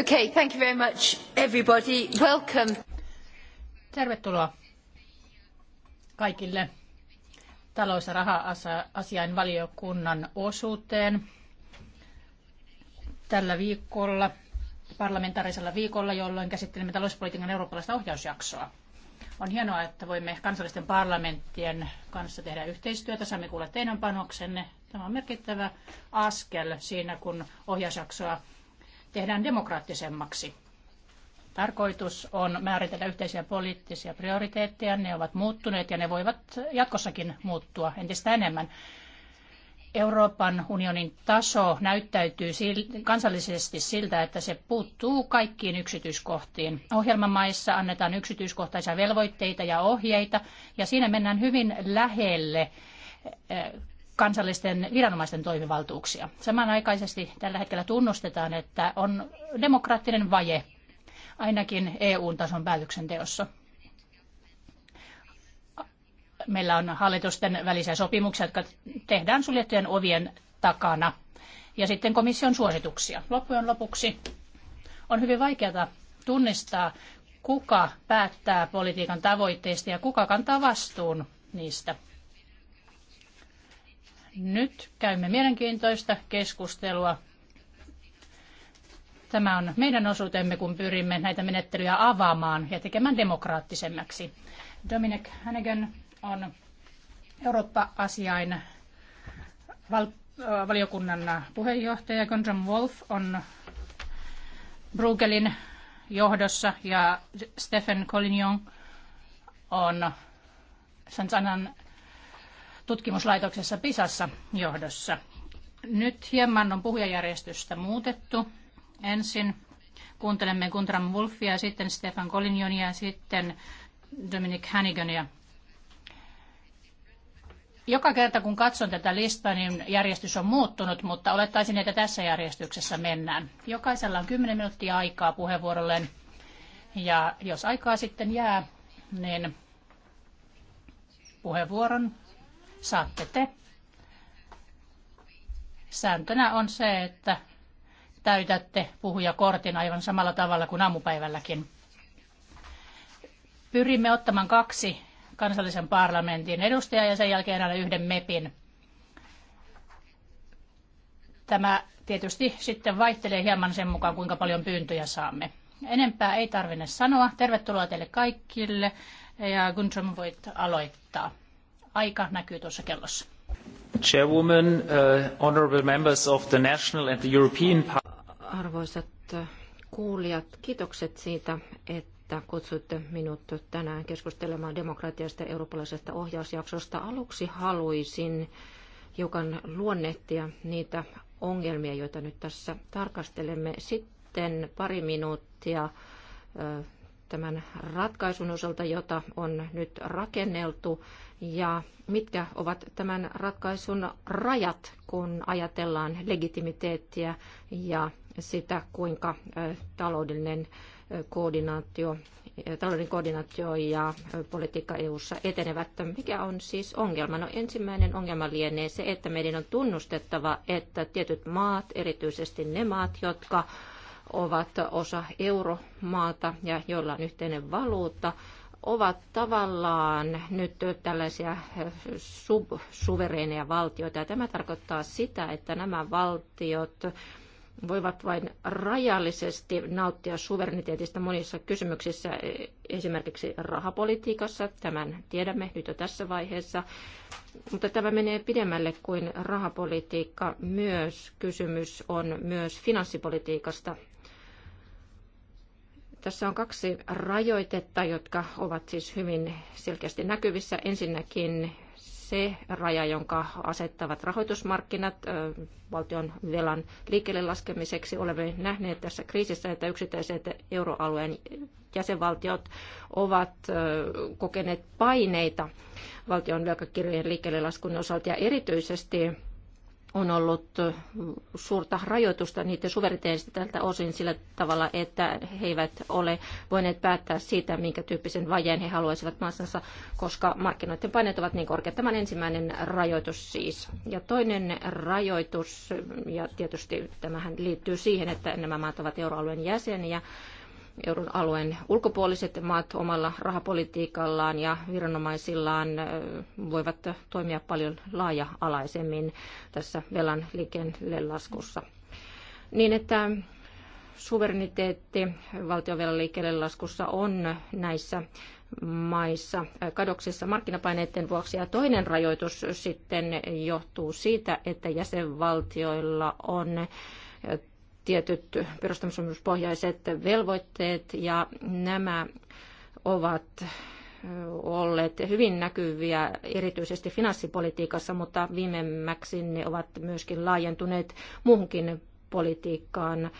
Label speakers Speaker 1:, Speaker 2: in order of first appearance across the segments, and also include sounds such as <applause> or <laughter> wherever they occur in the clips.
Speaker 1: Okay, thank you very much
Speaker 2: everybody. Welcome. Tervetuloa kaikille talous- ja raha-asiain valiokunnan osuuteen tällä viikolla, parlamentaarisella viikolla, jolloin käsittelemme talouspolitiikan eurooppalaista ohjausjaksoa. On hienoa, että voimme kansallisten parlamenttien kanssa tehdä yhteistyötä. Saamme kuulla teidän panoksenne. Tämä on merkittävä askel siinä, kun ohjausjaksoa tehdään demokraattisemmaksi. Tarkoitus on määritellä yhteisiä poliittisia prioriteetteja. Ne ovat muuttuneet ja ne voivat jatkossakin muuttua entistä enemmän. Euroopan unionin taso näyttäytyy kansallisesti siltä, että se puuttuu kaikkiin yksityiskohtiin. Ohjelmamaissa annetaan yksityiskohtaisia velvoitteita ja ohjeita, ja siinä mennään hyvin lähelle eh, kansallisten viranomaisten toimivaltuuksia. Samanaikaisesti tällä hetkellä tunnustetaan, että on demokraattinen vaje ainakin EU-tason päätöksenteossa. Meillä on hallitusten välisiä sopimuksia, jotka tehdään suljettujen ovien takana. Ja sitten komission suosituksia. Loppujen lopuksi on hyvin vaikeaa tunnistaa, kuka päättää politiikan tavoitteista ja kuka kantaa vastuun niistä. Nyt käymme mielenkiintoista keskustelua. Tämä on meidän osuutemme, kun pyrimme näitä menettelyjä avaamaan ja tekemään demokraattisemmaksi. Dominic Hannigan on Eurooppa-asiain val- valiokunnan puheenjohtaja. Gondram Wolf on Bruegelin johdossa ja Stephen Collignon on Sansanan tutkimuslaitoksessa PISassa johdossa. Nyt hieman on puhujajärjestystä muutettu. Ensin kuuntelemme Guntram Wolfia, sitten Stefan Collignonia ja sitten Dominic Hannigania. Joka kerta kun katson tätä listaa, niin järjestys on muuttunut, mutta olettaisin, että tässä järjestyksessä mennään. Jokaisella on 10 minuuttia aikaa puheenvuorolleen. Ja jos aikaa sitten jää, niin puheenvuoron saatte te. Sääntönä on se, että täytätte puhujakortin aivan samalla tavalla kuin aamupäivälläkin. Pyrimme ottamaan kaksi kansallisen parlamentin edustajaa ja sen jälkeen aina yhden MEPin. Tämä tietysti sitten vaihtelee hieman sen mukaan, kuinka paljon pyyntöjä saamme. Enempää ei tarvinne sanoa. Tervetuloa teille kaikille ja Guntram voit aloittaa aika näkyy tuossa kellossa.
Speaker 3: Chairwoman, uh, honorable members of the national and the European
Speaker 2: Arvoisat uh, kuulijat, kiitokset
Speaker 1: siitä, että kutsuitte minut tänään keskustelemaan demokratiasta ja eurooppalaisesta ohjausjaksosta. Aluksi haluaisin hiukan luonnehtia niitä ongelmia, joita nyt tässä tarkastelemme. Sitten pari minuuttia uh, tämän ratkaisun osalta, jota on nyt rakenneltu ja mitkä ovat tämän ratkaisun rajat, kun ajatellaan legitimiteettiä ja sitä, kuinka taloudellinen koordinaatio, taloudellinen koordinaatio ja politiikka EU:ssa etenevät. Mikä on siis ongelma? No ensimmäinen ongelma lienee se, että meidän on tunnustettava, että tietyt maat, erityisesti ne maat, jotka ovat osa euromaata ja joilla on yhteinen valuutta, ovat tavallaan nyt tällaisia subsuvereineja valtioita. Ja tämä tarkoittaa sitä, että nämä valtiot voivat vain rajallisesti nauttia suvereniteetista monissa kysymyksissä, e, esimerkiksi rahapolitiikassa, tämän tiedämme nyt jo tässä vaiheessa, mutta tämä menee pidemmälle kuin rahapolitiikka. Myös kysymys on myös finanssipolitiikasta tässä on kaksi rajoitetta, jotka ovat siis hyvin selkeästi näkyvissä. Ensinnäkin se raja, jonka asettavat rahoitusmarkkinat valtion velan liikkeelle laskemiseksi. Olemme nähneet tässä kriisissä, että yksittäiset euroalueen jäsenvaltiot ovat kokeneet paineita valtion velkakirjojen liikkeelle laskun osalta ja erityisesti on ollut suurta rajoitusta niiden suveriteista tältä osin sillä tavalla, että he eivät ole voineet päättää siitä, minkä tyyppisen vajeen he haluaisivat maassansa, koska markkinoiden paineet ovat niin korkeat. Tämä on ensimmäinen rajoitus siis. Ja toinen rajoitus, ja tietysti tämähän liittyy siihen, että nämä maat ovat euroalueen jäseniä, euron alueen ulkopuoliset maat omalla rahapolitiikallaan ja viranomaisillaan voivat toimia paljon laaja-alaisemmin tässä velan liikkeelle laskussa. Niin että suvereniteetti valtionvelan liikkeelle laskussa on näissä maissa kadoksissa markkinapaineiden vuoksi. Ja toinen rajoitus sitten johtuu siitä, että jäsenvaltioilla on tietyt perustamissopimuspohjaiset velvoitteet ja nämä ovat olleet hyvin näkyviä erityisesti finanssipolitiikassa, mutta viimemmäksi ne ovat myöskin laajentuneet muuhunkin politiikkaan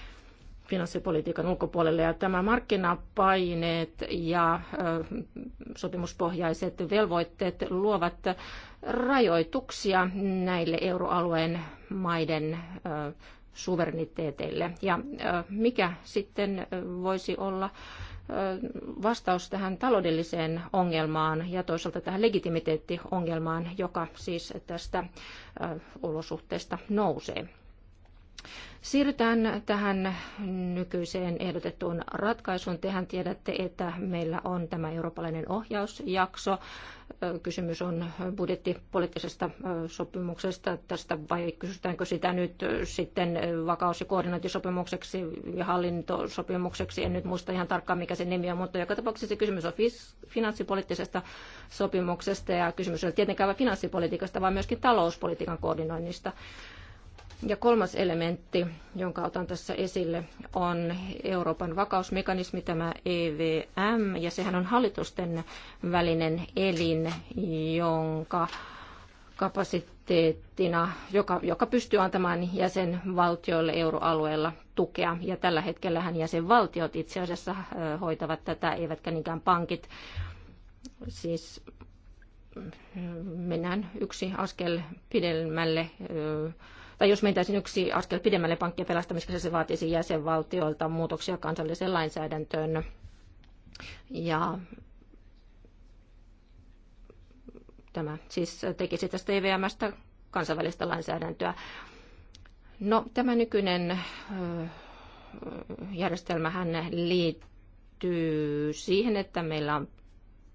Speaker 1: finanssipolitiikan ulkopuolelle. Ja tämä markkinapaineet ja sopimuspohjaiset velvoitteet luovat rajoituksia näille euroalueen maiden suvereniteeteille. Ja mikä sitten voisi olla vastaus tähän taloudelliseen ongelmaan ja toisaalta tähän legitimiteettiongelmaan, joka siis tästä olosuhteesta nousee. Siirrytään tähän nykyiseen ehdotettuun ratkaisuun. Tehän tiedätte, että meillä on tämä eurooppalainen ohjausjakso. Kysymys on budjettipoliittisesta sopimuksesta. Tästä vai kysytäänkö sitä nyt sitten vakaus- ja koordinointisopimukseksi ja hallintosopimukseksi. En nyt muista ihan tarkkaan, mikä se nimi on, mutta joka tapauksessa kysymys on finanssipoliittisesta sopimuksesta ja kysymys on tietenkään vain finanssipolitiikasta, vaan myöskin talouspolitiikan koordinoinnista. Ja kolmas elementti, jonka otan tässä esille, on Euroopan vakausmekanismi, tämä EVM, ja sehän on hallitusten välinen elin, jonka kapasiteettina, joka, joka pystyy antamaan jäsenvaltioille euroalueella tukea. Ja tällä hetkellähän jäsenvaltiot itse asiassa äh, hoitavat tätä, eivätkä niinkään pankit. Siis äh, mennään yksi askel pidemmälle äh, tai jos mentäisiin yksi askel pidemmälle pankkien pelastamiseksi, se vaatisi jäsenvaltioilta muutoksia kansalliseen lainsäädäntöön. Ja tämä siis tekisi tästä EVMstä kansainvälistä lainsäädäntöä. No, tämä nykyinen järjestelmähän liittyy siihen, että meillä on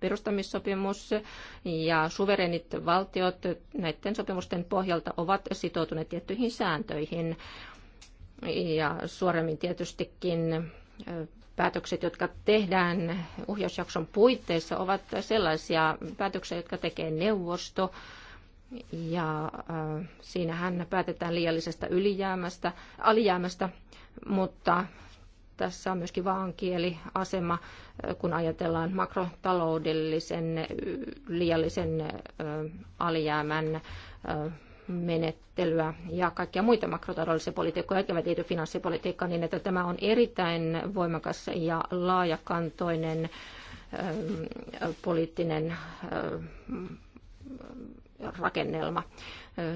Speaker 1: perustamissopimus ja suverenit valtiot näiden sopimusten pohjalta ovat sitoutuneet tiettyihin sääntöihin. Ja suoremmin tietystikin päätökset, jotka tehdään ohjausjakson puitteissa, ovat sellaisia päätöksiä, jotka tekee neuvosto. Ja siinähän päätetään liiallisesta ylijäämästä, alijäämästä, mutta tässä on myöskin vaankieliasema, kun ajatellaan makrotaloudellisen liiallisen alijäämän menettelyä ja kaikkia muita makrotaloudellisia politiikkoja, eikä liity finanssipolitiikkaa, niin että tämä on erittäin voimakas ja laajakantoinen poliittinen rakennelma.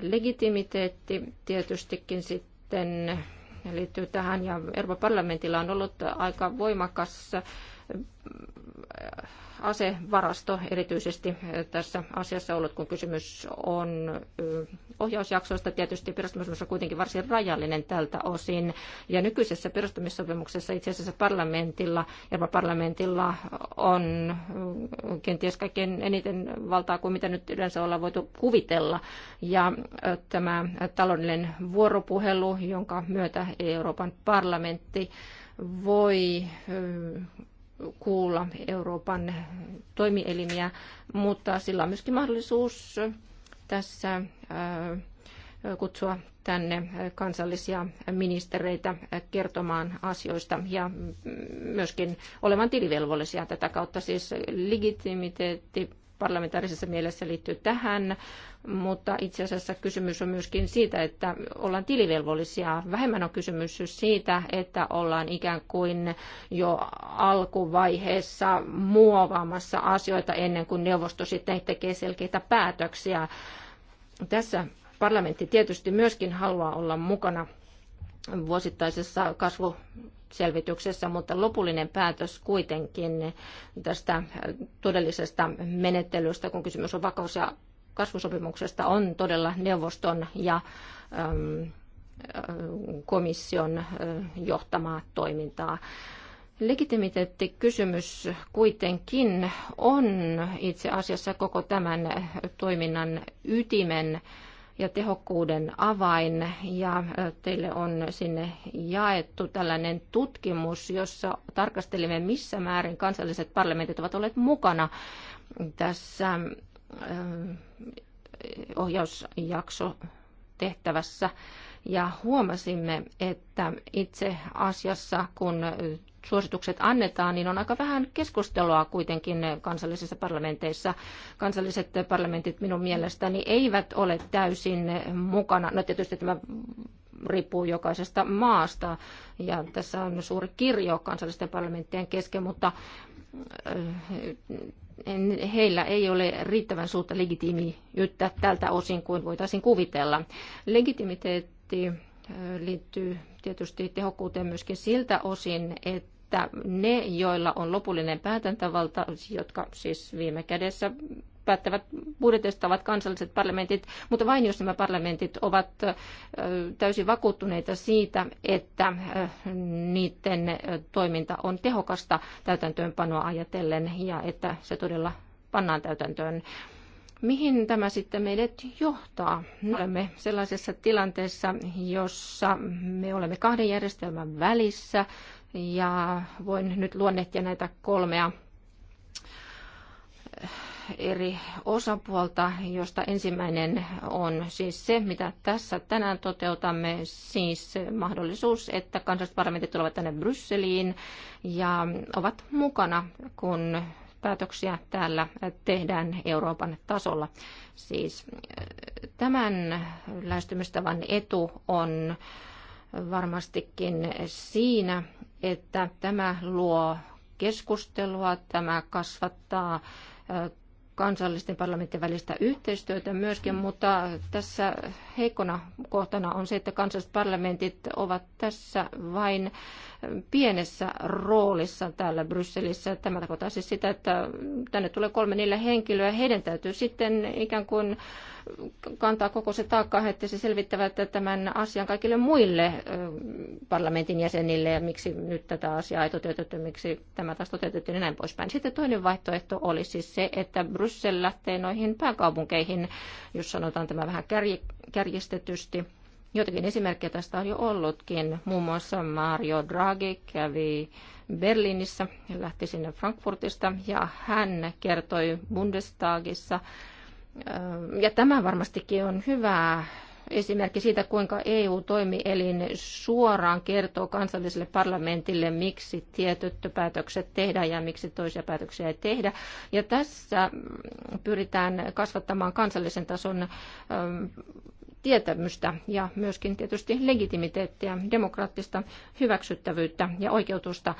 Speaker 1: Legitimiteetti tietystikin sitten liittyy tähän. Ja Euroopan parlamentilla on ollut aika voimakas asevarasto erityisesti tässä asiassa ollut, kun kysymys on ohjausjaksoista. Tietysti perustamisessa on kuitenkin varsin rajallinen tältä osin. Ja nykyisessä perustamissopimuksessa itse asiassa parlamentilla, Euroopan parlamentilla on kenties kaikkein eniten valtaa kuin mitä nyt yleensä ollaan voitu kuvitella. Ja tämä taloudellinen vuoropuhelu, jonka myötä Euroopan parlamentti voi kuulla Euroopan toimielimiä, mutta sillä on myöskin mahdollisuus tässä äh, kutsua tänne kansallisia ministereitä kertomaan asioista ja myöskin olevan tilivelvollisia tätä kautta. Siis legitimiteetti parlamentaarisessa mielessä liittyy tähän, mutta itse asiassa kysymys on myöskin siitä, että ollaan tilivelvollisia. Vähemmän on kysymys siitä, että ollaan ikään kuin jo alkuvaiheessa muovaamassa asioita ennen kuin neuvosto sitten tekee selkeitä päätöksiä. Tässä parlamentti tietysti myöskin haluaa olla mukana vuosittaisessa kasvu selvityksessä, mutta lopullinen päätös kuitenkin tästä todellisesta menettelystä, kun kysymys on vakaus- ja kasvusopimuksesta, on todella neuvoston ja ähm, äh, komission äh, johtamaa toimintaa. Legitimiteettikysymys kuitenkin on itse asiassa koko tämän toiminnan ytimen ja tehokkuuden avain. Ja teille on sinne jaettu tällainen tutkimus, jossa tarkastelimme, missä määrin kansalliset parlamentit ovat olleet mukana tässä ohjausjakso tehtävässä ja huomasimme, että itse asiassa kun suositukset annetaan, niin on aika vähän keskustelua kuitenkin kansallisissa parlamenteissa. Kansalliset parlamentit minun mielestäni eivät ole täysin mukana. No tietysti tämä riippuu jokaisesta maasta. Ja tässä on suuri kirjo kansallisten parlamenttien kesken, mutta eh, heillä ei ole riittävän suurta legitiimiyttä tältä osin kuin voitaisiin kuvitella. Legitimiteetti eh, liittyy tietysti tehokkuuteen myöskin siltä osin, että että ne, joilla on lopullinen päätäntävalta, jotka siis viime kädessä päättävät budjetista ovat kansalliset parlamentit, mutta vain jos nämä parlamentit ovat täysin vakuuttuneita siitä, että niiden toiminta on tehokasta täytäntöönpanoa ajatellen ja että se todella pannaan täytäntöön. Mihin tämä sitten meidät johtaa? Me olemme sellaisessa tilanteessa, jossa me olemme kahden järjestelmän välissä. Ja voin nyt luonnehtia näitä kolmea eri osapuolta, josta ensimmäinen on siis se, mitä tässä tänään toteutamme, siis mahdollisuus, että kansalliset parlamentit tulevat tänne Brysseliin ja ovat mukana, kun päätöksiä täällä tehdään Euroopan tasolla. Siis tämän lähestymistavan etu on varmastikin siinä, että tämä luo keskustelua, tämä kasvattaa kansallisten parlamenttien välistä yhteistyötä myöskin, mutta tässä heikkona kohtana on se, että kansalliset parlamentit ovat tässä vain pienessä roolissa täällä Brysselissä. Tämä tarkoittaa siis sitä, että tänne tulee kolme neljä henkilöä. Heidän täytyy sitten ikään kuin kantaa koko se taakka, että se selvittävät tämän asian kaikille muille parlamentin jäsenille ja miksi nyt tätä asiaa ei toteutettu, miksi tämä taas toteutettu ja näin poispäin. Sitten toinen vaihtoehto oli siis se, että Bryssel lähtee noihin pääkaupunkeihin, jos sanotaan tämä vähän kärjistetysti Jotakin esimerkkejä tästä on jo ollutkin. Muun muassa Mario Draghi kävi Berliinissä ja lähti sinne Frankfurtista ja hän kertoi Bundestagissa. Ja tämä varmastikin on hyvä esimerkki siitä, kuinka EU-toimielin suoraan kertoo kansalliselle parlamentille, miksi tietyt päätökset tehdään ja miksi toisia päätöksiä ei tehdä. Ja tässä pyritään kasvattamaan kansallisen tason tietämystä ja myöskin tietysti legitimiteettiä, demokraattista hyväksyttävyyttä ja oikeutusta,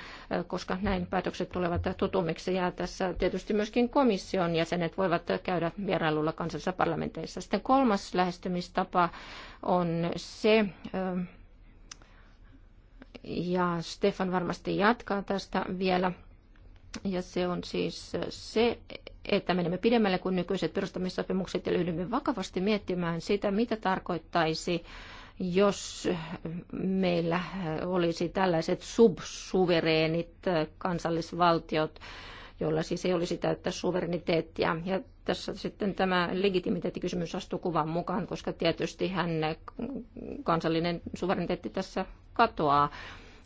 Speaker 1: koska näin päätökset tulevat tutummiksi. Ja tässä tietysti myöskin komission jäsenet voivat käydä vierailulla kansallisissa parlamenteissa. Sitten kolmas lähestymistapa on se, ja Stefan varmasti jatkaa tästä vielä, ja se on siis se, että menemme pidemmälle kuin nykyiset perustamissopimukset ja ryhdymme vakavasti miettimään sitä, mitä tarkoittaisi jos meillä olisi tällaiset subsuvereenit kansallisvaltiot, joilla siis ei olisi täyttä suvereniteettia. Ja tässä sitten tämä legitimiteettikysymys astuu kuvan mukaan, koska tietysti hän kansallinen suvereniteetti tässä katoaa.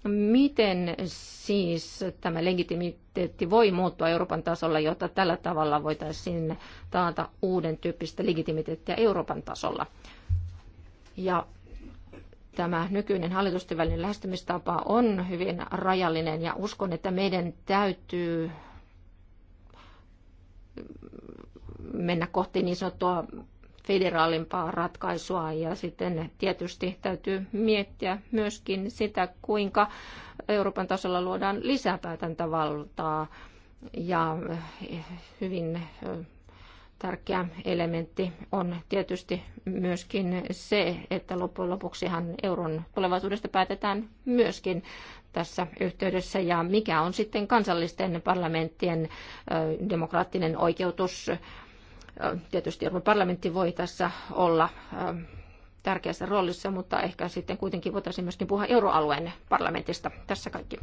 Speaker 1: Miten siis tämä legitimiteetti voi muuttua Euroopan tasolla, jotta tällä tavalla voitaisiin taata uuden tyyppistä legitimiteettiä Euroopan tasolla? Ja tämä nykyinen hallitusten välinen lähestymistapa on hyvin rajallinen ja uskon, että meidän täytyy mennä kohti niin sanottua federaalimpaa ratkaisua ja sitten tietysti täytyy miettiä myöskin sitä, kuinka Euroopan tasolla luodaan lisäpäätäntävaltaa ja eh, hyvin eh, tärkeä elementti on tietysti myöskin se, että loppujen lopuksihan euron tulevaisuudesta päätetään myöskin tässä yhteydessä ja mikä on sitten kansallisten parlamenttien eh, demokraattinen oikeutus Tietysti Euroopan parlamentti voi tässä olla ähm, tärkeässä roolissa, mutta ehkä sitten kuitenkin
Speaker 2: voitaisiin myöskin puhua euroalueen parlamentista. Tässä kaikki.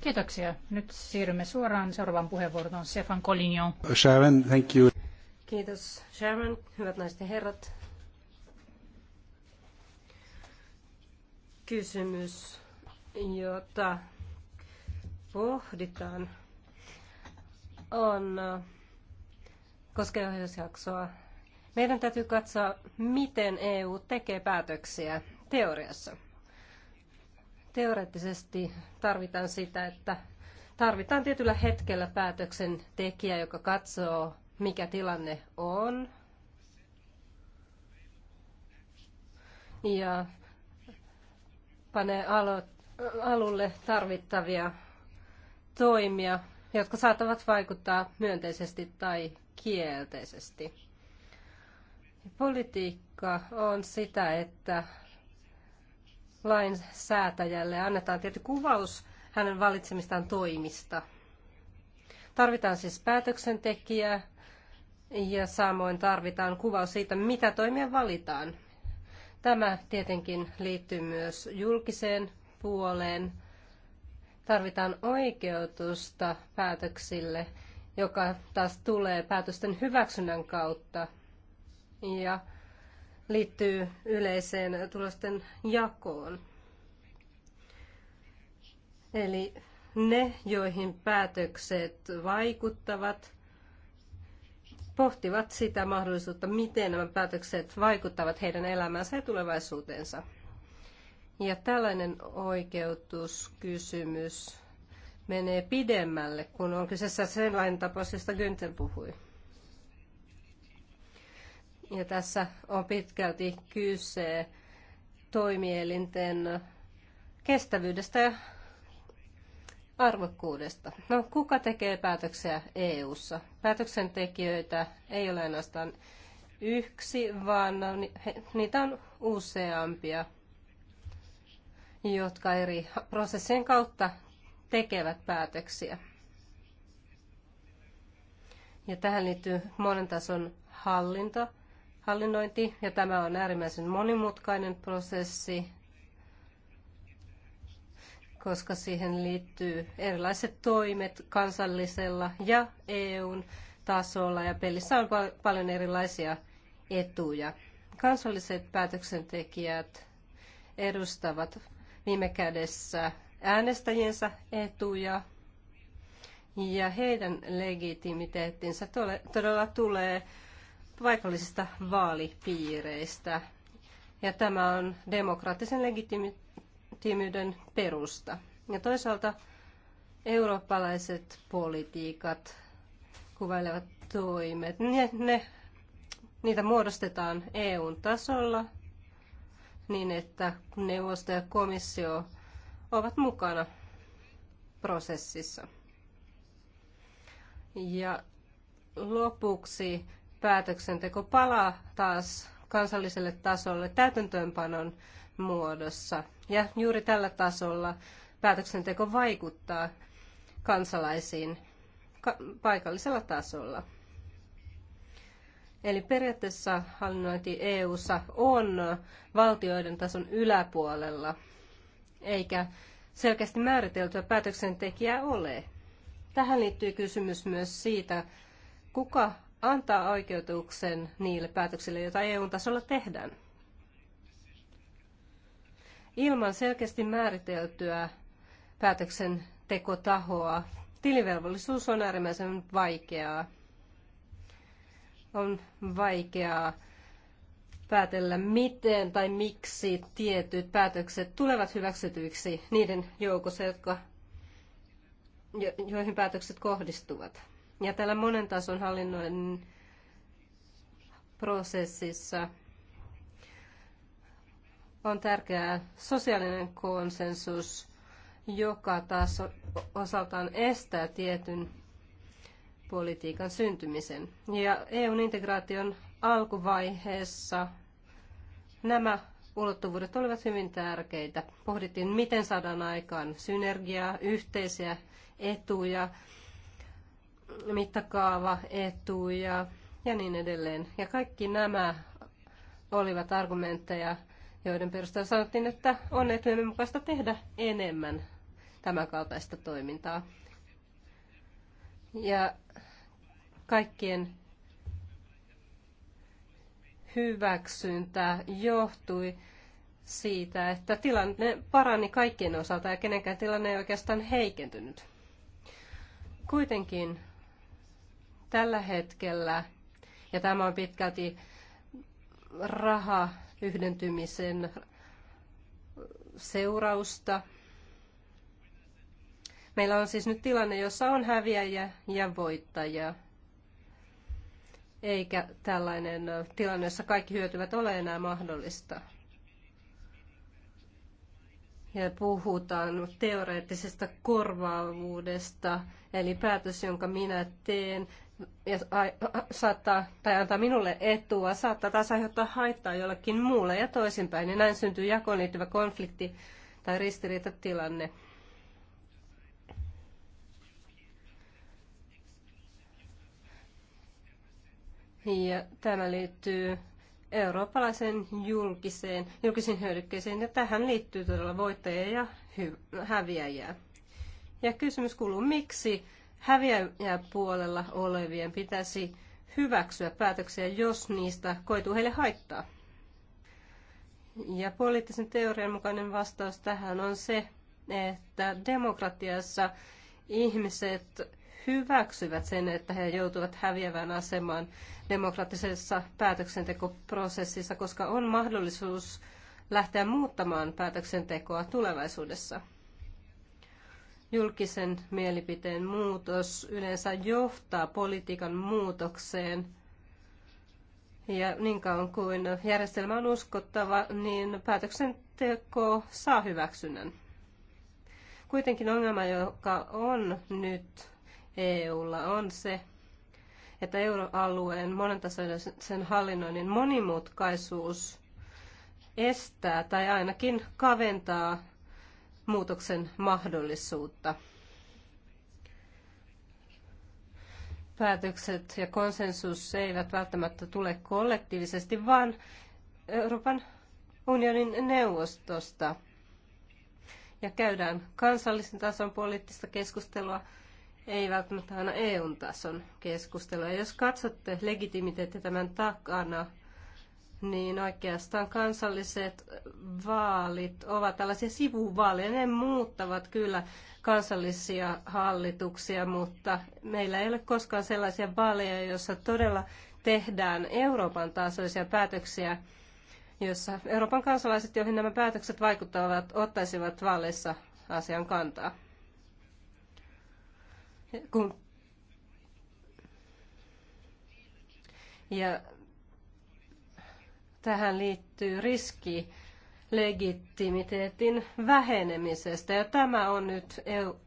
Speaker 2: Kiitoksia. Nyt siirrymme suoraan seuraavaan puheenvuoroon. Stefan Collignon.
Speaker 3: Uh, Sharon, thank you.
Speaker 2: Kiitos Sharon. Hyvät naiset ja herrat.
Speaker 4: Kysymys, jota pohditaan, on koskee Meidän täytyy katsoa, miten EU tekee päätöksiä teoriassa. Teoreettisesti tarvitaan sitä, että tarvitaan tietyllä hetkellä päätöksentekijä, joka katsoo, mikä tilanne on. Ja panee alulle tarvittavia toimia, jotka saattavat vaikuttaa myönteisesti tai kielteisesti. Politiikka on sitä, että lainsäätäjälle annetaan tietty kuvaus hänen valitsemistaan toimista. Tarvitaan siis päätöksentekijä ja samoin tarvitaan kuvaus siitä, mitä toimia valitaan. Tämä tietenkin liittyy myös julkiseen puoleen. Tarvitaan oikeutusta päätöksille joka taas tulee päätösten hyväksynnän kautta ja liittyy yleiseen tulosten jakoon. Eli ne, joihin päätökset vaikuttavat, pohtivat sitä mahdollisuutta, miten nämä päätökset vaikuttavat heidän elämäänsä ja tulevaisuuteensa. Ja tällainen oikeutuskysymys menee pidemmälle, kun on kyseessä sellainen tapaus, josta Günther puhui. Ja tässä on pitkälti kyse toimielinten kestävyydestä ja arvokkuudesta. No, kuka tekee päätöksiä EU:ssa? Päätöksentekijöitä ei ole ainoastaan yksi, vaan niitä on useampia, jotka eri prosessien kautta tekevät päätöksiä. Ja tähän liittyy monen tason hallinto, hallinnointi, ja tämä on äärimmäisen monimutkainen prosessi, koska siihen liittyy erilaiset toimet kansallisella ja EUn tasolla, ja pelissä on paljon erilaisia etuja. Kansalliset päätöksentekijät edustavat viime kädessä äänestäjiensä etuja ja heidän legitimiteettinsä todella tulee paikallisista vaalipiireistä. Ja tämä on demokraattisen legitiimiyden perusta. Ja toisaalta eurooppalaiset politiikat kuvailevat toimet. Ne, ne, niitä muodostetaan EUn tasolla niin, että neuvosto ja komissio ovat mukana prosessissa. Ja lopuksi päätöksenteko palaa taas kansalliselle tasolle täytäntöönpanon muodossa. Ja juuri tällä tasolla päätöksenteko vaikuttaa kansalaisiin paikallisella tasolla. Eli periaatteessa hallinnointi EU:ssa on valtioiden tason yläpuolella – eikä selkeästi määriteltyä päätöksentekijää ole. Tähän liittyy kysymys myös siitä, kuka antaa oikeutuksen niille päätöksille, joita EU-tasolla tehdään. Ilman selkeästi määriteltyä päätöksentekotahoa tilivelvollisuus on äärimmäisen vaikeaa. On vaikeaa päätellä, miten tai miksi tietyt päätökset tulevat hyväksytyiksi niiden joukossa, jotka, jo, joihin päätökset kohdistuvat. Ja tällä monen tason hallinnoinnin prosessissa on tärkeää sosiaalinen konsensus, joka taas osaltaan estää tietyn politiikan syntymisen. Ja EUn integraation alkuvaiheessa Nämä ulottuvuudet olivat hyvin tärkeitä. Pohdittiin, miten saadaan aikaan synergiaa, yhteisiä etuja, mittakaava, etuja ja niin edelleen. Ja kaikki nämä olivat argumentteja, joiden perusteella sanottiin, että on etujemme mukaista tehdä enemmän tämän kaltaista toimintaa. Ja kaikkien Hyväksyntä johtui siitä, että tilanne parani kaikkien osalta ja kenenkään tilanne ei oikeastaan heikentynyt. Kuitenkin tällä hetkellä, ja tämä on pitkälti raha yhdentymisen seurausta, Meillä on siis nyt tilanne, jossa on häviäjiä ja voittajia eikä tällainen tilanne, jossa kaikki hyötyvät ole enää mahdollista. Ja puhutaan teoreettisesta korvaavuudesta, eli päätös, jonka minä teen, ja saattaa, tai antaa minulle etua, saattaa taas aiheuttaa haittaa jollekin muulle ja toisinpäin. Ja näin syntyy jakoon liittyvä konflikti tai ristiriitatilanne. tilanne. Ja tämä liittyy eurooppalaiseen julkiseen, julkisiin hyödykkeeseen ja tähän liittyy todella voittajia ja häviäjiä. Ja kysymys kuuluu, miksi häviäjäpuolella olevien pitäisi hyväksyä päätöksiä, jos niistä koituu heille haittaa? Ja poliittisen teorian mukainen vastaus tähän on se, että demokratiassa ihmiset hyväksyvät sen, että he joutuvat häviävään asemaan demokraattisessa päätöksentekoprosessissa, koska on mahdollisuus lähteä muuttamaan päätöksentekoa tulevaisuudessa. Julkisen mielipiteen muutos yleensä johtaa politiikan muutokseen – ja niin kauan kuin järjestelmä on uskottava, niin päätöksenteko saa hyväksynnän. Kuitenkin ongelma, joka on nyt EUlla on se, että euroalueen monentasoisen hallinnoinnin monimutkaisuus estää tai ainakin kaventaa muutoksen mahdollisuutta. Päätökset ja konsensus eivät välttämättä tule kollektiivisesti, vaan Euroopan unionin neuvostosta. Ja käydään kansallisen tason poliittista keskustelua ei välttämättä aina eu tason keskustelua. jos katsotte legitimiteetti tämän takana, niin oikeastaan kansalliset vaalit ovat tällaisia sivuvaaleja. Ne muuttavat kyllä kansallisia hallituksia, mutta meillä ei ole koskaan sellaisia vaaleja, joissa todella tehdään Euroopan tasoisia päätöksiä, joissa Euroopan kansalaiset, joihin nämä päätökset vaikuttavat, ottaisivat vaaleissa asian kantaa. Kun ja tähän liittyy riski legitimiteetin vähenemisestä. Ja tämä on nyt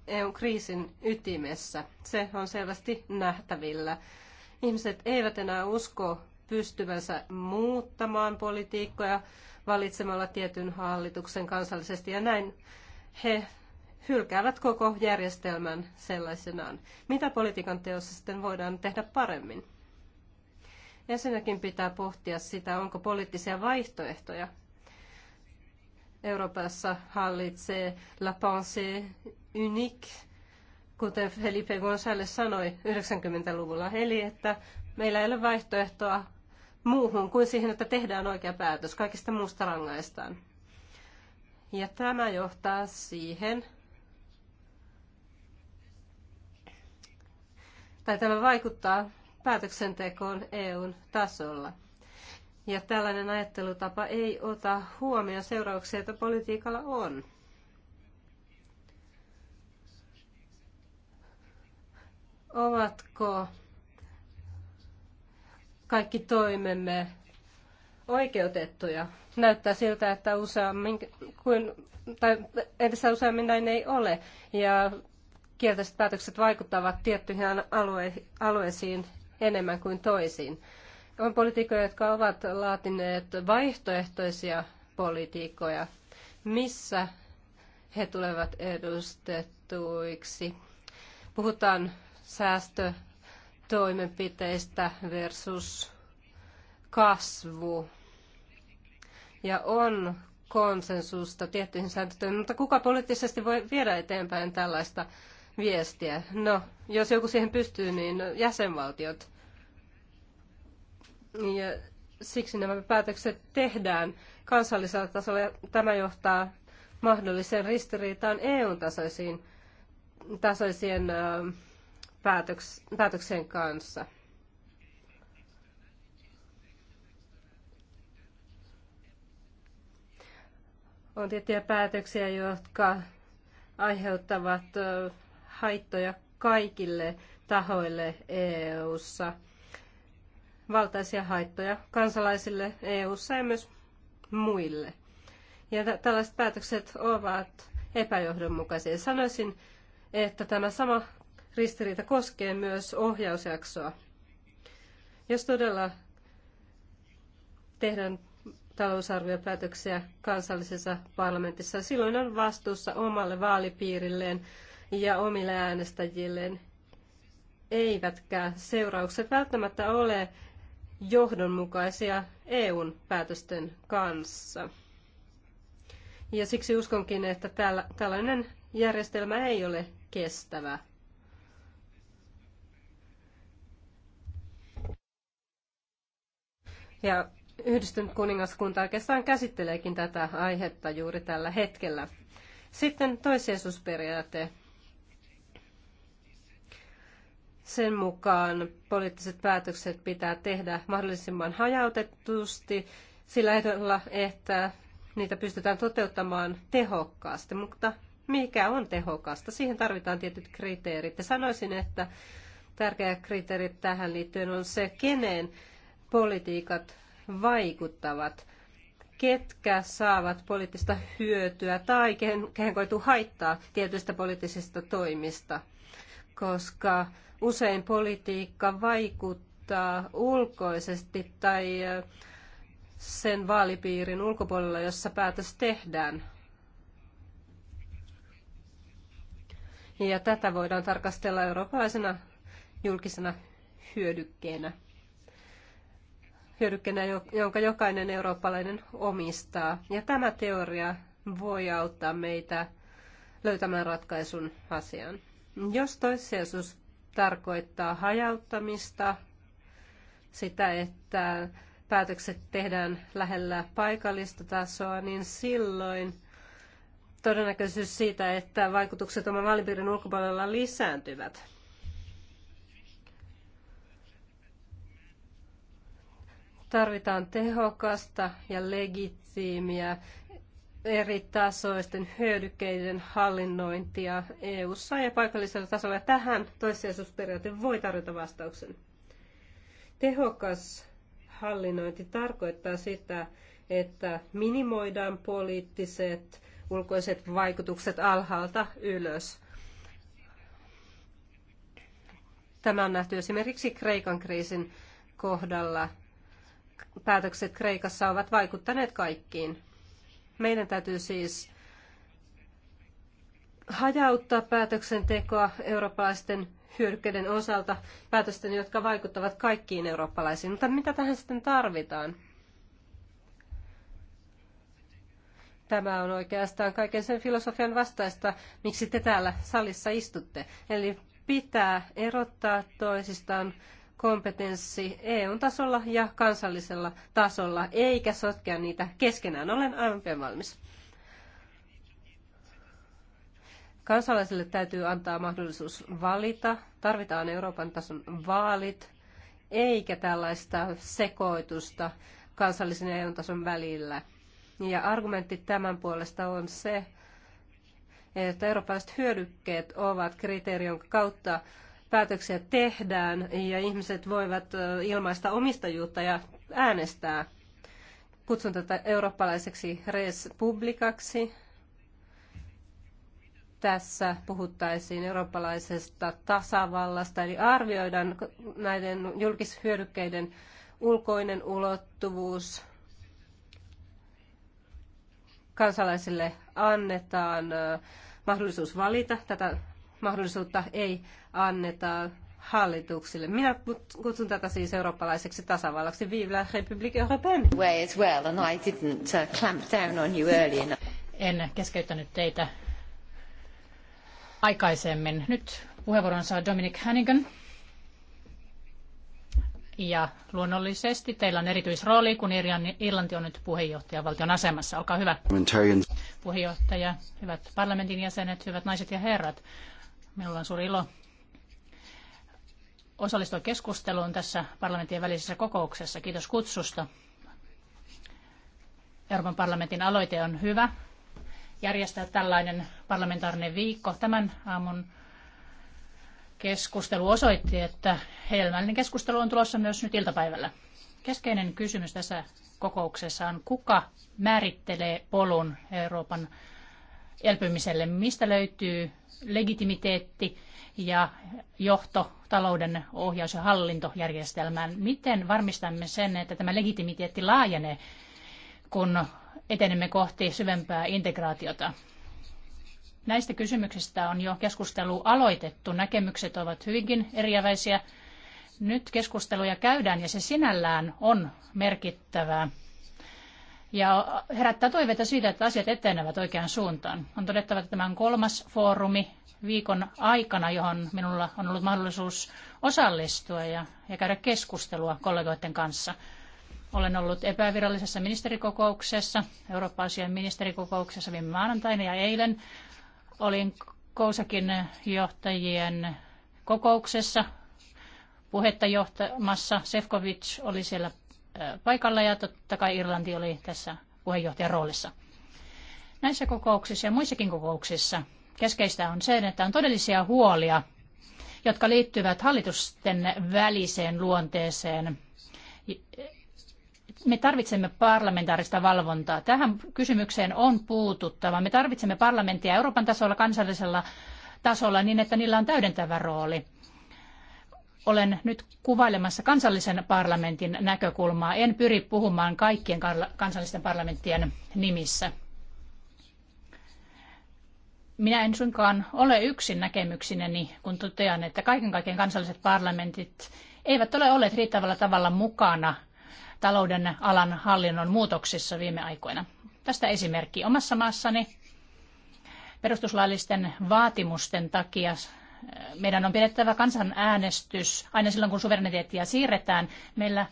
Speaker 4: EU-kriisin ytimessä. Se on selvästi nähtävillä. Ihmiset eivät enää usko pystyvänsä muuttamaan politiikkoja valitsemalla tietyn hallituksen kansallisesti. Ja näin he hylkäävät koko järjestelmän sellaisenaan. Mitä politiikan teossa sitten voidaan tehdä paremmin? Ensinnäkin pitää pohtia sitä, onko poliittisia vaihtoehtoja. Euroopassa hallitsee la pensée unique, kuten Felipe González sanoi 90-luvulla. Eli että meillä ei ole vaihtoehtoa muuhun kuin siihen, että tehdään oikea päätös. Kaikista muusta rangaistaan. Ja tämä johtaa siihen, tai tämä vaikuttaa päätöksentekoon EUn tasolla. Ja tällainen ajattelutapa ei ota huomioon seurauksia, joita politiikalla on. Ovatko kaikki toimemme oikeutettuja? Näyttää siltä, että useammin kuin, tai edessä useammin näin ei ole. Ja kielteiset päätökset vaikuttavat tiettyihin alue- alueisiin enemmän kuin toisiin. On poliitikkoja, jotka ovat laatineet vaihtoehtoisia politiikkoja, missä he tulevat edustettuiksi. Puhutaan säästötoimenpiteistä versus kasvu. Ja on konsensusta tiettyihin sääntöihin, mutta kuka poliittisesti voi viedä eteenpäin tällaista viestiä. No, jos joku siihen pystyy, niin jäsenvaltiot. Ja siksi nämä päätökset tehdään kansallisella tasolla ja tämä johtaa mahdolliseen ristiriitaan EU-tasoisiin tasoisien päätöks, päätöksen kanssa. On tiettyjä päätöksiä, jotka aiheuttavat haittoja kaikille tahoille EU:ssa. Valtaisia haittoja kansalaisille EU:ssa ja myös muille. Ja tällaiset päätökset ovat epäjohdonmukaisia. Sanoisin, että tämä sama ristiriita koskee myös ohjausjaksoa. Jos todella tehdään talousarviopäätöksiä kansallisessa parlamentissa, silloin on vastuussa omalle vaalipiirilleen ja omille äänestäjilleen, eivätkä seuraukset välttämättä ole johdonmukaisia EUn päätösten kanssa. Ja siksi uskonkin, että tällainen järjestelmä ei ole kestävä. Ja yhdistynyt kuningaskunta oikeastaan käsitteleekin tätä aihetta juuri tällä hetkellä. Sitten toissijaisuusperiaate. Sen mukaan poliittiset päätökset pitää tehdä mahdollisimman hajautetusti sillä ehdolla, että niitä pystytään toteuttamaan tehokkaasti. Mutta mikä on tehokasta? Siihen tarvitaan tietyt kriteerit. Ja sanoisin, että tärkeä kriteeri tähän liittyen on se, kenen politiikat vaikuttavat, ketkä saavat poliittista hyötyä tai ken, koituu haittaa tietyistä poliittisista toimista koska usein politiikka vaikuttaa ulkoisesti tai sen vaalipiirin ulkopuolella, jossa päätös tehdään. Ja tätä voidaan tarkastella eurooppalaisena julkisena hyödykkeenä, hyödykkeenä jonka jokainen eurooppalainen omistaa. Ja tämä teoria voi auttaa meitä löytämään ratkaisun asiaan. Jos toissijaisuus tarkoittaa hajauttamista, sitä, että päätökset tehdään lähellä paikallista tasoa, niin silloin todennäköisyys siitä, että vaikutukset oman vaalipiirin ulkopuolella lisääntyvät. Tarvitaan tehokasta ja legitiimiä eri tasoisten hyödykkeiden hallinnointia EU-ssa ja paikallisella tasolla. Tähän toissijaisuusperiaate voi tarjota vastauksen. Tehokas hallinnointi tarkoittaa sitä, että minimoidaan poliittiset ulkoiset vaikutukset alhaalta ylös. Tämä on nähty esimerkiksi Kreikan kriisin kohdalla. Päätökset Kreikassa ovat vaikuttaneet kaikkiin meidän täytyy siis hajauttaa päätöksentekoa eurooppalaisten hyödykkeiden osalta päätösten, jotka vaikuttavat kaikkiin eurooppalaisiin. Mutta mitä tähän sitten tarvitaan? Tämä on oikeastaan kaiken sen filosofian vastaista, miksi te täällä salissa istutte. Eli pitää erottaa toisistaan kompetenssi EU-tasolla ja kansallisella tasolla, eikä sotkea niitä keskenään. Olen aivan pian valmis. Kansalaisille täytyy antaa mahdollisuus valita. Tarvitaan Euroopan tason vaalit, eikä tällaista sekoitusta kansallisen ja EU-tason välillä. Ja argumentti tämän puolesta on se, että eurooppalaiset hyödykkeet ovat kriteerion kautta päätöksiä tehdään ja ihmiset voivat ilmaista omistajuutta ja äänestää. Kutsun tätä eurooppalaiseksi res publicaksi. Tässä puhuttaisiin eurooppalaisesta tasavallasta, eli arvioidaan näiden julkishyödykkeiden ulkoinen ulottuvuus. Kansalaisille annetaan mahdollisuus valita tätä mahdollisuutta ei anneta hallituksille. Minä kutsun tätä siis eurooppalaiseksi tasavallaksi. Vive la République Européenne! Way as well, and I didn't uh, clamp down on you enough.
Speaker 2: En keskeyttänyt teitä aikaisemmin. Nyt puheenvuoron saa Dominic Hannigan. Ja luonnollisesti teillä on erityisrooli, kun Irlanti on nyt valtion asemassa. Olkaa hyvä. Puheenjohtaja, hyvät parlamentin jäsenet, hyvät naiset ja herrat. Minulla on suuri ilo osallistua keskusteluun tässä parlamentin välisessä kokouksessa. Kiitos kutsusta. Euroopan parlamentin aloite on hyvä järjestää tällainen parlamentaarinen viikko. Tämän aamun keskustelu osoitti, että hedelmällinen keskustelu on tulossa myös nyt iltapäivällä. Keskeinen kysymys tässä kokouksessa on, kuka määrittelee polun Euroopan elpymiselle, mistä löytyy legitimiteetti ja johto, talouden ohjaus- ja hallintojärjestelmään. Miten varmistamme sen, että tämä legitimiteetti laajenee, kun etenemme kohti syvempää integraatiota? Näistä kysymyksistä on jo keskustelu aloitettu. Näkemykset ovat hyvinkin eriäväisiä. Nyt keskusteluja käydään ja se sinällään on merkittävää ja herättää toiveita siitä, että asiat etenevät oikeaan suuntaan. On todettava, että tämä on kolmas foorumi viikon aikana, johon minulla on ollut mahdollisuus osallistua ja, ja käydä keskustelua kollegoiden kanssa. Olen ollut epävirallisessa ministerikokouksessa, Eurooppa-asian ministerikokouksessa viime maanantaina ja eilen. Olin Kousakin johtajien kokouksessa puhetta johtamassa. Sefcovic oli siellä paikalla ja totta kai Irlanti oli tässä puheenjohtajan roolissa. Näissä kokouksissa ja muissakin kokouksissa keskeistä on se, että on todellisia huolia, jotka liittyvät hallitusten väliseen luonteeseen. Me tarvitsemme parlamentaarista valvontaa. Tähän kysymykseen on puututtava. Me tarvitsemme parlamenttia Euroopan tasolla, kansallisella tasolla niin, että niillä on täydentävä rooli olen nyt kuvailemassa kansallisen parlamentin näkökulmaa. En pyri puhumaan kaikkien kansallisten parlamenttien nimissä. Minä en suinkaan ole yksin näkemyksineni, kun totean, että kaiken kaiken kansalliset parlamentit eivät ole olleet riittävällä tavalla mukana talouden alan hallinnon muutoksissa viime aikoina. Tästä esimerkki omassa maassani perustuslaillisten vaatimusten takia meidän on pidettävä kansanäänestys aina silloin, kun suvereniteettia siirretään. Meillä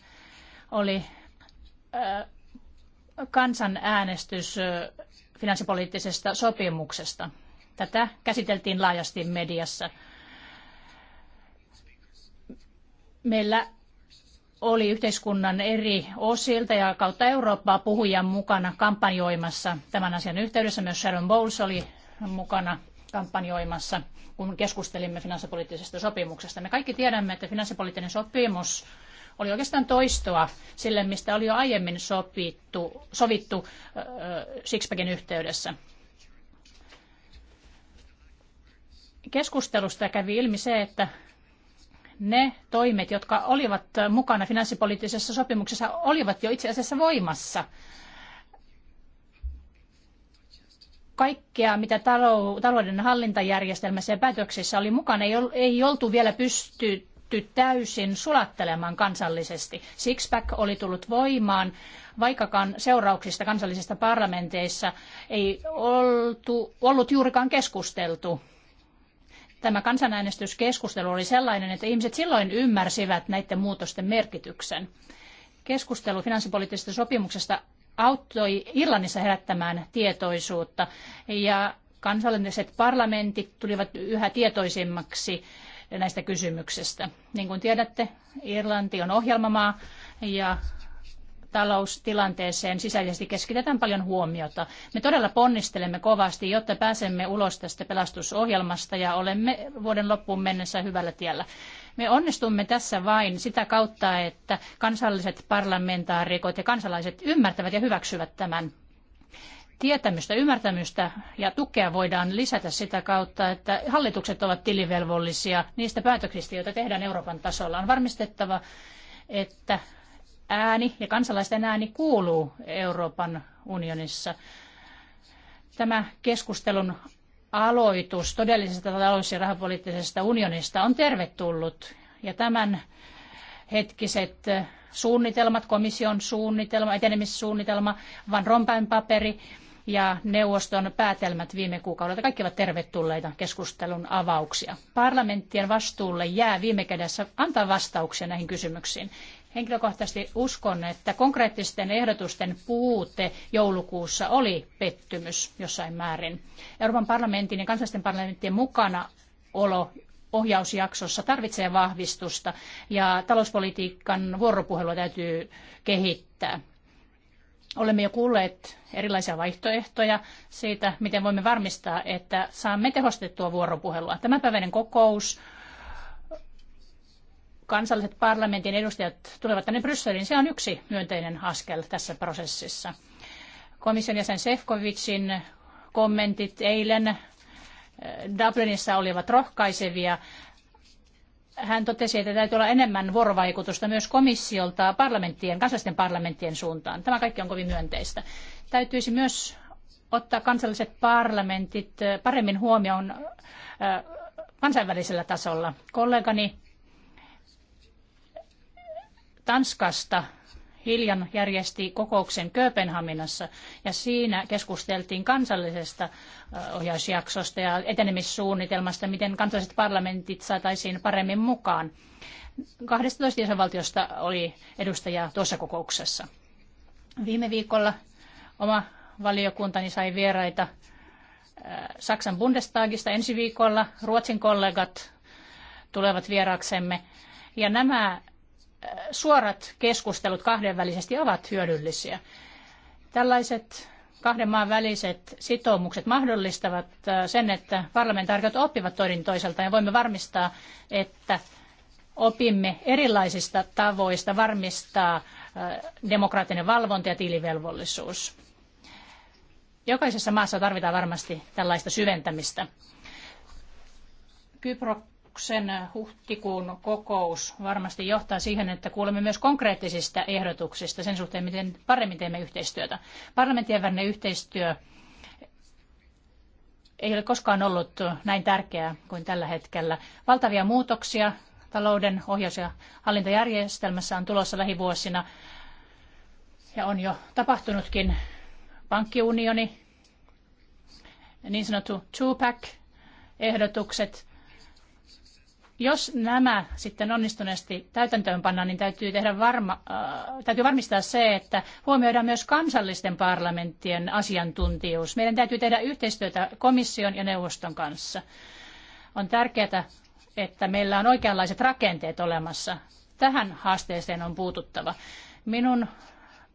Speaker 2: oli kansanäänestys finanssipoliittisesta sopimuksesta. Tätä käsiteltiin laajasti mediassa. Meillä oli yhteiskunnan eri osilta ja kautta Eurooppaa puhujan mukana kampanjoimassa tämän asian yhteydessä. Myös Sharon Bowles oli mukana kampanjoimassa kun keskustelimme finanssipoliittisesta sopimuksesta. Me kaikki tiedämme, että finanssipoliittinen sopimus oli oikeastaan toistoa sille, mistä oli jo aiemmin sopittu, sovittu äh, Sixpackin yhteydessä. Keskustelusta kävi ilmi se, että ne toimet, jotka olivat mukana finanssipoliittisessa sopimuksessa, olivat jo itse asiassa voimassa. kaikkea, mitä talouden hallintajärjestelmässä ja päätöksissä oli mukana, ei oltu vielä pystytty täysin sulattelemaan kansallisesti. Sixpack oli tullut voimaan, vaikkakaan seurauksista kansallisista parlamenteissa ei oltu, ollut juurikaan keskusteltu. Tämä kansanäänestyskeskustelu oli sellainen, että ihmiset silloin ymmärsivät näiden muutosten merkityksen. Keskustelu finanssipoliittisesta sopimuksesta auttoi Irlannissa herättämään tietoisuutta ja kansalliset parlamentit tulivat yhä tietoisemmaksi näistä kysymyksistä. Niin kuin tiedätte, Irlanti on ohjelmamaa ja taloustilanteeseen sisäisesti keskitetään paljon huomiota. Me todella ponnistelemme kovasti, jotta pääsemme ulos tästä pelastusohjelmasta ja olemme vuoden loppuun mennessä hyvällä tiellä. Me onnistumme tässä vain sitä kautta, että kansalliset parlamentaarikot ja kansalaiset ymmärtävät ja hyväksyvät tämän tietämystä, ymmärtämystä ja tukea voidaan lisätä sitä kautta, että hallitukset ovat tilivelvollisia niistä päätöksistä, joita tehdään Euroopan tasolla. On varmistettava, että ääni ja kansalaisten ääni kuuluu Euroopan unionissa. Tämä keskustelun aloitus todellisesta talous- ja rahapoliittisesta unionista on tervetullut. Ja tämän hetkiset suunnitelmat, komission suunnitelma, etenemissuunnitelma, Van Rompuyn paperi ja neuvoston päätelmät viime kuukaudelta, kaikki ovat tervetulleita keskustelun avauksia. Parlamenttien vastuulle jää viime kädessä antaa vastauksia näihin kysymyksiin. Henkilökohtaisesti uskon, että konkreettisten ehdotusten puute joulukuussa oli pettymys jossain määrin. Euroopan parlamentin ja kansallisten parlamenttien mukana olo ohjausjaksossa tarvitsee vahvistusta ja talouspolitiikan vuoropuhelua täytyy kehittää. Olemme jo kuulleet erilaisia vaihtoehtoja siitä, miten voimme varmistaa, että saamme tehostettua vuoropuhelua. Tämänpäiväinen kokous kansalliset parlamentin edustajat tulevat tänne Brysseliin, se on yksi myönteinen askel tässä prosessissa. Komission jäsen Sefcovicin kommentit eilen eh, Dublinissa olivat rohkaisevia. Hän totesi, että täytyy olla enemmän vuorovaikutusta myös komissiolta parlamenttien, kansallisten parlamenttien suuntaan. Tämä kaikki on kovin myönteistä. Täytyisi myös ottaa kansalliset parlamentit eh, paremmin huomioon eh, kansainvälisellä tasolla. Kollegani Tanskasta hiljan järjesti kokouksen Kööpenhaminassa ja siinä keskusteltiin kansallisesta ohjausjaksosta ja etenemissuunnitelmasta, miten kansalliset parlamentit saataisiin paremmin mukaan. 12 jäsenvaltiosta oli edustaja tuossa kokouksessa. Viime viikolla oma valiokuntani sai vieraita Saksan Bundestagista ensi viikolla. Ruotsin kollegat tulevat vieraaksemme. Ja nämä suorat keskustelut kahdenvälisesti ovat hyödyllisiä. Tällaiset kahden maan väliset sitoumukset mahdollistavat äh, sen, että parlamentaarikot oppivat toinen toiseltaan ja voimme varmistaa, että opimme erilaisista tavoista varmistaa äh, demokraattinen valvonta ja tilivelvollisuus. Jokaisessa maassa tarvitaan varmasti tällaista syventämistä. Kyprok hallituksen huhtikuun kokous varmasti johtaa siihen, että kuulemme myös konkreettisista ehdotuksista sen suhteen, miten paremmin teemme yhteistyötä. Parlamenttien välinen yhteistyö ei ole koskaan ollut näin tärkeää kuin tällä hetkellä. Valtavia muutoksia talouden ohjaus- ja hallintajärjestelmässä on tulossa lähivuosina ja on jo tapahtunutkin pankkiunioni, niin sanottu two-pack-ehdotukset jos nämä sitten onnistuneesti täytäntöön pannaan, niin täytyy, tehdä varma, äh, täytyy varmistaa se, että huomioidaan myös kansallisten parlamenttien asiantuntijuus. Meidän täytyy tehdä yhteistyötä komission ja neuvoston kanssa. On tärkeää, että meillä on oikeanlaiset rakenteet olemassa. Tähän haasteeseen on puututtava. Minun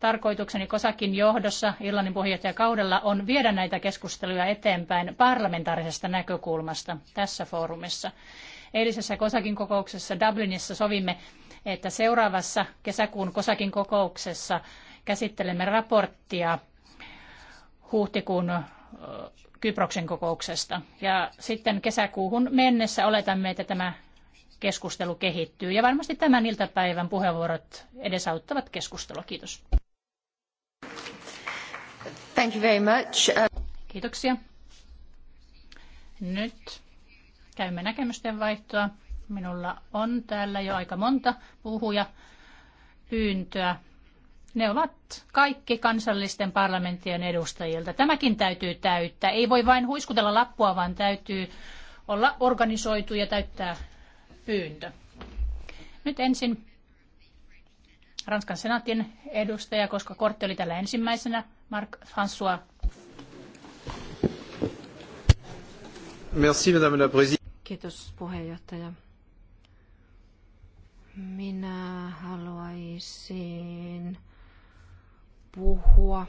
Speaker 2: tarkoitukseni Kosakin johdossa Irlannin puheenjohtajakaudella on viedä näitä keskusteluja eteenpäin parlamentaarisesta näkökulmasta tässä foorumissa. Eilisessä Kosakin kokouksessa Dublinissa sovimme, että seuraavassa kesäkuun Kosakin kokouksessa käsittelemme raporttia huhtikuun Kyproksen kokouksesta. Ja sitten kesäkuuhun mennessä oletamme, että tämä keskustelu kehittyy. Ja varmasti tämän iltapäivän puheenvuorot edesauttavat keskustelua. Kiitos. Thank you very much. Uh, Kiitoksia. Nyt Käymme näkemysten vaihtoa. Minulla on täällä jo aika monta puhuja pyyntöä. Ne ovat kaikki kansallisten parlamenttien edustajilta. Tämäkin täytyy täyttää. Ei voi vain huiskutella lappua, vaan täytyy olla organisoitu ja täyttää pyyntö. Nyt ensin Ranskan senaatin edustaja, koska kortti oli täällä ensimmäisenä, Marc François.
Speaker 4: Merci, madame la
Speaker 2: Kiitos puheenjohtaja.
Speaker 1: Minä haluaisin puhua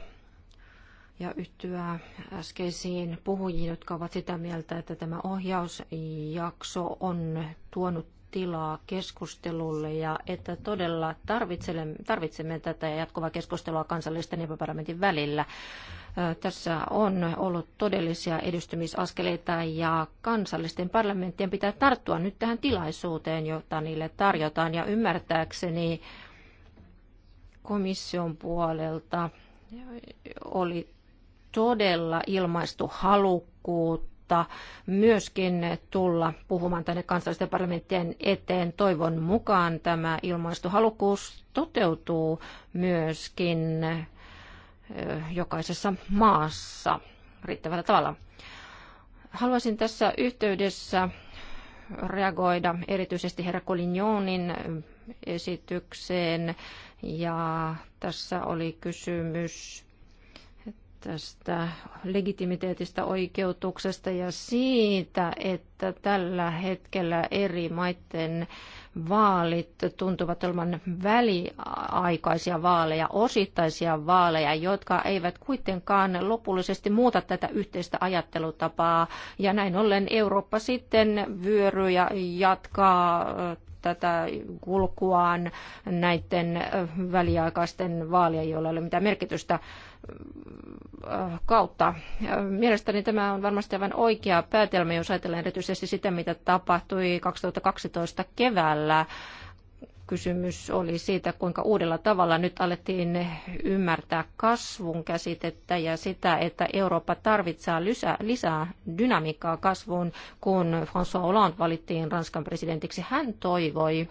Speaker 1: ja yhtyä äskeisiin puhujiin, jotka ovat sitä mieltä, että tämä ohjausjakso on tuonut tilaa keskustelulle ja että todella tarvitsemme, tarvitsemme tätä jatkuvaa keskustelua kansallisten ja parlamentin välillä. Tässä on ollut todellisia edistymisaskeleita ja kansallisten parlamenttien pitää tarttua nyt tähän tilaisuuteen, jota niille tarjotaan. Ja ymmärtääkseni komission puolelta oli todella ilmaistu halukkuutta myöskin tulla puhumaan tänne kansallisten parlamenttien eteen. Toivon mukaan tämä ilmaistu halukkuus toteutuu myöskin jokaisessa maassa riittävällä tavalla. Haluaisin tässä yhteydessä reagoida erityisesti herra Colignonin esitykseen. Ja tässä oli kysymys tästä legitimiteetistä, oikeutuksesta ja siitä, että tällä hetkellä eri maiden vaalit tuntuvat olevan väliaikaisia vaaleja, osittaisia vaaleja, jotka eivät kuitenkaan lopullisesti muuta tätä yhteistä ajattelutapaa. Ja näin ollen Eurooppa sitten vyöryy ja jatkaa tätä kulkuaan näiden väliaikaisten vaalien, joilla ei ole mitään merkitystä. Äh, kautta. Mielestäni tämä on varmasti aivan oikea päätelmä, jos ajatellaan erityisesti sitä, mitä tapahtui 2012 keväällä. Kysymys oli siitä, kuinka uudella tavalla nyt alettiin ymmärtää kasvun käsitettä ja sitä, että Eurooppa tarvitsee lisää, lisää dynamiikkaa kasvuun, kun François Hollande valittiin Ranskan presidentiksi. Hän toivoi,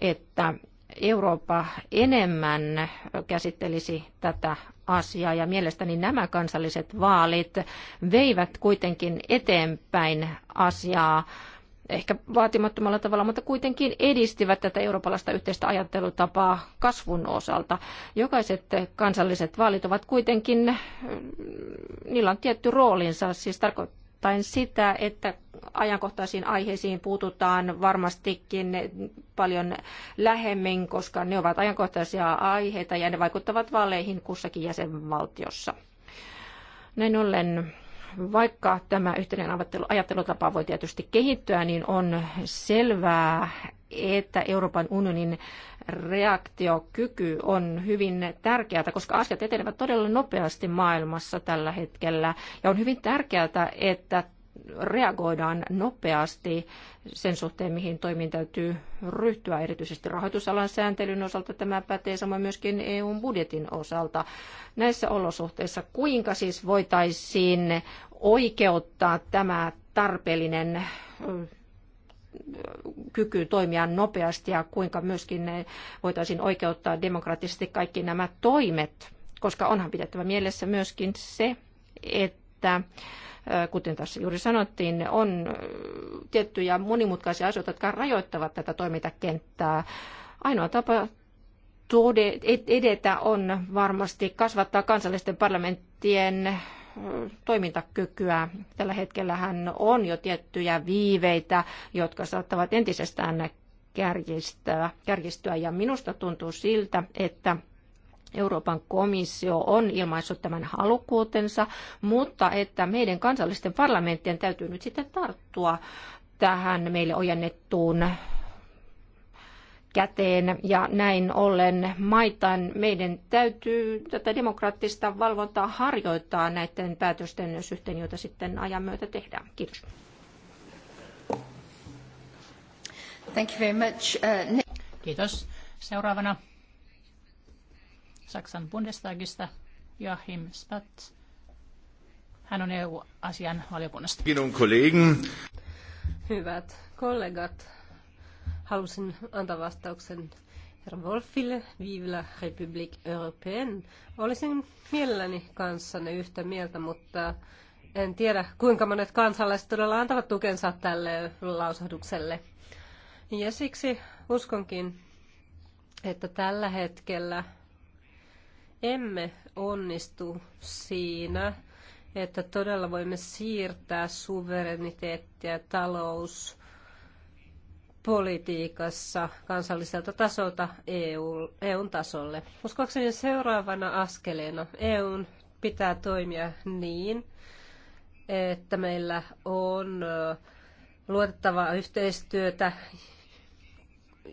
Speaker 1: että Eurooppa enemmän käsittelisi tätä asiaa ja mielestäni nämä kansalliset vaalit veivät kuitenkin eteenpäin asiaa ehkä vaatimattomalla tavalla, mutta kuitenkin edistivät tätä eurooppalaista yhteistä ajattelutapaa kasvun osalta. Jokaiset kansalliset vaalit ovat kuitenkin, niillä on tietty roolinsa, siis tarkoittaa tarkoittaen sitä, että ajankohtaisiin aiheisiin puututaan varmastikin paljon lähemmin, koska ne ovat ajankohtaisia aiheita ja ne vaikuttavat vaaleihin kussakin jäsenvaltiossa. Näin ollen vaikka tämä yhteinen ajattelutapa voi tietysti kehittyä, niin on selvää, että Euroopan unionin reaktiokyky on hyvin tärkeää, koska asiat etenevät todella nopeasti maailmassa tällä hetkellä. Ja on hyvin tärkeää, että reagoidaan nopeasti sen suhteen, mihin toimiin täytyy ryhtyä. Erityisesti rahoitusalan sääntelyn osalta tämä pätee, samoin myöskin EUn budjetin osalta. Näissä olosuhteissa kuinka siis voitaisiin oikeuttaa tämä tarpeellinen kyky toimia nopeasti ja kuinka myöskin ne voitaisiin oikeuttaa demokraattisesti kaikki nämä toimet, koska onhan pidettävä mielessä myöskin se, että kuten tässä juuri sanottiin, on tiettyjä monimutkaisia asioita, jotka rajoittavat tätä toimintakenttää. Ainoa tapa e- edetä on varmasti kasvattaa kansallisten parlamenttien toimintakykyä. Tällä hetkellä hän on jo tiettyjä viiveitä, jotka saattavat entisestään kärjistää, kärjistyä. Ja minusta tuntuu siltä, että Euroopan komissio on ilmaissut tämän halukkuutensa, mutta että meidän kansallisten parlamenttien täytyy nyt sitten tarttua tähän meille ojennettuun käteen ja näin ollen maitaan meidän täytyy tätä demokraattista valvontaa harjoittaa näiden päätösten suhteen, joita sitten ajan myötä tehdään. Kiitos.
Speaker 2: Thank you very much. Uh, Kiitos. Seuraavana Saksan Bundestagista Joachim Spatt. Hän on EU-asian valiokunnasta. Hyvät kollegat,
Speaker 4: Halusin antaa vastauksen herra Wolfille, Vivla Republic Europeen. Olisin mielelläni kanssanne yhtä mieltä, mutta en tiedä, kuinka monet kansalaiset todella antavat tukensa tälle lausahdukselle. Ja siksi uskonkin, että tällä hetkellä emme onnistu siinä, että todella voimme siirtää suvereniteettia, talous, politiikassa kansalliselta tasolta EU, EUn tasolle. Uskoakseni seuraavana askeleena EUn pitää toimia niin, että meillä on luotettavaa yhteistyötä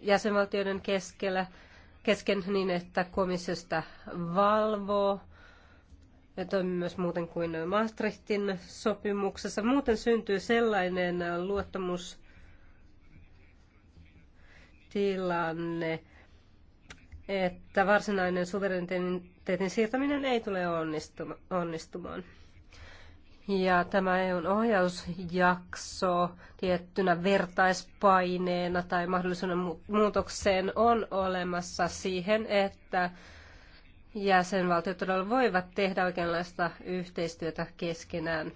Speaker 4: jäsenvaltioiden keskellä, kesken niin, että komissiosta valvoo ja toimii myös muuten kuin Maastrichtin sopimuksessa. Muuten syntyy sellainen luottamus tilanne, että varsinainen suvereniteetin siirtäminen ei tule onnistumaan. Ja tämä EUn ohjausjakso tiettynä vertaispaineena tai mahdollisuuden muutokseen on olemassa siihen, että jäsenvaltiot todella voivat tehdä oikeanlaista yhteistyötä keskenään.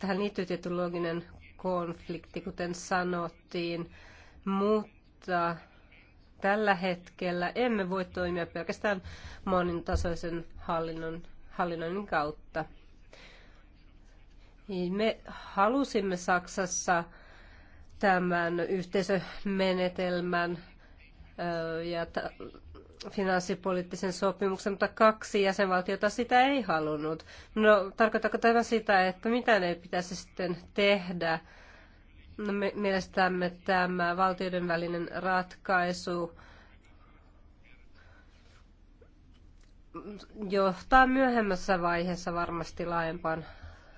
Speaker 4: Tähän liittyy tietty looginen konflikti, kuten sanottiin, mutta tällä hetkellä emme voi toimia pelkästään monintasoisen hallinnon, hallinnoinnin kautta. Me halusimme Saksassa tämän yhteisömenetelmän ja finanssipoliittisen sopimuksen, mutta kaksi jäsenvaltiota sitä ei halunnut. No, tarkoittaako tämä sitä, että mitä ne pitäisi sitten tehdä? No, me, mielestämme tämä valtioiden välinen ratkaisu johtaa myöhemmässä vaiheessa varmasti laajempaan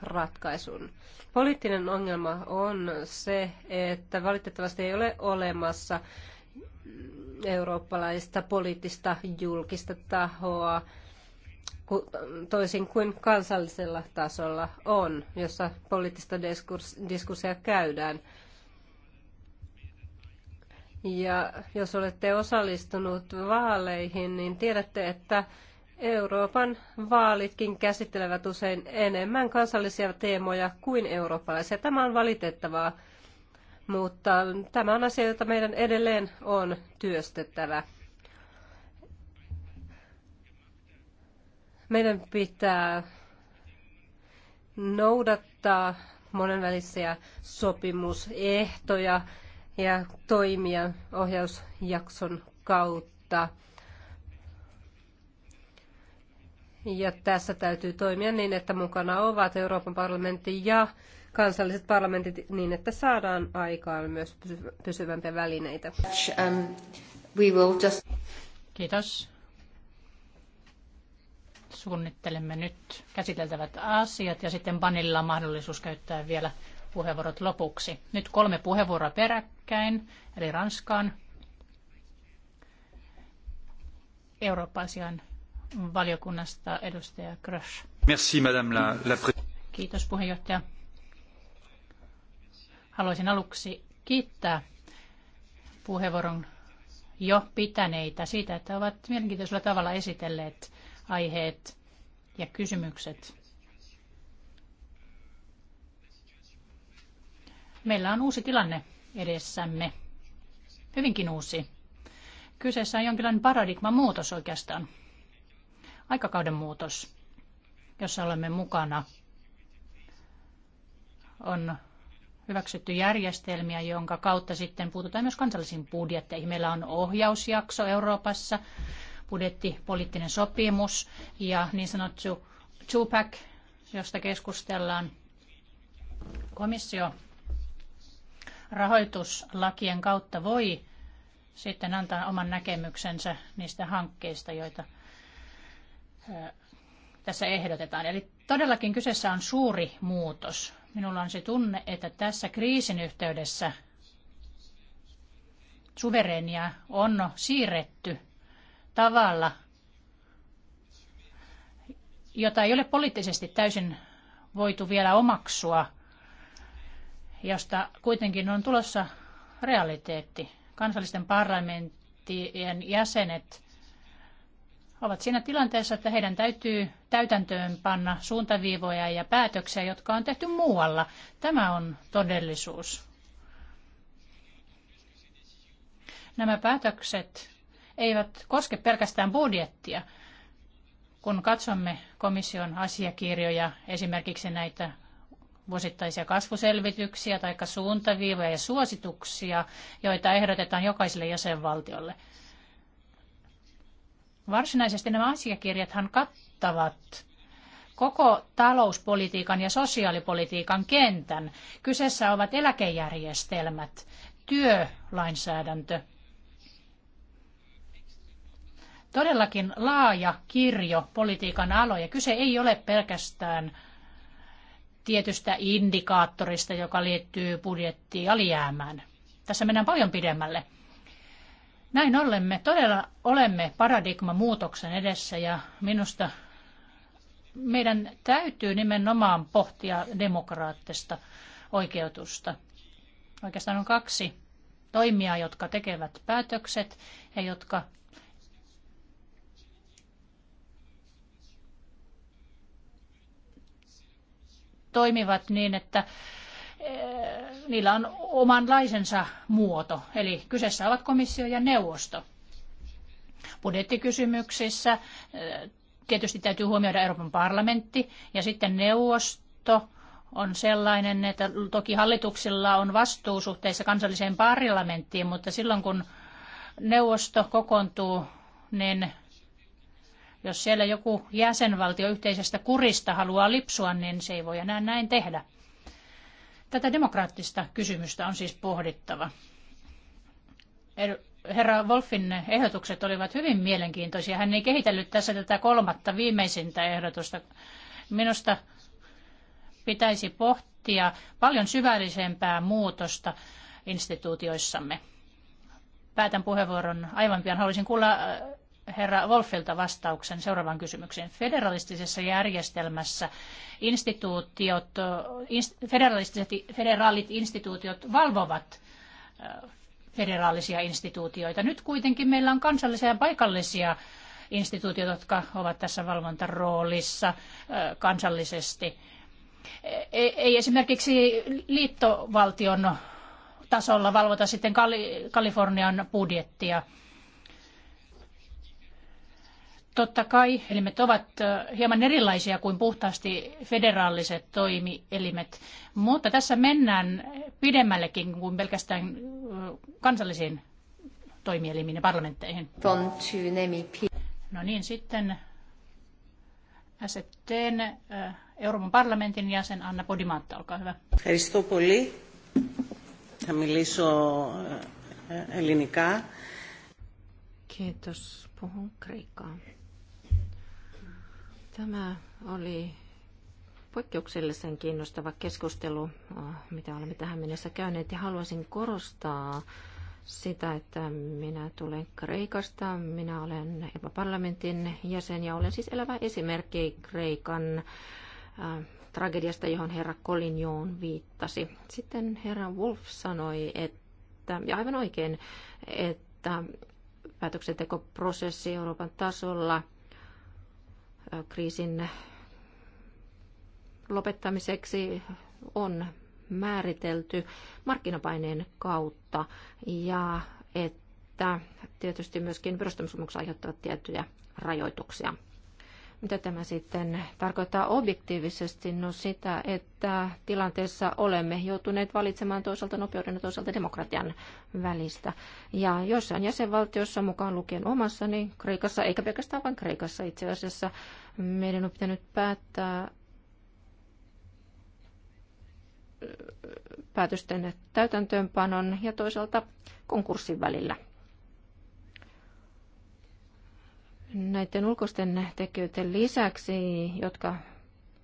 Speaker 4: ratkaisun. Poliittinen ongelma on se, että valitettavasti ei ole olemassa eurooppalaista poliittista julkista tahoa, toisin kuin kansallisella tasolla on, jossa poliittista diskurssia käydään. Ja jos olette osallistunut vaaleihin, niin tiedätte, että Euroopan vaalitkin käsittelevät usein enemmän kansallisia teemoja kuin eurooppalaisia. Tämä on valitettavaa mutta tämä on asia, jota meidän edelleen on työstettävä. Meidän pitää noudattaa monenvälisiä sopimusehtoja ja toimia ohjausjakson kautta. Ja tässä täytyy toimia niin, että mukana ovat Euroopan parlamentti ja kansalliset parlamentit niin, että saadaan aikaan myös pysyvämpiä välineitä. Um,
Speaker 2: Kiitos. Suunnittelemme nyt käsiteltävät asiat ja sitten Banilla on mahdollisuus käyttää vielä puheenvuorot lopuksi. Nyt kolme puheenvuoroa peräkkäin, eli Ranskaan, Eurooppa-asian valiokunnasta edustaja Grösch. Merci, madame la, la... Kiitos puheenjohtaja. Haluaisin aluksi kiittää puheenvuoron jo pitäneitä siitä, että ovat mielenkiintoisella tavalla esitelleet aiheet ja kysymykset. Meillä on uusi tilanne edessämme, hyvinkin uusi. Kyseessä on jonkinlainen paradigman muutos oikeastaan, aikakauden muutos, jossa olemme mukana. On hyväksytty järjestelmiä, jonka kautta sitten puututaan myös kansallisiin budjetteihin. Meillä on ohjausjakso Euroopassa, budjettipoliittinen sopimus ja niin sanottu two-pack, josta keskustellaan. Komissio rahoituslakien kautta voi sitten antaa oman näkemyksensä niistä hankkeista, joita tässä ehdotetaan. Eli todellakin kyseessä on suuri muutos. Minulla on se tunne, että tässä kriisin yhteydessä suverenia on siirretty tavalla, jota ei ole poliittisesti täysin voitu vielä omaksua, josta kuitenkin on tulossa realiteetti. Kansallisten parlamenttien jäsenet ovat siinä tilanteessa, että heidän täytyy täytäntöön panna suuntaviivoja ja päätöksiä, jotka on tehty muualla. Tämä on todellisuus. Nämä päätökset eivät koske pelkästään budjettia. Kun katsomme komission asiakirjoja, esimerkiksi näitä vuosittaisia kasvuselvityksiä tai suuntaviivoja ja suosituksia, joita ehdotetaan jokaiselle jäsenvaltiolle – Varsinaisesti nämä asiakirjathan kattavat koko talouspolitiikan ja sosiaalipolitiikan kentän. Kyseessä ovat eläkejärjestelmät, työlainsäädäntö, todellakin laaja kirjo politiikan aloja. Kyse ei ole pelkästään tietystä indikaattorista, joka liittyy budjettiin alijäämään. Tässä mennään paljon pidemmälle. Näin ollen me todella olemme muutoksen edessä ja minusta meidän täytyy nimenomaan pohtia demokraattista oikeutusta. Oikeastaan on kaksi toimia, jotka tekevät päätökset ja jotka toimivat niin, että Eh, niillä on omanlaisensa muoto, eli kyseessä ovat komissio ja neuvosto. Budjettikysymyksissä eh, tietysti täytyy huomioida Euroopan parlamentti ja sitten neuvosto on sellainen, että toki hallituksilla on vastuu suhteessa kansalliseen parlamenttiin, mutta silloin kun neuvosto kokoontuu, niin jos siellä joku jäsenvaltio yhteisestä kurista haluaa lipsua, niin se ei voi enää näin tehdä. Tätä demokraattista kysymystä on siis pohdittava. Herra Wolfin ehdotukset olivat hyvin mielenkiintoisia. Hän ei kehitellyt tässä tätä kolmatta viimeisintä ehdotusta. Minusta pitäisi pohtia paljon syvällisempää muutosta instituutioissamme. Päätän puheenvuoron aivan pian. Haluaisin kuulla herra Wolfilta vastauksen seuraavaan kysymykseen. Federalistisessa järjestelmässä instituutiot, federalistiset, federaalit instituutiot valvovat federaalisia instituutioita. Nyt kuitenkin meillä on kansallisia ja paikallisia instituutioita, jotka ovat tässä valvontaroolissa kansallisesti. E, ei esimerkiksi liittovaltion tasolla valvota sitten Kalifornian budjettia. Totta kai elimet ovat hieman erilaisia kuin puhtaasti federaaliset toimielimet, mutta tässä mennään pidemmällekin kuin pelkästään kansallisiin toimielimiin ja parlamentteihin. No niin, sitten asetteen Euroopan parlamentin jäsen Anna Podimatta, olkaa hyvä.
Speaker 4: Ευχαριστώ πολύ.
Speaker 1: Kiitos. Puhun kreikkaa. Tämä oli poikkeuksellisen kiinnostava keskustelu, äh, mitä olemme tähän mennessä käyneet, ja haluaisin korostaa sitä, että minä tulen Kreikasta, minä olen parlamentin jäsen ja olen siis elävä esimerkki Kreikan äh, tragediasta, johon herra Kolinjoon viittasi. Sitten herra Wolf sanoi, että, ja aivan oikein, että päätöksentekoprosessi Euroopan tasolla – kriisin lopettamiseksi on määritelty markkinapaineen kautta ja että tietysti myöskin perustamissopimukset aiheuttavat tiettyjä rajoituksia. Mitä tämä sitten tarkoittaa objektiivisesti? No sitä, että tilanteessa olemme joutuneet valitsemaan toisaalta nopeuden ja toisaalta demokratian välistä. Ja joissain jäsenvaltiossa mukaan lukien omassa, niin Kreikassa, eikä pelkästään vain Kreikassa itse asiassa, meidän on pitänyt päättää päätösten täytäntöönpanon ja toisaalta konkurssin välillä – näiden ulkoisten tekijöiden lisäksi, jotka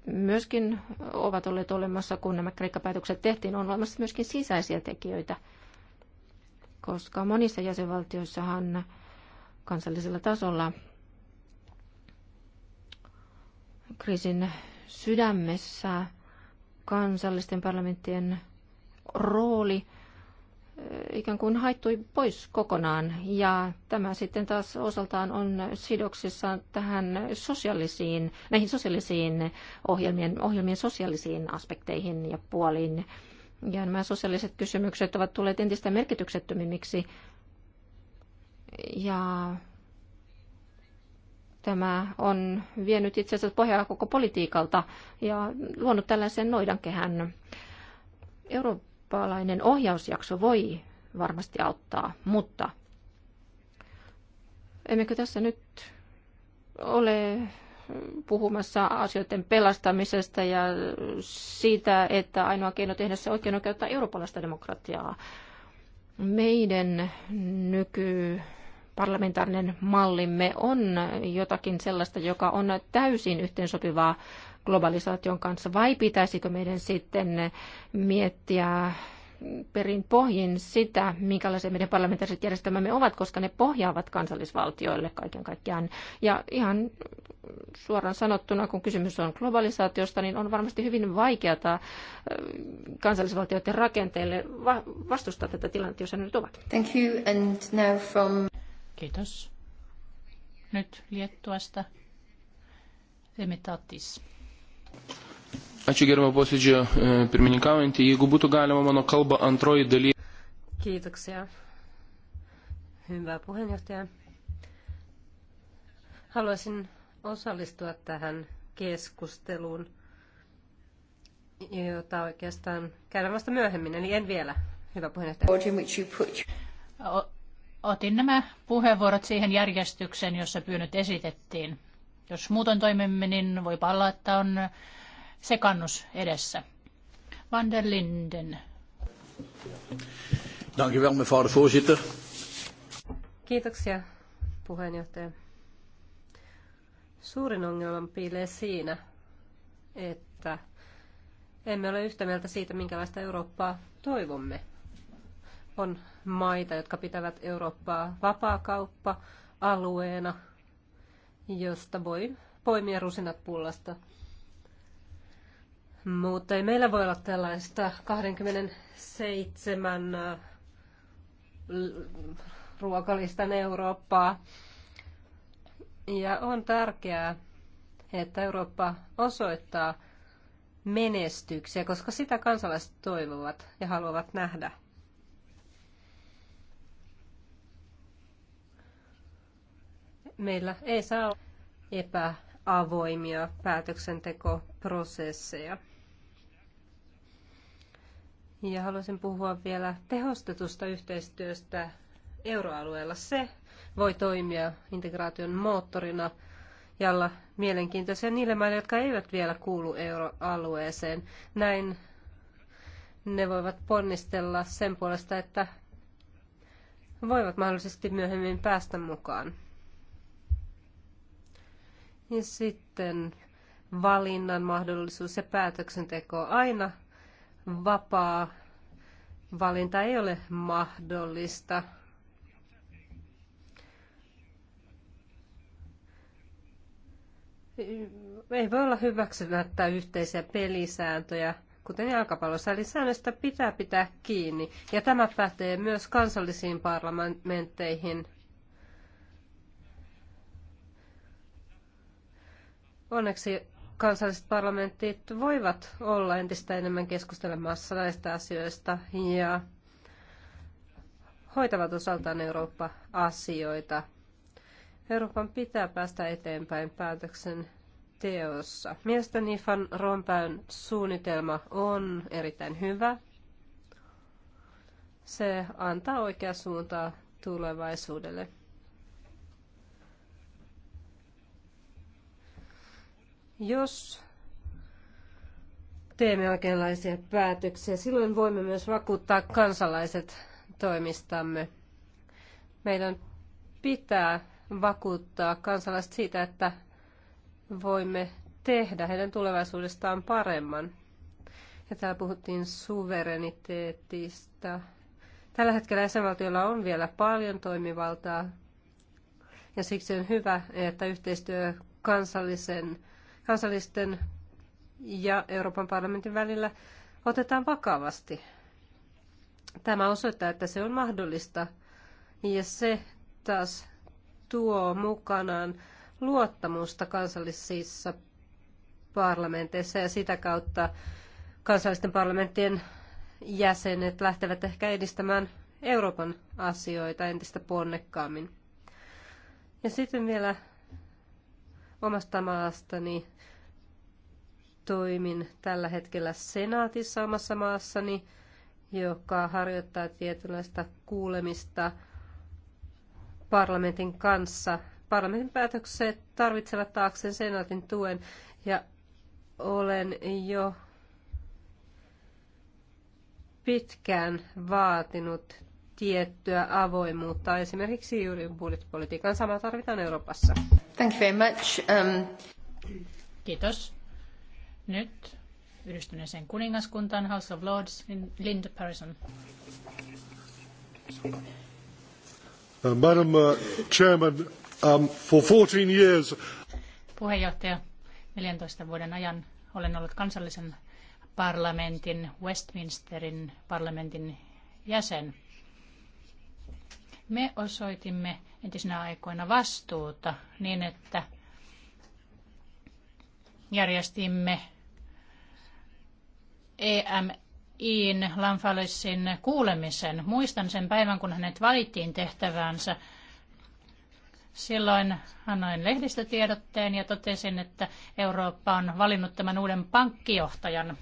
Speaker 1: myöskin ovat olleet olemassa, kun nämä kreikkapäätökset tehtiin, on olemassa myöskin sisäisiä tekijöitä, koska monissa jäsenvaltioissahan kansallisella tasolla kriisin sydämessä kansallisten parlamenttien rooli Eh, ikään kuin haittui pois kokonaan. Ja tämä sitten taas osaltaan on sidoksissa tähän sosiaalisiin, näihin sosiaalisiin ohjelmien, ohjelmien sosiaalisiin aspekteihin ja puoliin. Ja nämä sosiaaliset kysymykset ovat tulleet entistä merkityksettömimmiksi. Ja tämä on vienyt itse asiassa pohjaa koko politiikalta ja luonut tällaisen noidankehän. Euroopan eurooppalainen ohjausjakso voi varmasti auttaa, mutta emmekö tässä nyt ole puhumassa asioiden pelastamisesta ja siitä, että ainoa keino tehdä se oikein on käyttää eurooppalaista demokratiaa. Meidän nyky parlamentaarinen mallimme on jotakin sellaista, joka on täysin yhteensopivaa globalisaation kanssa vai pitäisikö meidän sitten miettiä perin pohjin sitä, minkälaisia meidän parlamentaariset järjestelmämme ovat, koska ne pohjaavat kansallisvaltioille kaiken kaikkiaan. Ja ihan suoraan sanottuna, kun kysymys on globalisaatiosta, niin on varmasti hyvin vaikeata kansallisvaltioiden rakenteille vastustaa tätä tilannetta, jossa ne nyt ovat.
Speaker 2: Thank you, and now from... Kiitos. Nyt Liettuasta. Emitatis.
Speaker 3: Ačiū gerbiamą posėdžio e, pirmininkaujantį. Jeigu būtų galima mano kalba antroji daly.
Speaker 4: Kiitoksia. Hyvä puheenjohtaja. Haluaisin osallistua tähän keskusteluun, jota oikeastaan käydään vasta myöhemmin, eli en vielä. Hyvä puheenjohtaja.
Speaker 2: Otin nämä puheenvuorot siihen järjestykseen, jossa pyynnöt esitettiin. Jos muutoin toimimme, niin voi olla, että on sekannus edessä. Van der Linden.
Speaker 3: mevrouw de voorzitter.
Speaker 2: Kiitoksia, puheenjohtaja.
Speaker 4: Suurin ongelma piilee siinä, että emme ole yhtä mieltä siitä, minkälaista Eurooppaa toivomme. On maita, jotka pitävät Eurooppaa vapaakauppa alueena – josta voi poimia rusinat pullasta. Mutta ei meillä voi olla tällaista 27 äh, ruokalistan Eurooppaa. Ja on tärkeää, että Eurooppa osoittaa menestyksiä, koska sitä kansalaiset toivovat ja haluavat nähdä. meillä ei saa olla epäavoimia päätöksentekoprosesseja. Ja haluaisin puhua vielä tehostetusta yhteistyöstä euroalueella. Se voi toimia integraation moottorina ja olla mielenkiintoisia niille maille, jotka eivät vielä kuulu euroalueeseen. Näin ne voivat ponnistella sen puolesta, että voivat mahdollisesti myöhemmin päästä mukaan. Ja sitten valinnan mahdollisuus ja päätöksenteko aina vapaa. Valinta ei ole mahdollista. Ei voi olla hyväksymättä yhteisiä pelisääntöjä, kuten jalkapallossa, eli säännöstä pitää pitää kiinni. Ja tämä pätee myös kansallisiin parlamentteihin – Onneksi kansalliset parlamentit voivat olla entistä enemmän keskustelemassa näistä asioista ja hoitavat osaltaan Eurooppa-asioita. Euroopan pitää päästä eteenpäin päätöksen teossa. Mielestäni Van Rompäyn suunnitelma on erittäin hyvä. Se antaa oikea suuntaa tulevaisuudelle. Jos teemme oikeanlaisia päätöksiä, silloin voimme myös vakuuttaa kansalaiset toimistamme. Meidän pitää vakuuttaa kansalaiset siitä, että voimme tehdä heidän tulevaisuudestaan paremman. Ja täällä puhuttiin suvereniteetista. Tällä hetkellä jäsenvaltiolla on vielä paljon toimivaltaa, ja siksi on hyvä, että yhteistyö kansallisen kansallisten ja Euroopan parlamentin välillä otetaan vakavasti. Tämä osoittaa, että se on mahdollista ja se taas tuo mukanaan luottamusta kansallisissa parlamenteissa ja sitä kautta kansallisten parlamenttien jäsenet lähtevät ehkä edistämään Euroopan asioita entistä ponnekkaammin. Ja sitten vielä omasta maastani. Toimin tällä hetkellä senaatissa omassa maassani, joka harjoittaa tietynlaista kuulemista parlamentin kanssa. Parlamentin päätökset tarvitsevat taakse senaatin tuen ja olen jo pitkään vaatinut tiettyä avoimuutta, esimerkiksi juuri budjettipolitiikan sama tarvitaan
Speaker 2: Euroopassa. Thank you very much. Um... Kiitos. Nyt yhdistyneeseen kuningaskuntaan House of Lords, Linda Parison.
Speaker 3: Uh,
Speaker 4: Madam uh, Chairman, um, for 14 years...
Speaker 2: Puheenjohtaja, 14 vuoden ajan olen ollut kansallisen parlamentin, Westminsterin parlamentin jäsen. Me osoitimme entisinä aikoina vastuuta niin, että järjestimme EMIin Lanfalissin kuulemisen. Muistan sen päivän, kun hänet valittiin tehtäväänsä. Silloin annoin lehdistötiedotteen ja totesin, että Eurooppa on valinnut tämän uuden pankkijohtajan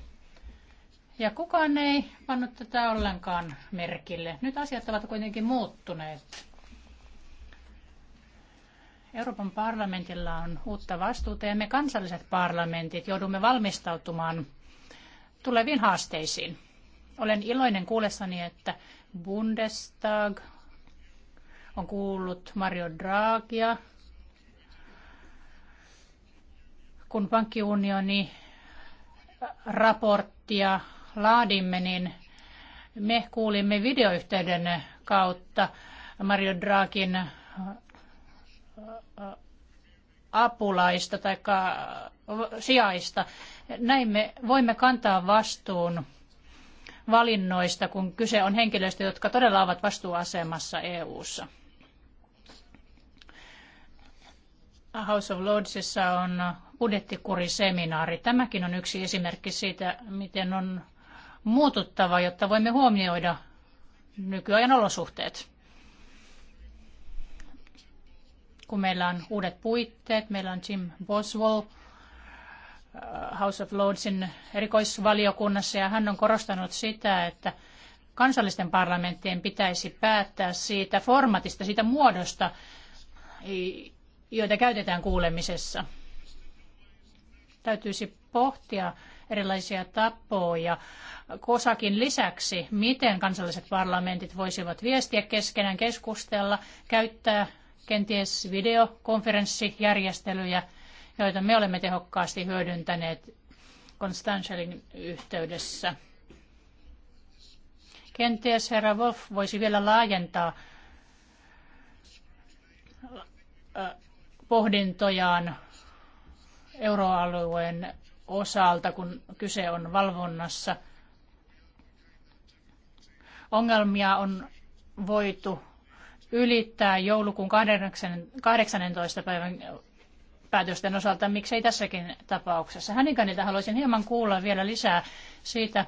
Speaker 2: ja kukaan ei pannut tätä ollenkaan merkille. Nyt asiat ovat kuitenkin muuttuneet. Euroopan parlamentilla on uutta vastuuta ja me kansalliset parlamentit joudumme valmistautumaan tuleviin haasteisiin. Olen iloinen kuullessani, että Bundestag on kuullut Mario Draghia, kun pankkiunioni raporttia laadimme, niin me kuulimme videoyhteyden kautta Mario Draakin äh, äh, apulaista tai äh, sijaista. Näin me voimme kantaa vastuun valinnoista, kun kyse on henkilöistä, jotka todella ovat vastuuasemassa EU:ssa. House of Lordsissa on budjettikuriseminaari. Tämäkin on yksi esimerkki siitä, miten on muututtava, jotta voimme huomioida nykyajan olosuhteet. Kun meillä on uudet puitteet, meillä on Jim Boswell äh, House of Lordsin erikoisvaliokunnassa ja hän on korostanut sitä, että kansallisten parlamenttien pitäisi päättää siitä formatista, siitä muodosta, joita käytetään kuulemisessa. Täytyisi pohtia erilaisia tapoja kosakin lisäksi, miten kansalliset parlamentit voisivat viestiä keskenään, keskustella, käyttää kenties videokonferenssijärjestelyjä, joita me olemme tehokkaasti hyödyntäneet Konstantialin yhteydessä. Kenties herra Wolf voisi vielä laajentaa äh, pohdintojaan euroalueen osalta, kun kyse on valvonnassa. Ongelmia on voitu ylittää joulukuun 18. päivän päätösten osalta, miksei tässäkin tapauksessa. Hänikanilta haluaisin hieman kuulla vielä lisää siitä,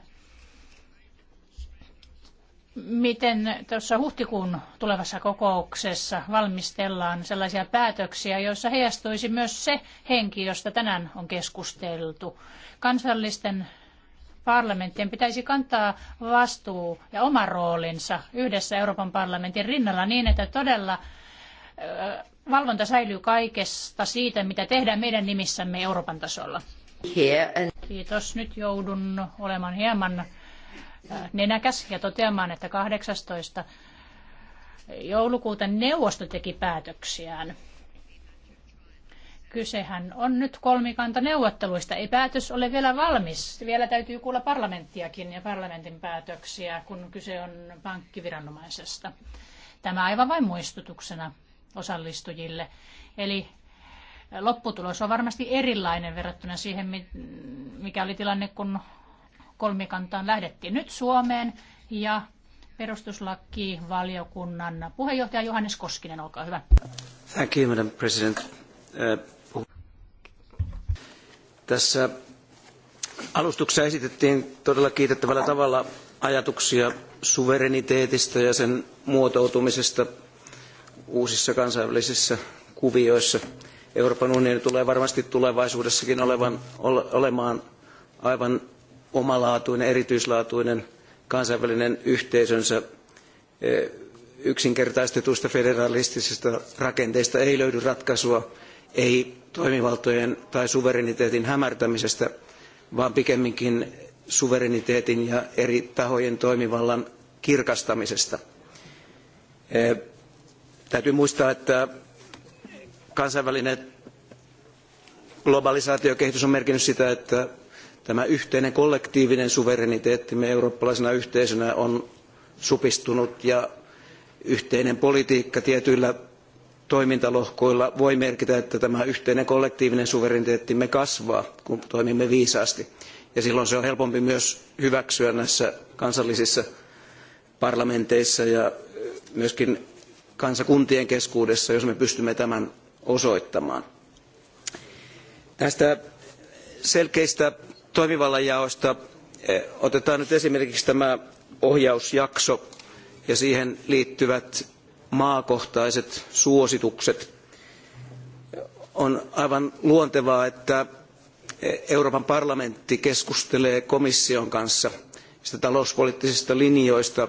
Speaker 2: miten tuossa huhtikuun tulevassa kokouksessa valmistellaan sellaisia päätöksiä, joissa heijastuisi myös se henki, josta tänään on keskusteltu. Kansallisten parlamenttien pitäisi kantaa vastuu ja oma roolinsa yhdessä Euroopan parlamentin rinnalla niin, että todella valvonta säilyy kaikesta siitä, mitä tehdään meidän nimissämme Euroopan tasolla. Kiitos. Nyt joudun olemaan hieman nenäkäs ja toteamaan, että 18. joulukuuta neuvosto teki päätöksiään. Kysehän on nyt kolmikanta neuvotteluista. Ei päätös ole vielä valmis. Vielä täytyy kuulla parlamenttiakin ja parlamentin päätöksiä, kun kyse on pankkiviranomaisesta. Tämä aivan vain muistutuksena osallistujille. Eli lopputulos on varmasti erilainen verrattuna siihen, mikä oli tilanne, kun kolmikantaan lähdettiin nyt Suomeen ja perustuslaki valiokunnan puheenjohtaja Johannes Koskinen, olkaa hyvä.
Speaker 3: Thank you, Madam President. Uh, tässä alustuksessa esitettiin todella kiitettävällä tavalla ajatuksia suvereniteetista ja sen muotoutumisesta uusissa kansainvälisissä kuvioissa. Euroopan unioni tulee varmasti tulevaisuudessakin olevan, olemaan aivan omalaatuinen, erityislaatuinen kansainvälinen yhteisönsä e, yksinkertaistetusta federalistisista rakenteista ei löydy ratkaisua, ei toimivaltojen tai suvereniteetin hämärtämisestä, vaan pikemminkin suvereniteetin ja eri tahojen toimivallan kirkastamisesta. E, täytyy muistaa, että kansainvälinen globalisaatiokehitys on merkinnyt sitä, että tämä yhteinen kollektiivinen suvereniteettimme eurooppalaisena yhteisönä on supistunut ja yhteinen politiikka tietyillä toimintalohkoilla voi merkitä, että tämä yhteinen kollektiivinen suvereniteettimme kasvaa, kun toimimme viisaasti. Ja silloin se on helpompi myös hyväksyä näissä kansallisissa parlamenteissa ja myöskin kansakuntien keskuudessa, jos me pystymme tämän osoittamaan. Näistä selkeistä toimivallan jaosta eh, otetaan nyt esimerkiksi tämä ohjausjakso ja siihen liittyvät maakohtaiset suositukset. On aivan luontevaa, että eh, Euroopan parlamentti keskustelee komission kanssa sitä talouspoliittisista linjoista,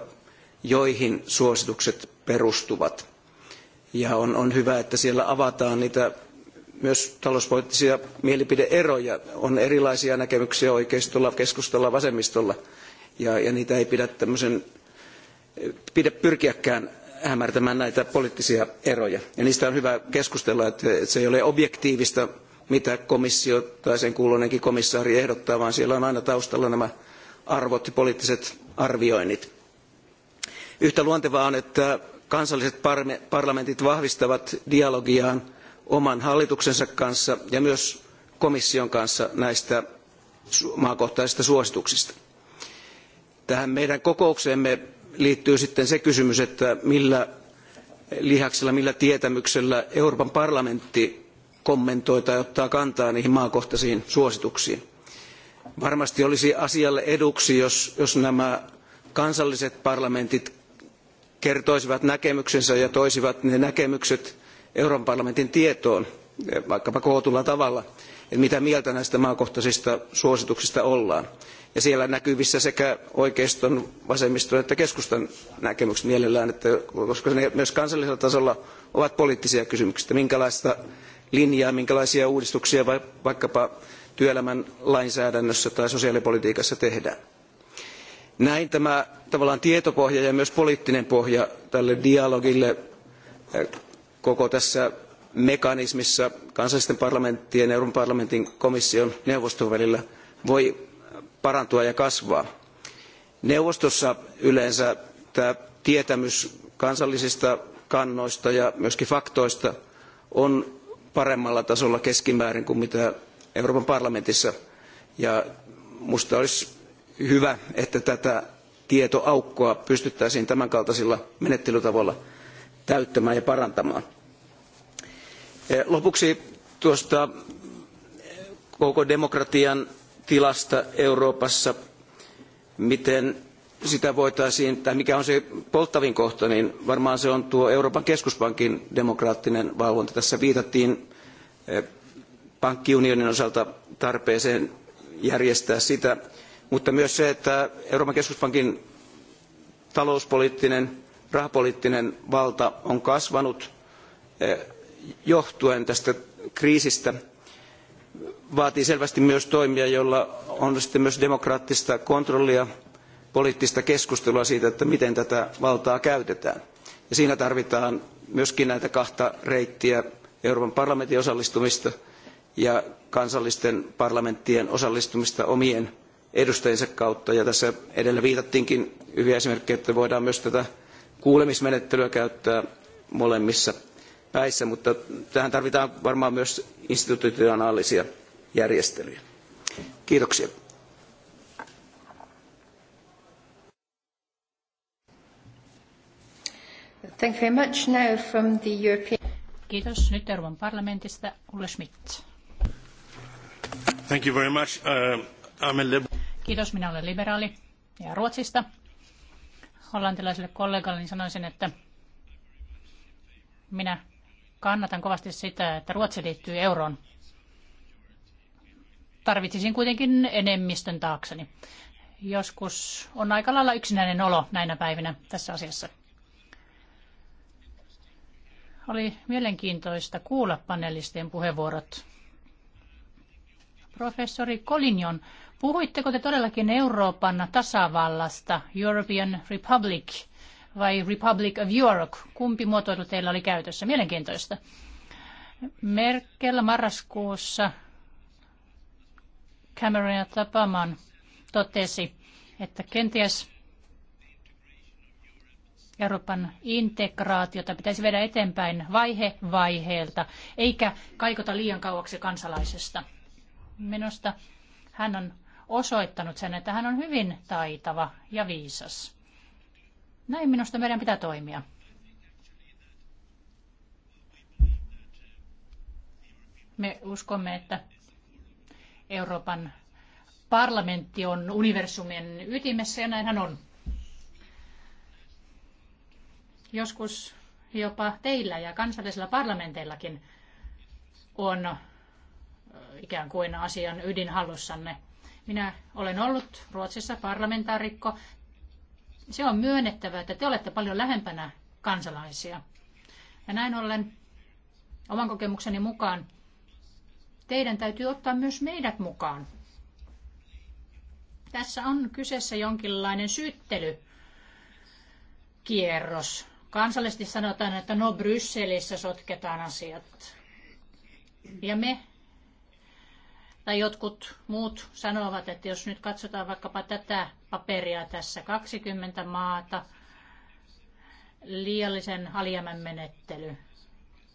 Speaker 3: joihin suositukset perustuvat. Ja on, on hyvä, että siellä avataan niitä myös talouspoliittisia mielipideeroja. On erilaisia näkemyksiä oikeistolla, keskustolla, vasemmistolla. Ja, ja niitä ei pidä, pidä pyrkiäkään hämärtämään näitä poliittisia eroja. Ja niistä on hyvä keskustella, että, se ei ole objektiivista, mitä komissio tai sen kuuluinenkin komissaari ehdottaa, vaan siellä on aina taustalla nämä arvot ja poliittiset arvioinnit. Yhtä luontevaa on, että kansalliset parlamentit vahvistavat dialogiaan oman hallituksensa kanssa ja myös komission kanssa näistä maakohtaisista suosituksista. Tähän meidän kokoukseemme liittyy sitten se kysymys, että millä lihaksella, millä tietämyksellä Euroopan parlamentti kommentoi tai ottaa kantaa niihin maakohtaisiin suosituksiin. Varmasti olisi asialle eduksi, jos, jos nämä kansalliset parlamentit kertoisivat näkemyksensä ja toisivat ne näkemykset Euroopan parlamentin tietoon eh, vaikkapa kootulla tavalla, että mitä mieltä näistä maakohtaisista suosituksista ollaan. Ja siellä näkyvissä sekä oikeiston, vasemmiston että keskustan näkemykset mielellään, että, koska ne myös kansallisella tasolla ovat poliittisia kysymyksiä, minkälaista linjaa, minkälaisia uudistuksia vaikkapa työelämän lainsäädännössä tai sosiaalipolitiikassa tehdään. Näin tämä tavallaan tietopohja ja myös poliittinen pohja tälle dialogille eh, koko tässä mekanismissa kansallisten parlamenttien, Euroopan parlamentin, komission, neuvoston välillä voi parantua ja kasvaa. Neuvostossa yleensä tämä tietämys kansallisista kannoista ja myöskin faktoista on paremmalla tasolla keskimäärin kuin mitä Euroopan parlamentissa. Ja musta olisi hyvä, että tätä tietoaukkoa pystyttäisiin tämänkaltaisilla menettelytavoilla täyttämään ja parantamaan. Eh, lopuksi tuosta koko demokratian tilasta Euroopassa, miten sitä voitaisiin, tai mikä on se polttavin kohta, niin varmaan se on tuo Euroopan keskuspankin demokraattinen valvonta. Tässä viitattiin eh, pankkiunionin osalta tarpeeseen järjestää sitä, mutta myös se, että Euroopan keskuspankin talouspoliittinen, rahapoliittinen valta on kasvanut eh, johtuen tästä kriisistä vaatii selvästi myös toimia, joilla on sitten myös demokraattista kontrollia, poliittista keskustelua siitä, että miten tätä valtaa käytetään. Ja siinä tarvitaan myöskin näitä kahta reittiä, Euroopan parlamentin osallistumista ja kansallisten parlamenttien osallistumista omien edustajiensa kautta. Ja tässä edellä viitattiinkin hyviä esimerkkejä, että voidaan myös tätä kuulemismenettelyä käyttää molemmissa päissä, mutta tähän tarvitaan varmaan myös institutionaalisia järjestelyjä. Kiitoksia.
Speaker 2: Thank you very much. Now from the European... Kiitos. Nyt Euroopan parlamentista Ulle Schmidt.
Speaker 3: Thank you very much. Uh, I'm
Speaker 4: a liberal.
Speaker 2: Kiitos. Minä olen liberaali ja Ruotsista. Hollantilaiselle kollegalle niin sanoisin, että minä Kannatan kovasti sitä, että Ruotsi liittyy euroon. Tarvitsisin kuitenkin enemmistön taakseni. Joskus on aika lailla yksinäinen olo näinä päivinä tässä asiassa. Oli mielenkiintoista kuulla panelistien puheenvuorot. Professori Kolinjon, puhuitteko te todellakin Euroopan tasavallasta, European Republic, vai Republic of Europe? Kumpi muotoilu teillä oli käytössä? Mielenkiintoista. Merkel marraskuussa Cameronia tapaamaan totesi, että kenties Euroopan integraatiota pitäisi viedä eteenpäin vaihe vaiheelta, eikä kaikota liian kauaksi kansalaisesta. Minusta hän on osoittanut sen, että hän on hyvin taitava ja viisas. Näin minusta meidän pitää toimia. Me uskomme, että Euroopan parlamentti on universumin ytimessä ja näinhän on. Joskus jopa teillä ja kansallisilla parlamenteillakin on ikään kuin asian ydinhallussanne. Minä olen ollut Ruotsissa parlamentaarikko. Se on myönnettävä, että te olette paljon lähempänä kansalaisia. Ja näin ollen oman kokemukseni mukaan teidän täytyy ottaa myös meidät mukaan. Tässä on kyseessä jonkinlainen syyttelykierros. Kansallisesti sanotaan, että no Brysselissä sotketaan asiat. Ja me tai jotkut muut sanovat, että jos nyt katsotaan vaikkapa tätä paperia tässä 20 maata, liiallisen alijäämän menettely.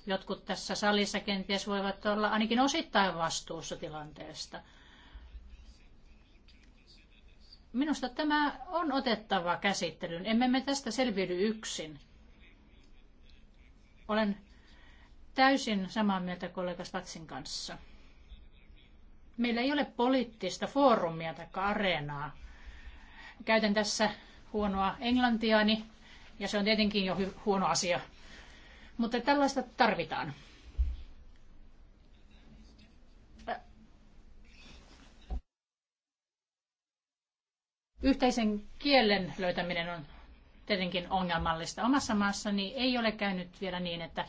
Speaker 2: Jotkut tässä salissa kenties voivat olla ainakin osittain vastuussa tilanteesta. Minusta tämä on otettava käsittelyyn. Emme me tästä selviydy yksin. Olen täysin samaa mieltä kollega Statsin kanssa. Meillä ei ole poliittista foorumia tai areenaa. Käytän tässä huonoa englantiaani, ja se on tietenkin jo huono asia. Mutta tällaista tarvitaan. Yhteisen kielen löytäminen on tietenkin ongelmallista. Omassa maassani ei ole käynyt vielä niin, että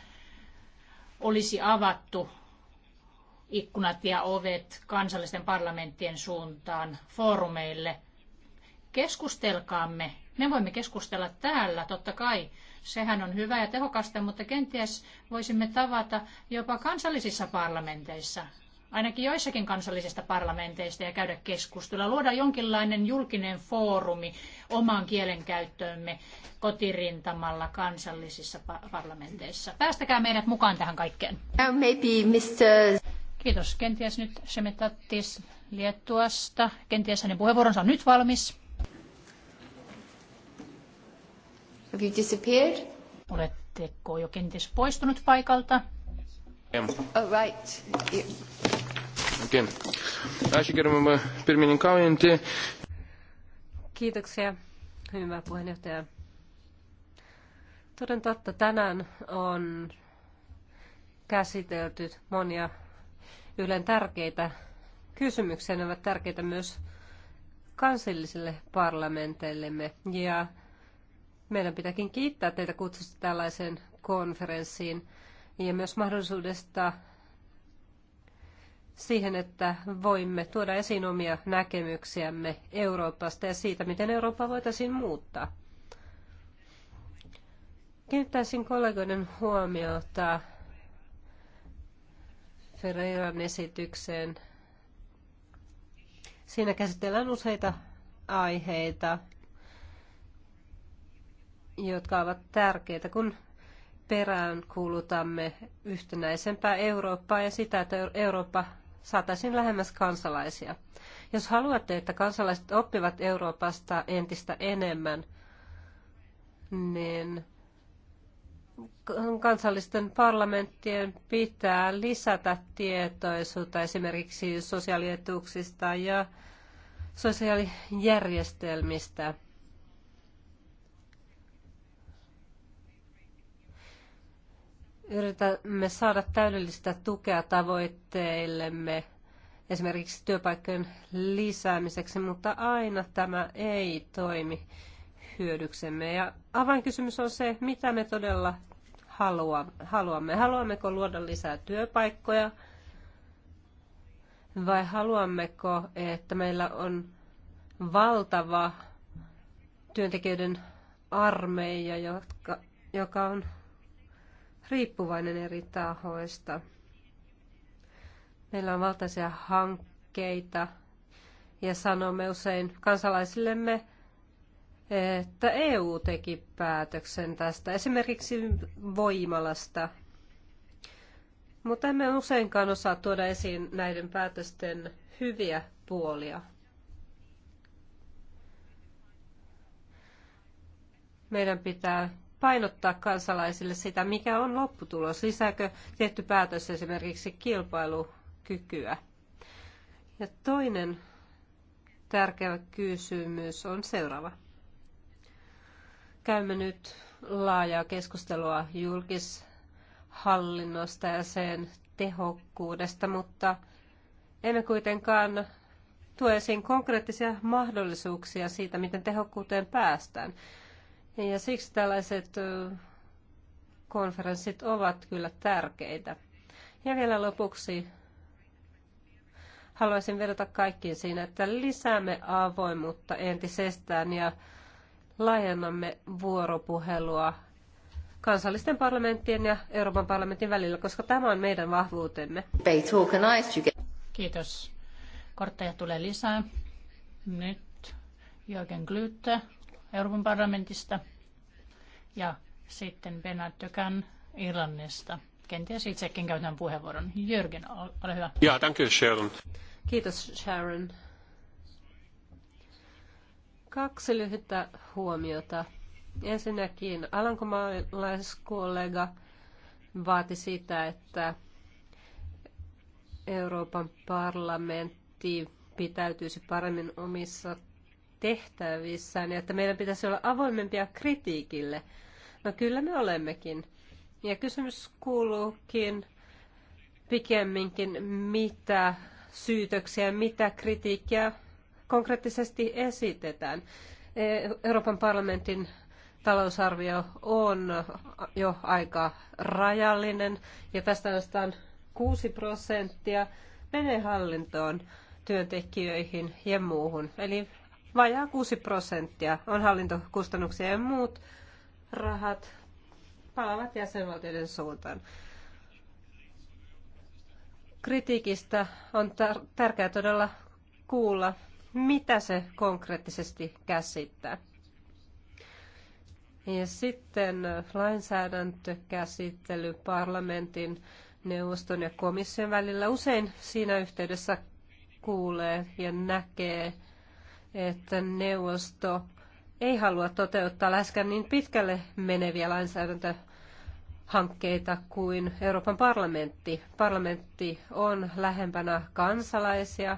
Speaker 2: olisi avattu ikkunat ja ovet kansallisten parlamenttien suuntaan foorumeille. Keskustelkaamme. Me voimme keskustella täällä, totta kai. Sehän on hyvä ja tehokasta, mutta kenties voisimme tavata jopa kansallisissa parlamenteissa, ainakin joissakin kansallisista parlamenteista ja käydä keskustelua, luoda jonkinlainen julkinen foorumi omaan kielenkäyttöömme kotirintamalla kansallisissa parlamenteissa. Päästäkää meidät mukaan tähän kaikkeen. Maybe Mr. Kiitos. Kenties nyt Semetattis Liettuasta. Kenties hänen puheenvuoronsa on nyt valmis. Have you disappeared? Oletteko jo kenties poistunut paikalta? Yeah. Oh, right. Okay.
Speaker 4: Kiitoksia, hyvä puheenjohtaja. Toden totta, tänään on käsitelty monia Ylen tärkeitä kysymyksiä. Ne ovat tärkeitä myös kansallisille parlamenteillemme. Ja meidän pitääkin kiittää teitä kutsusta tällaiseen konferenssiin ja myös mahdollisuudesta siihen, että voimme tuoda esiin omia näkemyksiämme Euroopasta ja siitä, miten Eurooppa voitaisiin muuttaa. Kiinnittäisin kollegoiden huomiota Ferreiran esitykseen. Siinä käsitellään useita aiheita, jotka ovat tärkeitä, kun perään kuulutamme yhtenäisempää Eurooppaa ja sitä, että Eurooppa saataisiin lähemmäs kansalaisia. Jos haluatte, että kansalaiset oppivat Euroopasta entistä enemmän, niin kansallisten parlamenttien pitää lisätä tietoisuutta esimerkiksi sosiaalietuuksista ja sosiaalijärjestelmistä. Yritämme saada täydellistä tukea tavoitteillemme esimerkiksi työpaikkojen lisäämiseksi, mutta aina tämä ei toimi hyödyksemme. Ja avainkysymys on se, mitä me todella haluamme. Haluammeko luoda lisää työpaikkoja vai haluammeko, että meillä on valtava työntekijöiden armeija, jotka, joka on riippuvainen eri tahoista. Meillä on valtaisia hankkeita ja sanomme usein kansalaisillemme, että EU teki päätöksen tästä, esimerkiksi voimalasta. Mutta emme useinkaan osaa tuoda esiin näiden päätösten hyviä puolia. Meidän pitää painottaa kansalaisille sitä, mikä on lopputulos. Lisääkö tietty päätös esimerkiksi kilpailukykyä? Ja toinen tärkeä kysymys on seuraava. Käymme nyt laajaa keskustelua julkishallinnosta ja sen tehokkuudesta, mutta emme kuitenkaan tue esiin konkreettisia mahdollisuuksia siitä, miten tehokkuuteen päästään. Ja siksi tällaiset konferenssit ovat kyllä tärkeitä. Ja vielä lopuksi haluaisin vedota kaikkiin siinä, että lisäämme avoimuutta entisestään ja laajennamme vuoropuhelua kansallisten parlamenttien ja Euroopan parlamentin välillä, koska tämä on meidän vahvuutemme.
Speaker 2: Kiitos. Kortteja tulee lisää. Nyt Jörgen Glyytte Euroopan parlamentista ja sitten Bernard Tökän Irlannista. Kenties itsekin käytän puheenvuoron. Jörgen, ole hyvä.
Speaker 4: Ja, danke Sharon.
Speaker 2: Kiitos Sharon.
Speaker 4: Kaksi lyhyttä huomiota. Ensinnäkin alankomaalaiskollega vaati sitä, että Euroopan parlamentti pitäytyisi paremmin omissa tehtävissään ja että meidän pitäisi olla avoimempia kritiikille. No kyllä me olemmekin. Ja kysymys kuuluukin pikemminkin, mitä syytöksiä, mitä kritiikkiä konkreettisesti esitetään. E, Euroopan parlamentin talousarvio on jo aika rajallinen ja tästä on 6 prosenttia menee hallintoon, työntekijöihin ja muuhun. Eli vajaa 6 prosenttia on hallintokustannuksia ja muut rahat palavat jäsenvaltioiden suuntaan. Kritiikistä on tärkeää todella kuulla mitä se konkreettisesti käsittää. Ja sitten lainsäädäntökäsittely parlamentin, neuvoston ja komission välillä. Usein siinä yhteydessä kuulee ja näkee, että neuvosto ei halua toteuttaa läheskään niin pitkälle meneviä lainsäädäntöhankkeita kuin Euroopan parlamentti. Parlamentti on lähempänä kansalaisia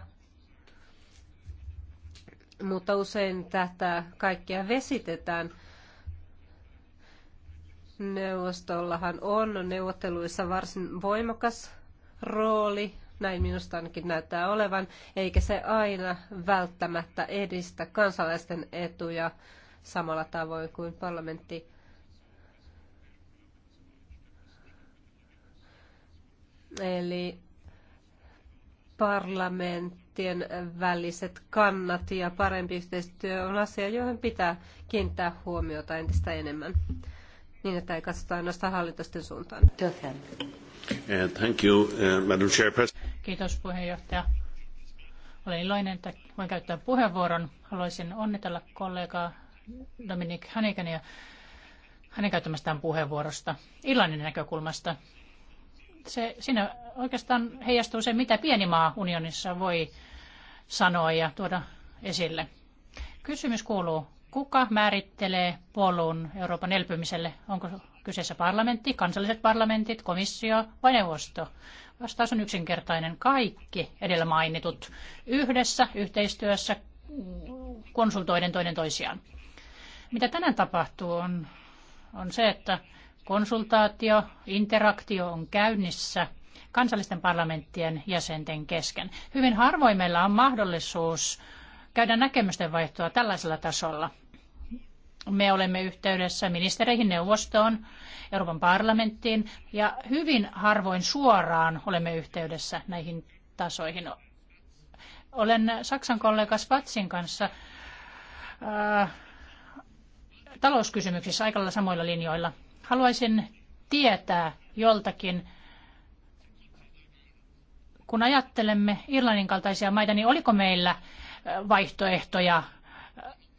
Speaker 4: mutta usein tätä kaikkea vesitetään. Neuvostollahan on neuvotteluissa varsin voimakas rooli, näin minusta ainakin näyttää olevan, eikä se aina välttämättä edistä kansalaisten etuja samalla tavoin kuin parlamentti. Eli parlamenttien väliset kannat ja parempi yhteistyö on asia, johon pitää kiinnittää huomiota entistä enemmän, niin että ei katsota ainoastaan hallitusten suuntaan. Uh,
Speaker 3: thank you, uh, Madam
Speaker 2: Kiitos puheenjohtaja. Olen iloinen, että voin käyttää puheenvuoron. Haluaisin onnitella kollegaa Dominic Hannikania hänen käyttämästään puheenvuorosta Irlannin näkökulmasta se, siinä oikeastaan heijastuu se, mitä pieni maa unionissa voi sanoa ja tuoda esille. Kysymys kuuluu, kuka määrittelee polun Euroopan elpymiselle? Onko kyseessä parlamentti, kansalliset parlamentit, komissio vai neuvosto? Vastaus on yksinkertainen. Kaikki edellä mainitut yhdessä, yhteistyössä, konsultoiden toinen toisiaan. Mitä tänään tapahtuu on, on se, että konsultaatio, interaktio on käynnissä kansallisten parlamenttien jäsenten kesken. Hyvin harvoin meillä on mahdollisuus käydä näkemysten vaihtoa tällaisella tasolla. Me olemme yhteydessä ministereihin neuvostoon, Euroopan parlamenttiin ja hyvin harvoin suoraan olemme yhteydessä näihin tasoihin. Olen Saksan kollega Spatsin kanssa äh, talouskysymyksissä aika samoilla linjoilla. Haluaisin tietää joltakin, kun ajattelemme Irlannin kaltaisia maita, niin oliko meillä vaihtoehtoja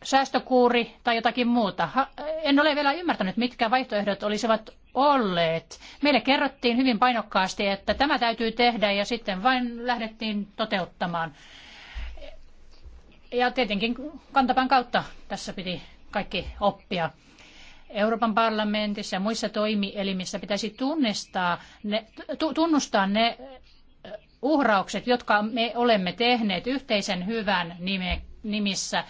Speaker 2: säästökuuri tai jotakin muuta. En ole vielä ymmärtänyt, mitkä vaihtoehdot olisivat olleet. Meille kerrottiin hyvin painokkaasti, että tämä täytyy tehdä ja sitten vain lähdettiin toteuttamaan. Ja tietenkin kantapään kautta tässä piti kaikki oppia. Euroopan parlamentissa ja muissa toimielimissä pitäisi ne, tunnustaa ne uhraukset, jotka me olemme tehneet yhteisen hyvän nime, nimissä.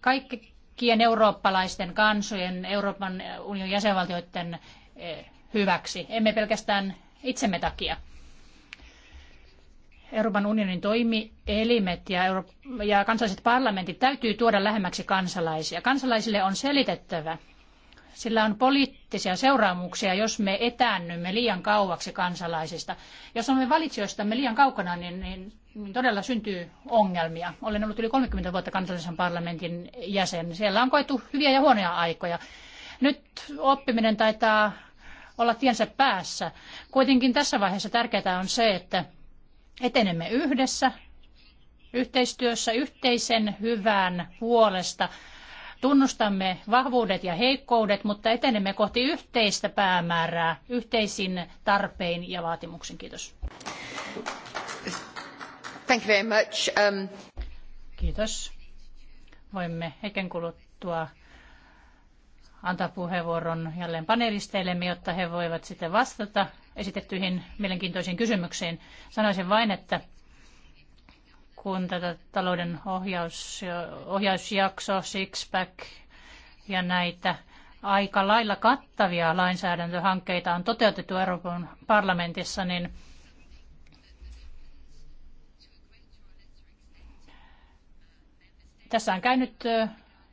Speaker 2: Kaikkien eurooppalaisten kansojen, Euroopan unionin jäsenvaltioiden hyväksi, emme pelkästään itsemme takia. Euroopan unionin toimielimet ja, Euro- ja kansalliset parlamentit täytyy tuoda lähemmäksi kansalaisia. Kansalaisille on selitettävä, sillä on poliittisia seuraamuksia, jos me etäännymme liian kauaksi kansalaisista. Jos olemme valitsijoistamme liian kaukana, niin, niin, niin todella syntyy ongelmia. Olen ollut yli 30 vuotta kansallisen parlamentin jäsen. Siellä on koettu hyviä ja huonoja aikoja. Nyt oppiminen taitaa olla tiensä päässä. Kuitenkin tässä vaiheessa tärkeää on se, että etenemme yhdessä, yhteistyössä, yhteisen hyvän puolesta – Tunnustamme vahvuudet ja heikkoudet, mutta etenemme kohti yhteistä päämäärää, yhteisin tarpein ja vaatimuksin. Kiitos. Thank you very much. Um... Kiitos. Voimme hetken kuluttua antaa puheenvuoron jälleen panelisteillemme, jotta he voivat sitten vastata esitettyihin mielenkiintoisiin kysymyksiin. Sanoisin vain, että kuin tätä talouden ohjaus, ohjausjakso, Sixpack ja näitä aika lailla kattavia lainsäädäntöhankkeita on toteutettu Euroopan parlamentissa, niin tässä on käynyt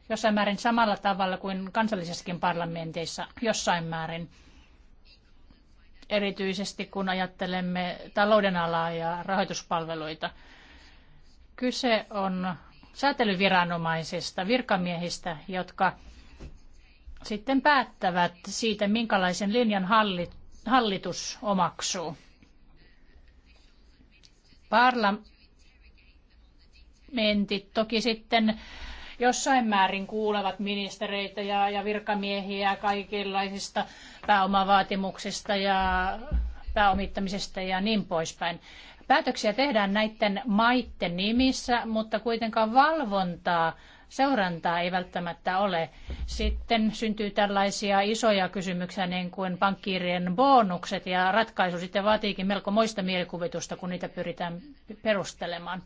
Speaker 2: jossain määrin samalla tavalla kuin kansallisessakin parlamenteissa jossain määrin. Erityisesti kun ajattelemme talouden alaa ja rahoituspalveluita – Kyse on säätelyviranomaisista, virkamiehistä, jotka sitten päättävät siitä, minkälaisen linjan hallitus omaksuu. Parlamentit toki sitten jossain määrin kuulevat ministereitä ja, ja virkamiehiä kaikenlaisista pääomavaatimuksista ja pääomittamisesta ja niin poispäin. Päätöksiä tehdään näiden maiden nimissä, mutta kuitenkaan valvontaa, seurantaa ei välttämättä ole. Sitten syntyy tällaisia isoja kysymyksiä, niin kuin pankkiirien bonukset, ja ratkaisu sitten vaatiikin melko moista mielikuvitusta, kun niitä pyritään perustelemaan.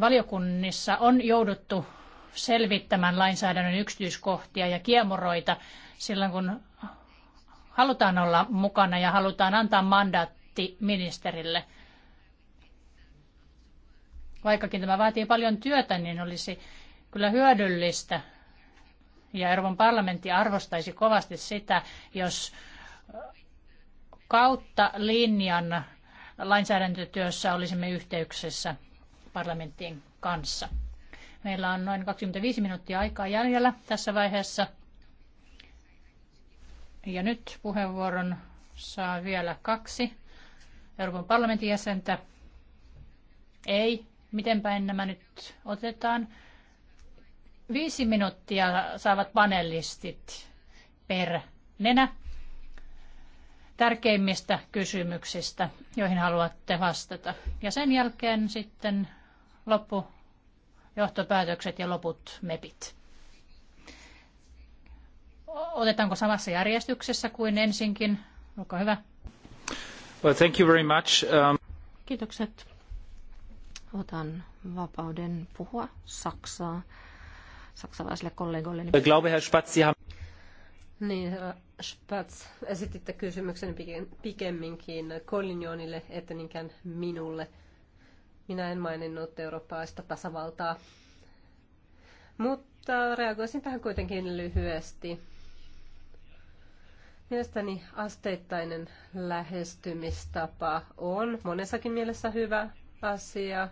Speaker 2: Valiokunnissa on jouduttu selvittämään lainsäädännön yksityiskohtia ja kiemuroita silloin, kun halutaan olla mukana ja halutaan antaa mandaatti viesti ministerille. Vaikkakin tämä vaatii paljon työtä, niin olisi kyllä hyödyllistä. Ja Euroopan parlamentti arvostaisi kovasti sitä, jos kautta linjan lainsäädäntötyössä olisimme yhteyksessä parlamenttien kanssa. Meillä on noin 25 minuuttia aikaa jäljellä tässä vaiheessa. Ja nyt puheenvuoron saa vielä kaksi Euroopan parlamentin jäsentä. Ei. Miten päin nämä nyt otetaan? Viisi minuuttia saavat panelistit per nenä tärkeimmistä kysymyksistä, joihin haluatte vastata. Ja sen jälkeen sitten loppu johtopäätökset ja loput mepit. Otetaanko samassa järjestyksessä kuin ensinkin? Olkaa hyvä.
Speaker 3: Well, thank you very much. Um,
Speaker 2: Kiitokset. Otan vapauden
Speaker 1: puhua Saksaa saksalaisille kollegoilleni. Ich
Speaker 4: glaube, Herr Spatz, Sie haben... Niin, herra Spatz, esititte kysymyksen pikemminkin Collignonille, että minulle. Minä en maininnut eurooppalaista tasavaltaa. Mutta reagoisin tähän kuitenkin lyhyesti. Mielestäni asteittainen lähestymistapa on monessakin mielessä hyvä asia.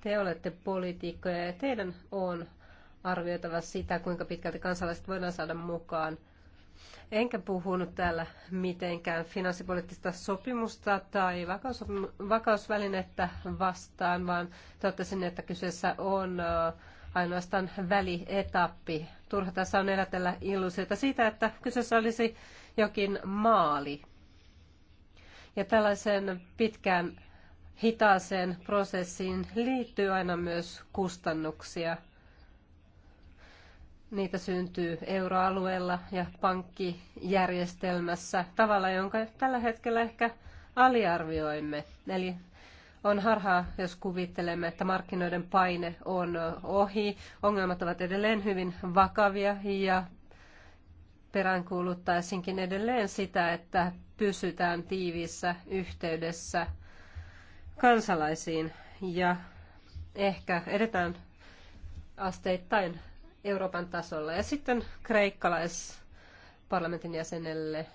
Speaker 4: Te olette poliitikkoja ja teidän on arvioitava sitä, kuinka pitkälti kansalaiset voidaan saada mukaan. Enkä puhunut täällä mitenkään finanssipoliittista sopimusta tai vakausvälinettä vastaan, vaan totesin, että kyseessä on uh, ainoastaan välietappi. Turha tässä on elätellä illuusioita siitä, että kyseessä olisi jokin maali. Ja tällaisen pitkään hitaaseen prosessiin liittyy aina myös kustannuksia. Niitä syntyy euroalueella ja pankkijärjestelmässä tavalla, jonka tällä hetkellä ehkä aliarvioimme. Eli on harhaa, jos kuvittelemme, että markkinoiden paine on ohi. Ongelmat ovat edelleen hyvin vakavia ja peräänkuuluttaisinkin edelleen sitä, että pysytään tiiviissä yhteydessä kansalaisiin ja ehkä edetään asteittain Euroopan tasolla. Ja sitten kreikkalaisparlamentin jäsenelle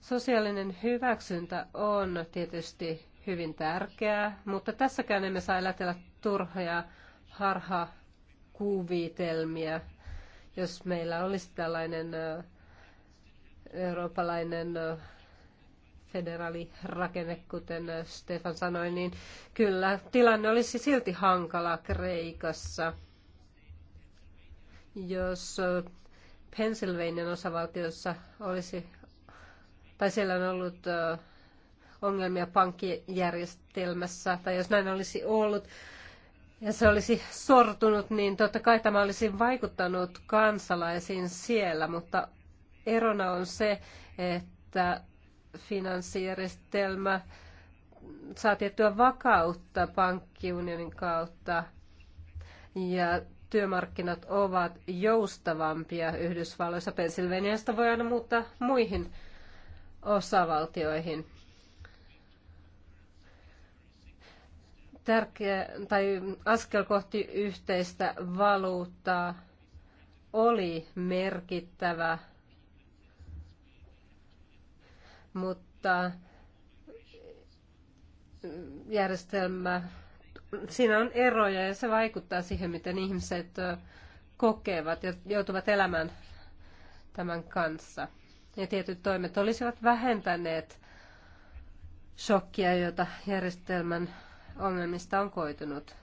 Speaker 4: Sosiaalinen hyväksyntä on tietysti hyvin tärkeää, mutta tässäkään emme saa elätellä turhoja harhakuvitelmia. Jos meillä olisi tällainen eurooppalainen rakenne, kuten Stefan sanoi, niin kyllä tilanne olisi silti hankala Kreikassa. Jos Pennsylvanian osavaltiossa olisi tai siellä on ollut ongelmia pankkijärjestelmässä, tai jos näin olisi ollut, ja se olisi sortunut, niin totta kai tämä olisi vaikuttanut kansalaisiin siellä, mutta erona on se, että finanssijärjestelmä saa tiettyä vakautta pankkiunionin kautta, ja työmarkkinat ovat joustavampia Yhdysvalloissa. Pensilvaniasta voi aina muuttaa muihin osavaltioihin. Tärkeä, tai askel kohti yhteistä valuuttaa oli merkittävä, mutta järjestelmä, siinä on eroja ja se vaikuttaa siihen, miten ihmiset kokevat ja joutuvat elämään tämän kanssa ja tietyt toimet olisivat vähentäneet shokkia, jota järjestelmän ongelmista on koitunut.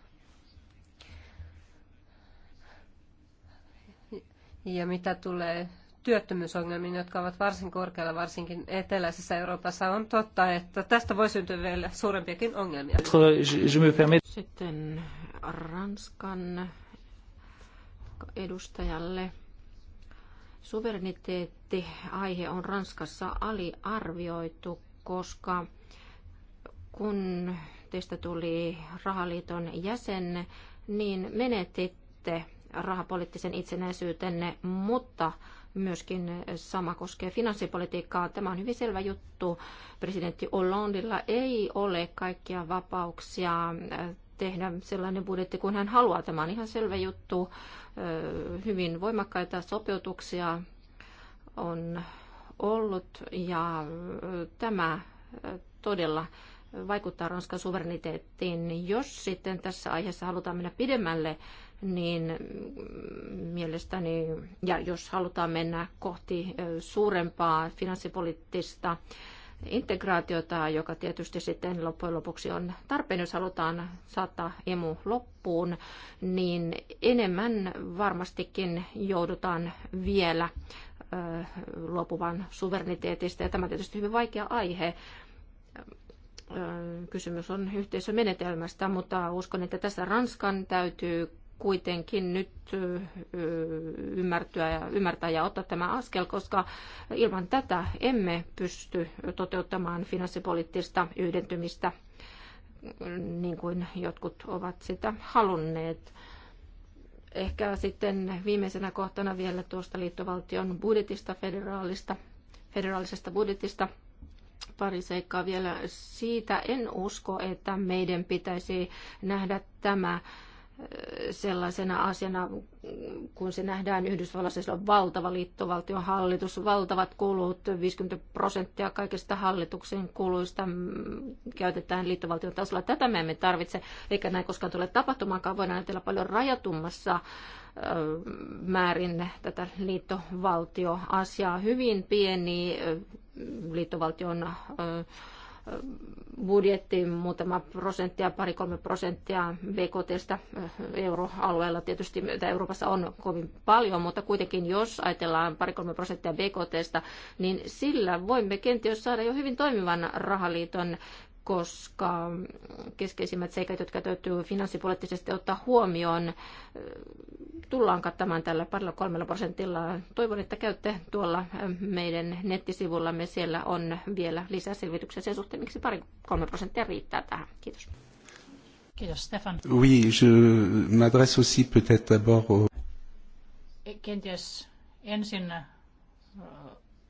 Speaker 4: Ja mitä tulee työttömyysongelmiin, jotka ovat varsin korkealla, varsinkin eteläisessä Euroopassa, on totta, että tästä voi syntyä vielä suurempiakin ongelmia.
Speaker 1: Sitten Ranskan edustajalle Suvereniteetti-aihe on Ranskassa aliarvioitu, koska kun teistä tuli rahaliiton jäsen, niin menetitte rahapoliittisen itsenäisyytenne, mutta myöskin sama koskee finanssipolitiikkaa. Tämä on hyvin selvä juttu. Presidentti Hollandilla ei ole kaikkia vapauksia tehdä sellainen budjetti kuin hän haluaa. Tämä on ihan selvä juttu. Hyvin voimakkaita sopeutuksia on ollut ja tämä todella vaikuttaa Ranskan suvereniteettiin. Jos sitten tässä aiheessa halutaan mennä pidemmälle, niin mm, mielestäni, ja jos halutaan mennä kohti suurempaa finanssipoliittista integraatiota, joka tietysti sitten loppujen lopuksi on tarpeen, jos halutaan saattaa emu loppuun, niin enemmän varmastikin joudutaan vielä luopuvan suvereniteetista. Ja tämä on tietysti hyvin vaikea aihe. Kysymys on yhteisömenetelmästä, mutta uskon, että tässä Ranskan täytyy kuitenkin nyt ymmärtyä ja, ymmärtää ja ottaa tämä askel, koska ilman tätä emme pysty toteuttamaan finanssipoliittista yhdentymistä niin kuin jotkut ovat sitä halunneet. Ehkä sitten viimeisenä kohtana vielä tuosta liittovaltion budjetista, federaalista, federaalisesta budjetista pari seikkaa vielä siitä. En usko, että meidän pitäisi nähdä tämä sellaisena asiana, kun se nähdään Yhdysvalloissa, siellä on valtava liittovaltion hallitus, valtavat kulut, 50 prosenttia kaikista hallituksen kuluista käytetään liittovaltion tasolla. Tätä me emme tarvitse, eikä näin koskaan tule tapahtumaankaan. Voidaan ajatella paljon rajatummassa määrin tätä liittovaltioasiaa. Hyvin pieni liittovaltion budjettiin muutama prosenttia, pari-kolme prosenttia BKTstä eh, euroalueella tietysti, mitä Euroopassa on kovin paljon, mutta kuitenkin jos ajatellaan pari-kolme prosenttia BKTstä, niin sillä voimme kenties saada jo hyvin toimivan rahaliiton koska keskeisimmät seikat, jotka täytyy finanssipoliittisesti ottaa huomioon, eh, tullaan kattamaan tällä parilla kolmella prosentilla. Toivon, että käytte tuolla ähm, meidän nettisivullamme. Siellä on vielä lisää selvityksiä sen suhteen, miksi pari kolme prosenttia riittää tähän. Kiitos.
Speaker 2: Kiitos, Stefan. Oui,
Speaker 3: je m'adresse aussi peut-être d'abord au...
Speaker 2: E, kenties ensin äh,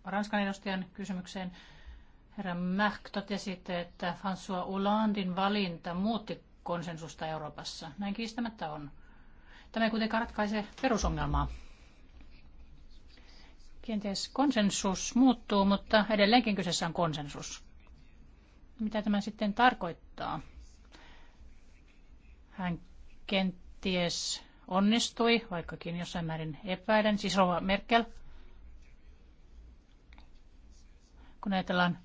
Speaker 2: Ranskan edustajan kysymykseen. Herra Mähk, totesitte, että François Hollandein valinta muutti konsensusta Euroopassa. Näin kiistämättä on. Tämä ei kuitenkaan ratkaise perusongelmaa. Kenties konsensus muuttuu, mutta edelleenkin kyseessä on konsensus. Mitä tämä sitten tarkoittaa? Hän kenties onnistui, vaikkakin jossain määrin epäilen, siis Rova Merkel. Kun ajatellaan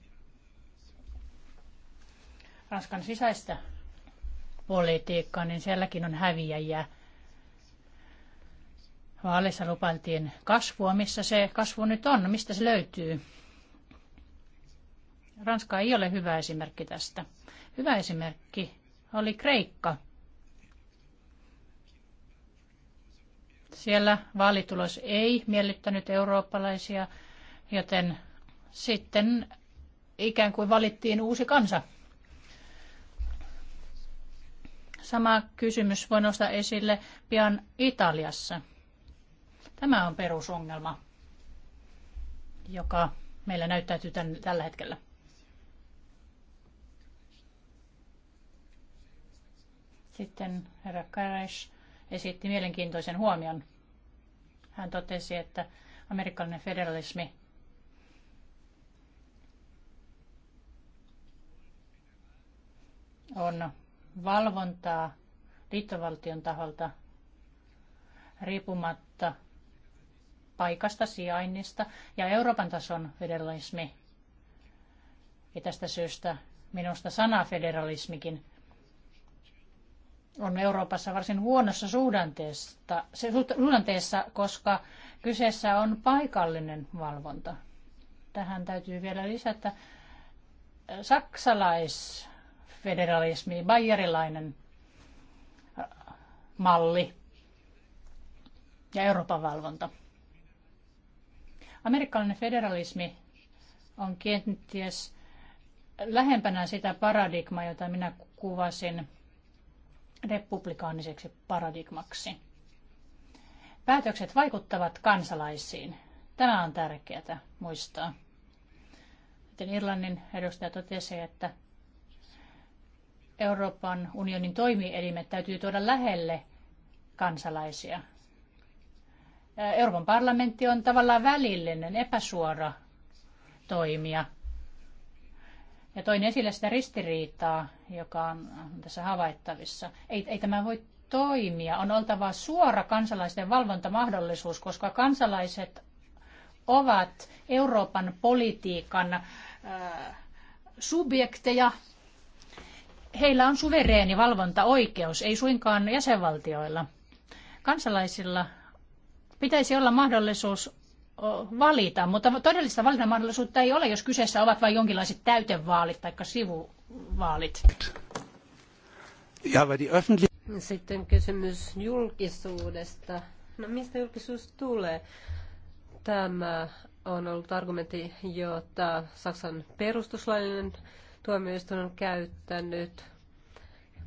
Speaker 2: Ranskan sisäistä politiikkaa, niin sielläkin on häviäjiä. Vaaleissa lupailtiin kasvua. Missä se kasvu nyt on? Mistä se löytyy? Ranska ei ole hyvä esimerkki tästä. Hyvä esimerkki oli Kreikka. Siellä vaalitulos ei miellyttänyt eurooppalaisia, joten sitten ikään kuin valittiin uusi kansa. Sama kysymys voi nostaa esille pian Italiassa. Tämä on perusongelma, joka meillä näyttäytyy tämän, tällä hetkellä. Sitten herra Karesh esitti mielenkiintoisen huomion. Hän totesi, että amerikkalainen federalismi on valvontaa liittovaltion taholta riippumatta paikasta, sijainnista ja Euroopan tason federalismi. Ja tästä syystä minusta sana federalismikin on Euroopassa varsin huonossa suhdanteessa, suhdanteessa, koska kyseessä on paikallinen valvonta. Tähän täytyy vielä lisätä äh, saksalaisfederalismi, bayerilainen äh, malli ja Euroopan valvonta. Amerikkalainen federalismi on kenties lähempänä sitä paradigmaa, jota minä kuvasin republikaaniseksi paradigmaksi. Päätökset vaikuttavat kansalaisiin. Tämä on tärkeää muistaa. Miten Irlannin edustaja totesi, että Euroopan unionin toimielimet täytyy tuoda lähelle kansalaisia. Euroopan parlamentti on tavallaan välillinen, epäsuora toimija. Ja toin esille sitä ristiriitaa, joka on tässä havaittavissa. Ei, ei tämä voi toimia. On oltava suora kansalaisten valvontamahdollisuus, koska kansalaiset ovat Euroopan politiikan äh, subjekteja. Heillä on suvereeni valvontaoikeus, ei suinkaan jäsenvaltioilla. Kansalaisilla Pitäisi olla mahdollisuus valita, mutta todellista valintamahdollisuutta mahdollisuutta ei ole, jos kyseessä ovat vain jonkinlaiset täytevaalit tai sivuvaalit.
Speaker 4: Sitten kysymys julkisuudesta. No mistä julkisuus tulee? Tämä on ollut argumentti, jota Saksan perustuslaillinen tuomioistuin on käyttänyt.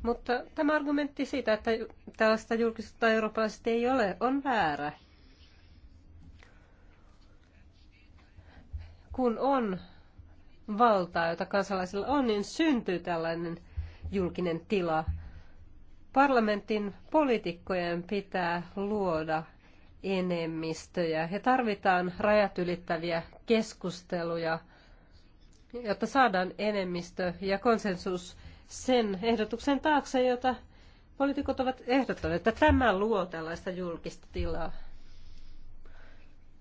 Speaker 4: Mutta tämä argumentti siitä, että tällaista julkisuutta eurooppalaisesti ei ole, on väärä. kun on valtaa, jota kansalaisilla on, niin syntyy tällainen julkinen tila. Parlamentin poliitikkojen pitää luoda enemmistöjä ja tarvitaan rajat ylittäviä keskusteluja, jotta saadaan enemmistö ja konsensus sen ehdotuksen taakse, jota poliitikot ovat ehdottaneet, että tämä luo tällaista julkista tilaa.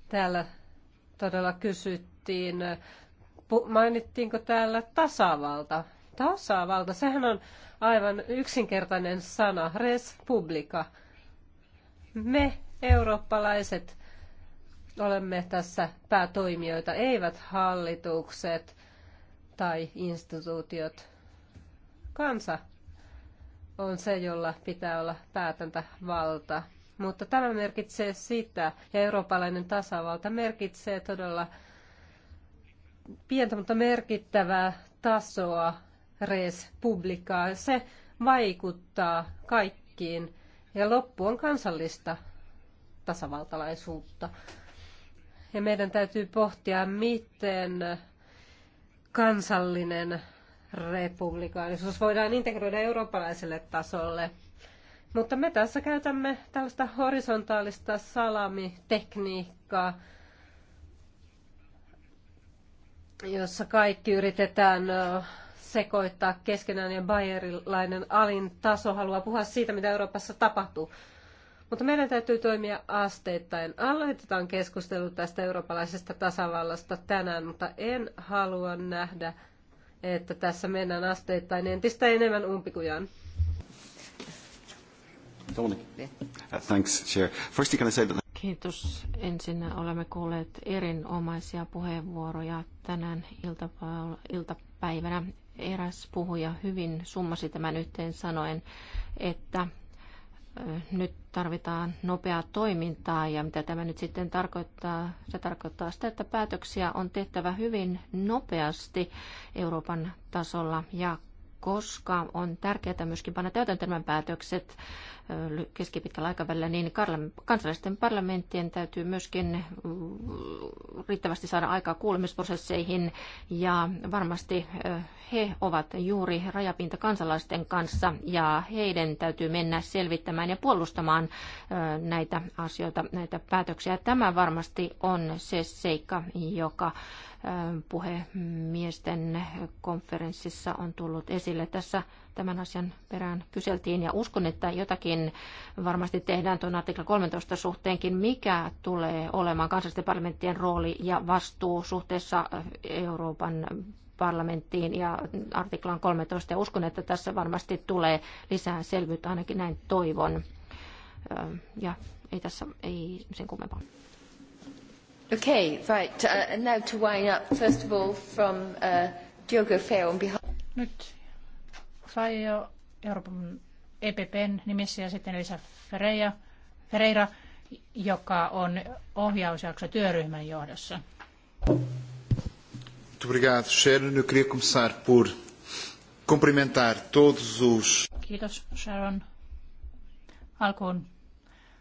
Speaker 4: Täällä todella kysyt, pu, mainittiinko täällä tasavalta. Tasavalta, sehän on aivan yksinkertainen sana, res publica. Me eurooppalaiset olemme tässä päätoimijoita, eivät hallitukset tai instituutiot. Kansa on se, jolla pitää olla päätäntävalta. Mutta tämä merkitsee sitä, ja eurooppalainen tasavalta merkitsee todella pientä, mutta merkittävää tasoa res publicaa. Se vaikuttaa kaikkiin ja loppu on kansallista tasavaltalaisuutta. Ja meidän täytyy pohtia, miten kansallinen republikaanisuus voidaan integroida eurooppalaiselle tasolle. Mutta me tässä käytämme tällaista horisontaalista salamitekniikkaa, jossa kaikki yritetään sekoittaa keskenään ja bayerilainen alin taso haluaa puhua siitä, mitä Euroopassa tapahtuu. Mutta meidän täytyy toimia asteittain. Aloitetaan keskustelu tästä eurooppalaisesta tasavallasta tänään, mutta en halua nähdä, että tässä mennään asteittain entistä enemmän umpikujaan.
Speaker 3: Thanks, Chair. Firstly, can I say that...
Speaker 1: Kiitos. Ensin olemme kuulleet erinomaisia puheenvuoroja tänään iltapäivänä. Eräs puhuja hyvin summasi tämän yhteen sanoen, että nyt tarvitaan nopeaa toimintaa ja mitä tämä nyt sitten tarkoittaa? Se tarkoittaa sitä, että päätöksiä on tehtävä hyvin nopeasti Euroopan tasolla ja koska on tärkeää myöskin panna täytäntöön päätökset keskipitkällä aikavälillä, niin kansallisten parlamenttien täytyy myöskin riittävästi saada aikaa kuulemisprosesseihin ja varmasti he ovat juuri rajapinta kansalaisten kanssa ja heidän täytyy mennä selvittämään ja puolustamaan näitä asioita, näitä päätöksiä. Tämä varmasti on se seikka, joka puhemiesten konferenssissa on tullut esille. Tässä tämän asian perään kyseltiin ja uskon, että jotakin varmasti tehdään tuon artikla 13 suhteenkin, mikä tulee olemaan kansallisten parlamenttien rooli ja vastuu suhteessa eh, Euroopan parlamenttiin ja artiklaan 13. Ja uskon, että tässä varmasti tulee lisää selvyyttä, ainakin näin toivon. Ja ei tässä ei sen kummempaa. Okay, right. Uh, now to wind up, first of all, from uh, Diogo Feo on behalf... Nyt
Speaker 2: Faio, Euroopan EPPn nimissä ja sitten Elisa Ferreira, Ferreira joka on ohjausjakso työryhmän johdossa. Kiitos, Sharon. Alkuun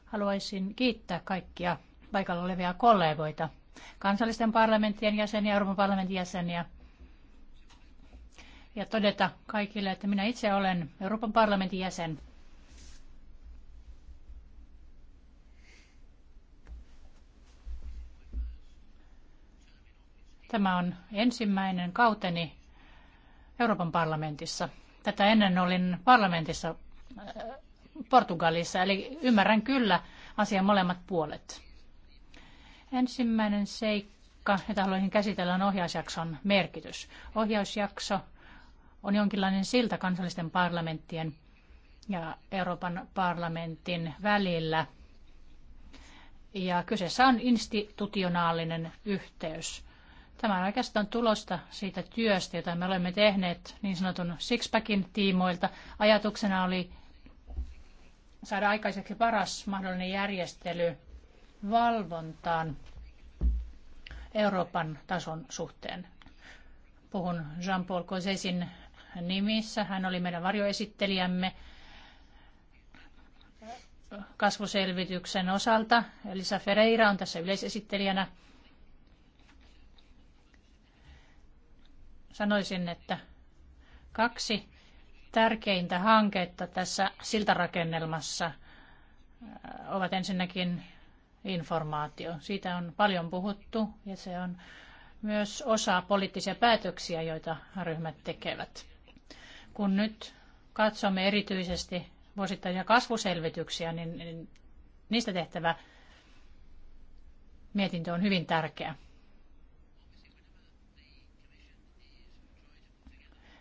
Speaker 2: haluaisin kiittää kaikkia paikalla olevia kollegoita, kansallisten parlamenttien jäseniä, Euroopan parlamentin jäseniä, ja todeta kaikille, että minä itse olen Euroopan parlamentin jäsen. Tämä on ensimmäinen kauteni Euroopan parlamentissa. Tätä ennen olin parlamentissa äh, Portugalissa, eli ymmärrän kyllä asian molemmat puolet. Ensimmäinen seikka, jota haluaisin käsitellä, on ohjausjakson merkitys. Ohjausjakso on jonkinlainen silta kansallisten parlamenttien ja Euroopan parlamentin välillä. Ja kyseessä on institutionaalinen yhteys. Tämä on oikeastaan tulosta siitä työstä, jota me olemme tehneet niin sanotun Sixpackin tiimoilta. Ajatuksena oli saada aikaiseksi paras mahdollinen järjestely valvontaan Euroopan tason suhteen. Puhun Jean-Paul Cosesin nimissä. Hän oli meidän varjoesittelijämme kasvuselvityksen osalta. Elisa Ferreira on tässä yleisesittelijänä. Sanoisin, että kaksi tärkeintä hanketta tässä siltarakennelmassa äh, ovat ensinnäkin informaatio. Siitä on paljon puhuttu ja se on myös osa poliittisia päätöksiä, joita ryhmät tekevät. Kun nyt katsomme erityisesti vuosittaisia kasvuselvityksiä, niin, niin niistä tehtävä mietintö on hyvin tärkeä.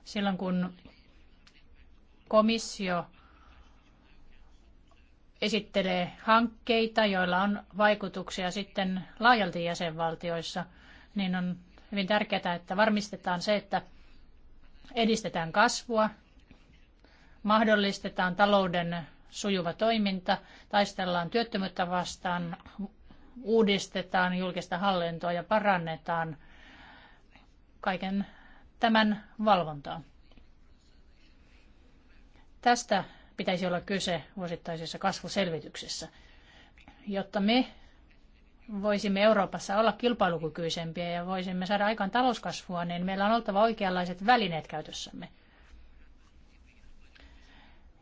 Speaker 2: Silloin kun komissio esittelee hankkeita, joilla on vaikutuksia sitten laajalti jäsenvaltioissa, niin on hyvin tärkeää, että varmistetaan se, että edistetään kasvua, mahdollistetaan talouden sujuva toiminta, taistellaan työttömyyttä vastaan, uudistetaan julkista hallintoa ja parannetaan kaiken tämän valvontaa. Tästä pitäisi olla kyse vuosittaisessa kasvuselvityksessä, jotta me voisimme Euroopassa olla kilpailukykyisempiä ja voisimme saada aikaan talouskasvua, niin meillä on oltava oikeanlaiset välineet käytössämme.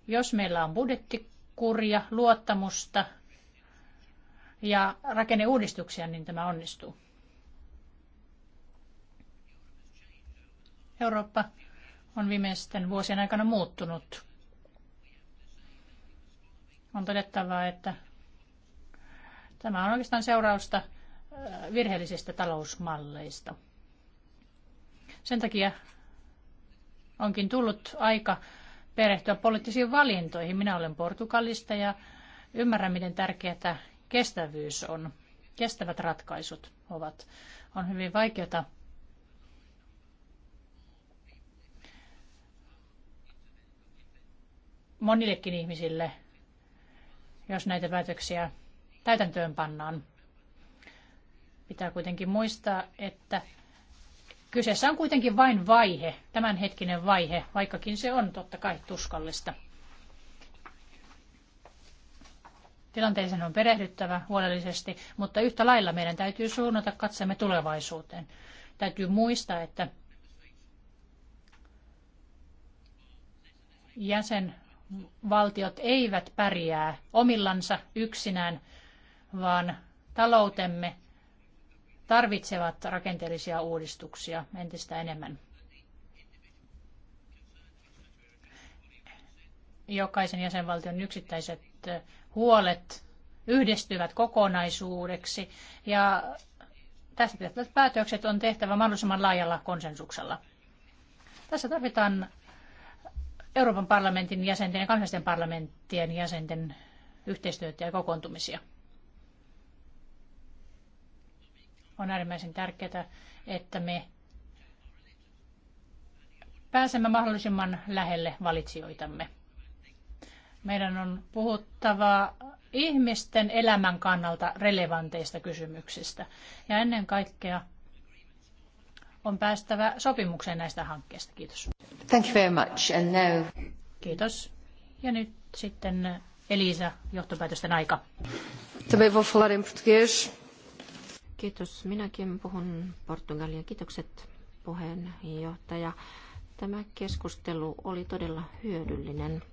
Speaker 2: Jos meillä on budjettikuria, luottamusta ja rakenneuudistuksia, niin tämä onnistuu. Eurooppa on viimeisten vuosien aikana muuttunut. On todettava, että Tämä on oikeastaan seurausta virheellisistä talousmalleista. Sen takia onkin tullut aika perehtyä poliittisiin valintoihin. Minä olen Portugalista ja ymmärrän, miten tärkeää kestävyys on. Kestävät ratkaisut ovat. On hyvin vaikeata monillekin ihmisille, jos näitä päätöksiä täytäntöön pannaan. Pitää kuitenkin muistaa, että kyseessä on kuitenkin vain vaihe, tämänhetkinen vaihe, vaikkakin se on totta kai tuskallista. Tilanteeseen on perehdyttävä huolellisesti, mutta yhtä lailla meidän täytyy suunnata katsemme tulevaisuuteen. Täytyy muistaa, että jäsenvaltiot eivät pärjää omillansa yksinään – vaan taloutemme tarvitsevat rakenteellisia uudistuksia entistä enemmän. Jokaisen jäsenvaltion yksittäiset huolet yhdistyvät kokonaisuudeksi ja tästä tehtävät päätökset on tehtävä mahdollisimman laajalla konsensuksella. Tässä tarvitaan Euroopan parlamentin jäsenten ja kansallisten parlamenttien jäsenten yhteistyötä ja kokoontumisia. on äärimmäisen tärkeää, että me pääsemme mahdollisimman lähelle valitsijoitamme. Meidän on puhuttava ihmisten elämän kannalta relevanteista kysymyksistä. Ja ennen kaikkea on päästävä sopimukseen näistä hankkeista. Kiitos. Thank you very much. And now... Kiitos. Ja nyt sitten Elisa, johtopäätösten aika.
Speaker 1: Também vou falar em português. Kiitos. Minäkin puhun Portugalia. Kiitokset puheenjohtaja. Tämä keskustelu oli todella hyödyllinen.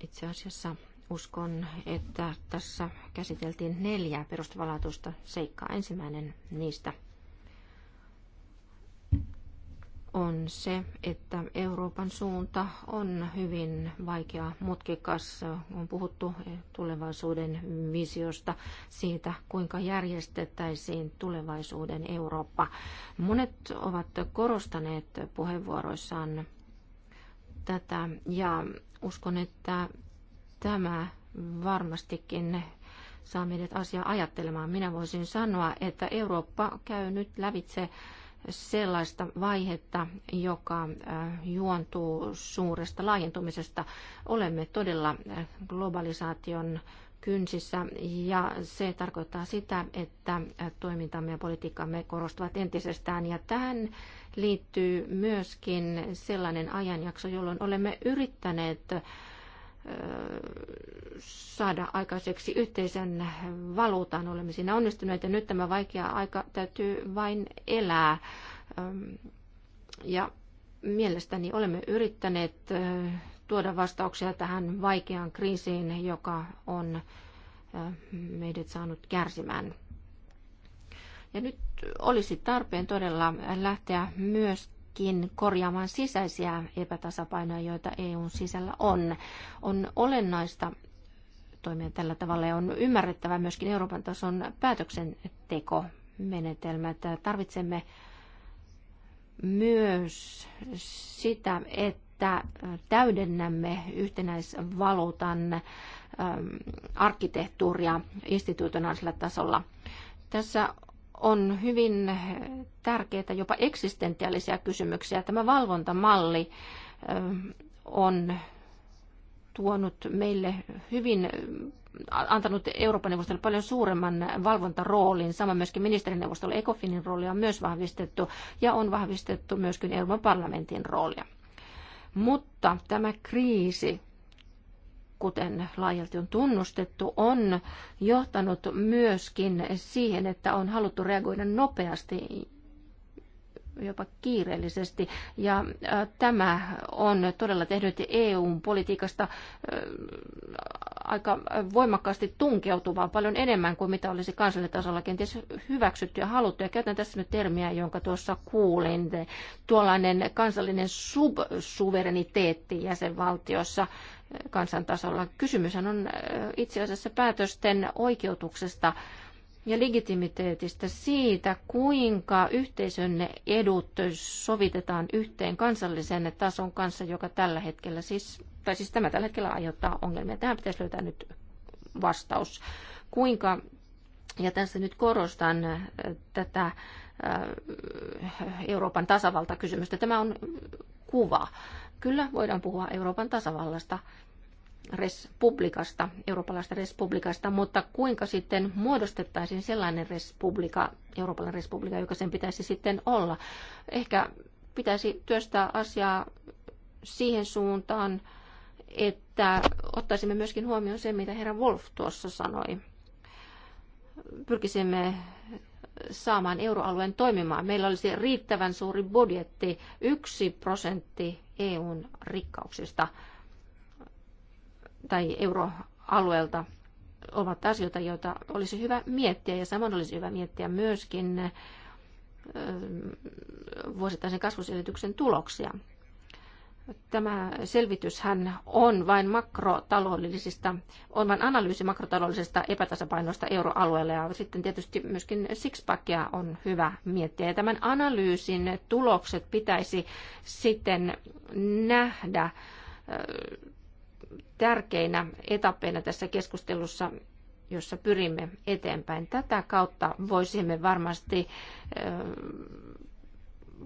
Speaker 1: Itse asiassa uskon, että tässä käsiteltiin neljää perustavanlaatuista seikkaa. Ensimmäinen niistä – on se, että Euroopan suunta on hyvin vaikea, mutkikas. On puhuttu tulevaisuuden visiosta siitä, kuinka järjestettäisiin tulevaisuuden Eurooppa. Monet ovat korostaneet puheenvuoroissaan tätä ja uskon, että tämä varmastikin saa meidät asiaa ajattelemaan. Minä voisin sanoa, että Eurooppa käy nyt lävitse sellaista vaihetta, joka äh, juontuu suuresta laajentumisesta. Olemme todella äh, globalisaation kynsissä ja se tarkoittaa sitä, että äh, toimintamme ja politiikkamme korostuvat entisestään ja tähän liittyy myöskin sellainen ajanjakso, jolloin olemme yrittäneet saada aikaiseksi yhteisen valuutan. Olemme siinä onnistuneet ja nyt tämä vaikea aika täytyy vain elää. Ja mielestäni olemme yrittäneet tuoda vastauksia tähän vaikeaan kriisiin, joka on meidät saanut kärsimään. Ja nyt olisi tarpeen todella lähteä myös pyrkiikin korjaamaan sisäisiä epätasapainoja, joita EUn sisällä on. On olennaista toimia tällä tavalla ja on ymmärrettävä myöskin Euroopan tason että Tarvitsemme myös sitä, että täydennämme yhtenäisvaluutan arkkitehtuuria instituutionaalisella tasolla. Tässä on hyvin tärkeitä, jopa eksistentiaalisia kysymyksiä. Tämä valvontamalli on tuonut meille hyvin, antanut Euroopan neuvostolle paljon suuremman valvontaroolin. Sama myöskin ministerineuvostolle ECOFINin roolia on myös vahvistettu ja on vahvistettu myöskin Euroopan parlamentin roolia. Mutta tämä kriisi kuten laajalti on tunnustettu, on johtanut myöskin siihen, että on haluttu reagoida nopeasti jopa kiireellisesti. Ja äh, tämä on todella tehnyt EU-politiikasta äh, aika voimakkaasti tunkeutuvaa, paljon enemmän kuin mitä olisi kansallitasolla kenties hyväksytty ja haluttu. Ja käytän tässä nyt termiä, jonka tuossa kuulin. Tuollainen kansallinen subsuvereniteetti jäsenvaltiossa Kansantasolla kysymys on itse asiassa päätösten oikeutuksesta ja legitimiteetistä siitä, kuinka yhteisön edut sovitetaan yhteen kansallisen tason kanssa, joka tällä hetkellä siis, tai siis tämä tällä hetkellä aiheuttaa ongelmia. Tähän pitäisi löytää nyt vastaus. Kuinka, ja tässä nyt korostan tätä Euroopan tasavalta-kysymystä. Tämä on kuva. Kyllä voidaan puhua Euroopan tasavallasta, respublikasta, eurooppalaista respublikasta, mutta kuinka sitten muodostettaisiin sellainen respublika, eurooppalainen respublika, joka sen pitäisi sitten olla? Ehkä pitäisi työstää asiaa siihen suuntaan, että ottaisimme myöskin huomioon sen, mitä herra Wolf tuossa sanoi. Pyrkisimme saamaan euroalueen toimimaan. Meillä olisi riittävän suuri budjetti, yksi prosentti EUn rikkauksista tai euroalueelta ovat asioita, joita olisi hyvä miettiä ja samoin olisi hyvä miettiä myöskin vuosittaisen kasvuselityksen tuloksia. Tämä selvityshän on vain makrotaloudellisista, on vain analyysi makrotaloudellisesta epätasapainoista euroalueella ja sitten tietysti myöskin sixpackia on hyvä miettiä. Ja tämän analyysin tulokset pitäisi sitten nähdä tärkeinä etappeina tässä keskustelussa, jossa pyrimme eteenpäin. Tätä kautta voisimme varmasti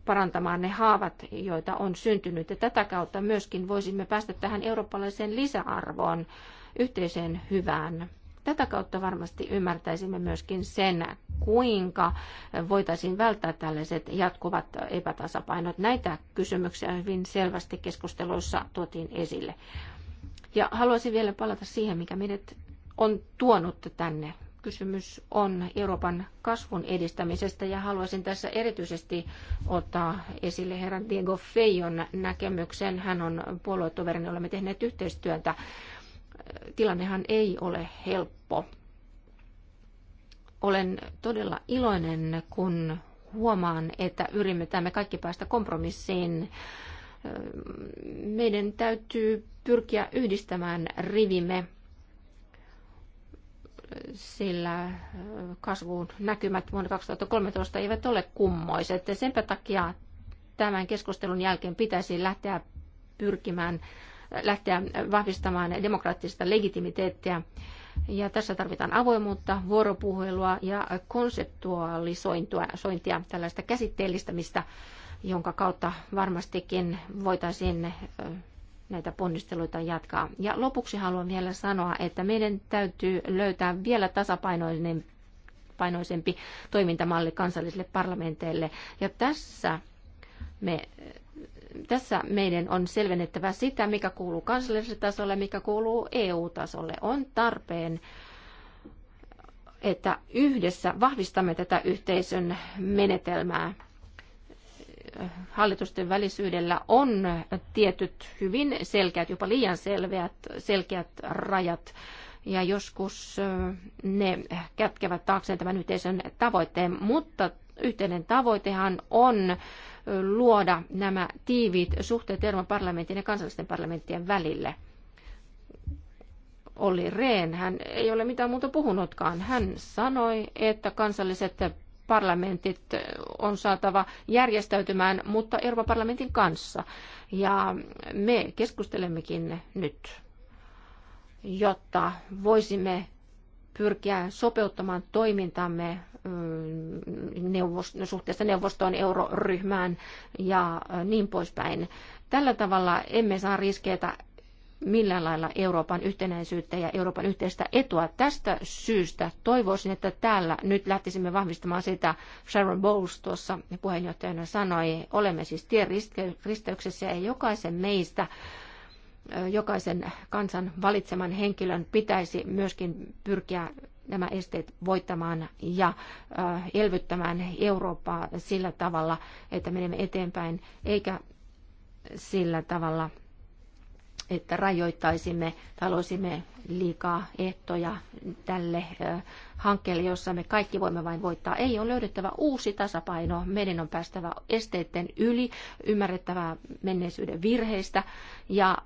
Speaker 1: parantamaan ne haavat, joita on syntynyt. Ja tätä kautta myöskin voisimme päästä tähän eurooppalaiseen lisäarvoon, yhteiseen hyvään. Tätä kautta varmasti ymmärtäisimme myöskin sen, kuinka voitaisiin välttää tällaiset jatkuvat epätasapainot. Näitä kysymyksiä hyvin selvästi keskusteluissa tuotiin esille. Ja haluaisin vielä palata siihen, mikä meidät on tuonut tänne kysymys on Euroopan kasvun edistämisestä ja haluaisin tässä erityisesti ottaa esille herran Diego Feijon näkemyksen. Hän on puoluetoverini, niin olemme tehneet yhteistyötä. Tilannehan ei ole helppo. Olen todella iloinen, kun huomaan, että yritämme kaikki päästä kompromissiin meidän täytyy pyrkiä yhdistämään rivimme sillä kasvun näkymät vuonna 2013 eivät ole kummoiset. Senpä takia tämän keskustelun jälkeen pitäisi lähteä pyrkimään, lähteä vahvistamaan demokraattista legitimiteettiä. Ja tässä tarvitaan avoimuutta, vuoropuhelua ja konseptualisointia, tällaista käsitteellistämistä, jonka kautta varmastikin voitaisiin näitä ponnisteluita jatkaa. Ja lopuksi haluan vielä sanoa, että meidän täytyy löytää vielä tasapainoisempi painoisempi toimintamalli kansallisille parlamenteille. Ja tässä me tässä meidän on selvennettävä sitä, mikä kuuluu kansalliselle tasolle, mikä kuuluu EU-tasolle. On tarpeen että yhdessä vahvistamme tätä yhteisön menetelmää hallitusten välisyydellä on tietyt hyvin selkeät, jopa liian selveät, selkeät rajat. Ja joskus ne kätkevät taakseen tämän yhteisön tavoitteen, mutta yhteinen tavoitehan on luoda nämä tiiviit suhteet Euroopan parlamentin ja kansallisten parlamenttien välille. Olli Rehn, hän ei ole mitään muuta puhunutkaan. Hän sanoi, että kansalliset parlamentit on saatava järjestäytymään, mutta Euroopan parlamentin kanssa. Ja me keskustelemmekin nyt, jotta voisimme pyrkiä sopeuttamaan toimintamme neuvost- suhteessa neuvostoon, euroryhmään ja niin poispäin. Tällä tavalla emme saa riskeitä millään lailla Euroopan yhtenäisyyttä ja Euroopan yhteistä etua. Tästä syystä toivoisin, että täällä nyt lähtisimme vahvistamaan sitä, Sharon Bowles tuossa puheenjohtajana sanoi, olemme siis tien risteyksessä ja jokaisen meistä jokaisen kansan valitseman henkilön pitäisi myöskin pyrkiä nämä esteet voittamaan ja elvyttämään Eurooppaa sillä tavalla, että menemme eteenpäin, eikä sillä tavalla, että rajoittaisimme tai loisimme liikaa ehtoja tälle hankkeelle, jossa me kaikki voimme vain voittaa. Ei ole löydettävä uusi tasapaino, meidän on päästävä esteiden yli, ymmärrettävä menneisyyden virheistä ja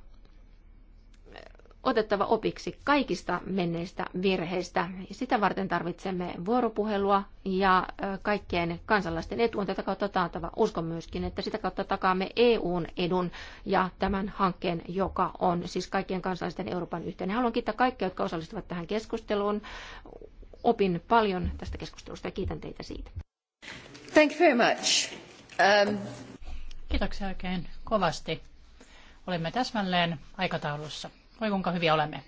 Speaker 1: otettava opiksi kaikista menneistä virheistä. Sitä varten tarvitsemme vuoropuhelua ja kaikkien kansalaisten etu on tätä kautta taantava. Uskon myöskin, että sitä kautta takaamme EUn edun ja tämän hankkeen, joka on siis kaikkien kansalaisten Euroopan yhteen. Haluan kiittää kaikkia, jotka osallistuvat tähän keskusteluun. Opin paljon tästä keskustelusta ja kiitän teitä siitä.
Speaker 2: Thank you very much. Um... Kiitoksia oikein kovasti. Olemme täsmälleen aikataulussa. Voi kuinka hyviä olemme.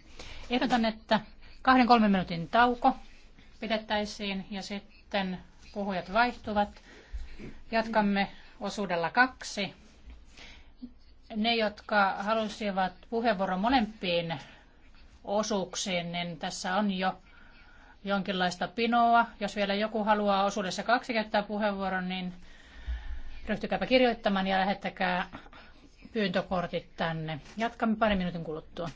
Speaker 2: Ehdotan, että kahden kolmen minuutin tauko pidettäisiin ja sitten puhujat vaihtuvat. Jatkamme osuudella kaksi. Ne, jotka halusivat puheenvuoron molempiin osuuksiin, niin tässä on jo jonkinlaista pinoa. Jos vielä joku haluaa osuudessa kaksi käyttää puheenvuoron, niin ryhtykääpä kirjoittamaan ja lähettäkää pyyntökortit tänne. Jatkamme pari minuutin kuluttua.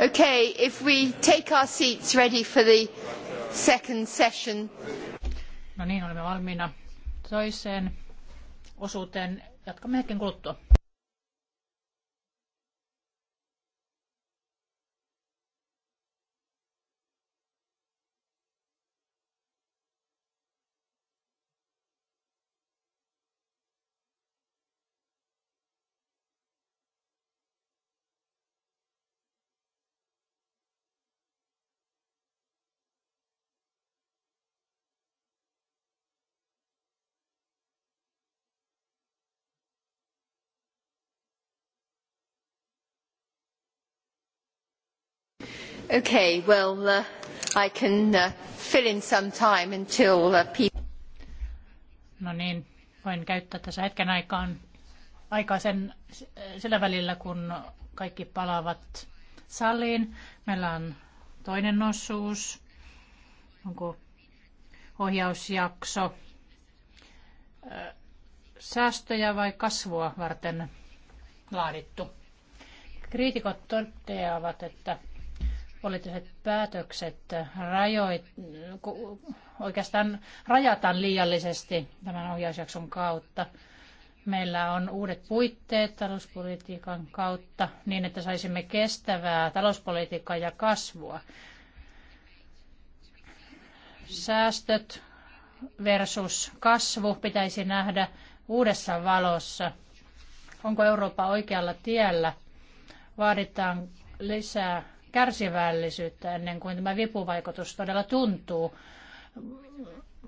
Speaker 2: Okay, if we take our seats ready for the second session. No niin, olemme valmiina toiseen osuuteen. Jatkamme hetken kuluttua.
Speaker 1: Okay, well, uh, I can uh, fill in some time
Speaker 2: until uh, people... No niin, voin käyttää tässä hetken aikaan, aikaa sen, sillä välillä, kun kaikki palaavat saliin. Meillä on toinen osuus, onko ohjausjakso säästöjä vai kasvua varten laadittu. Kriitikot toteavat, että poliittiset päätökset rajoit, oikeastaan rajataan liiallisesti tämän ohjausjakson kautta. Meillä on uudet puitteet talouspolitiikan kautta niin, että saisimme kestävää talouspolitiikkaa ja kasvua. Säästöt versus kasvu pitäisi nähdä uudessa valossa. Onko Eurooppa oikealla tiellä? Vaaditaan lisää kärsivällisyyttä ennen kuin tämä vipuvaikutus todella tuntuu.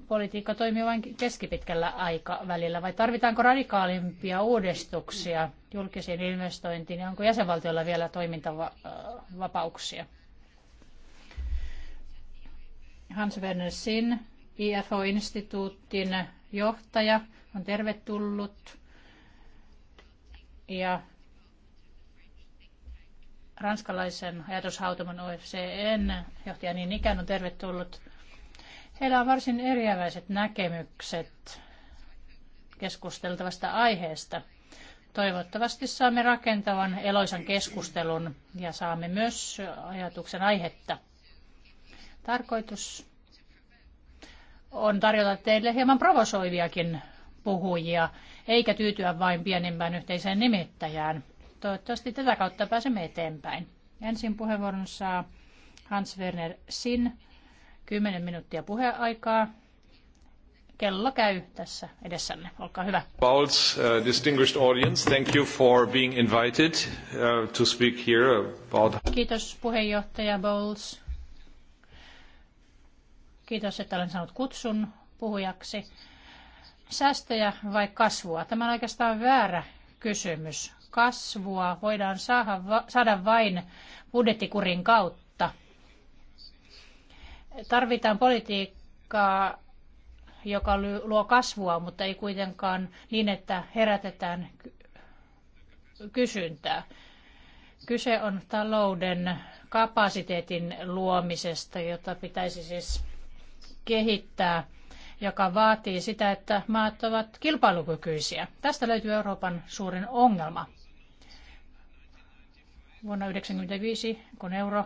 Speaker 2: Politiikka toimii vain keskipitkällä aikavälillä, vai tarvitaanko radikaalimpia uudistuksia julkisiin investointiin, ja onko jäsenvaltiolla vielä toimintavapauksia? Hans Werner Sin, IFO-instituutin johtaja, on tervetullut. Ja ranskalaisen ajatushautoman OFCN johtaja niin ikään on tervetullut. Heillä on varsin eriäväiset näkemykset keskusteltavasta aiheesta. Toivottavasti saamme rakentavan eloisan keskustelun ja saamme myös ajatuksen aihetta. Tarkoitus on tarjota teille hieman provosoiviakin puhujia, eikä tyytyä vain pienimpään yhteiseen nimittäjään. Toivottavasti tätä kautta pääsemme eteenpäin. Ensin puheenvuoron saa Hans Werner Sin, 10 minuuttia puheaikaa. Kello käy tässä edessänne. Olkaa hyvä.
Speaker 4: Paul's uh, distinguished audience, thank you for being invited uh, to speak here about...
Speaker 2: Kiitos puheenjohtaja Bowles. Kiitos, että olen saanut kutsun puhujaksi. Säästöjä vai kasvua? Tämä on oikeastaan väärä kysymys kasvua voidaan saada, saada vain budjettikurin kautta. Tarvitaan politiikkaa, joka luo kasvua, mutta ei kuitenkaan niin, että herätetään kysyntää. Kyse on talouden kapasiteetin luomisesta, jota pitäisi siis kehittää, joka vaatii sitä, että maat ovat kilpailukykyisiä. Tästä löytyy Euroopan suurin ongelma. Vuonna 1995, kun euro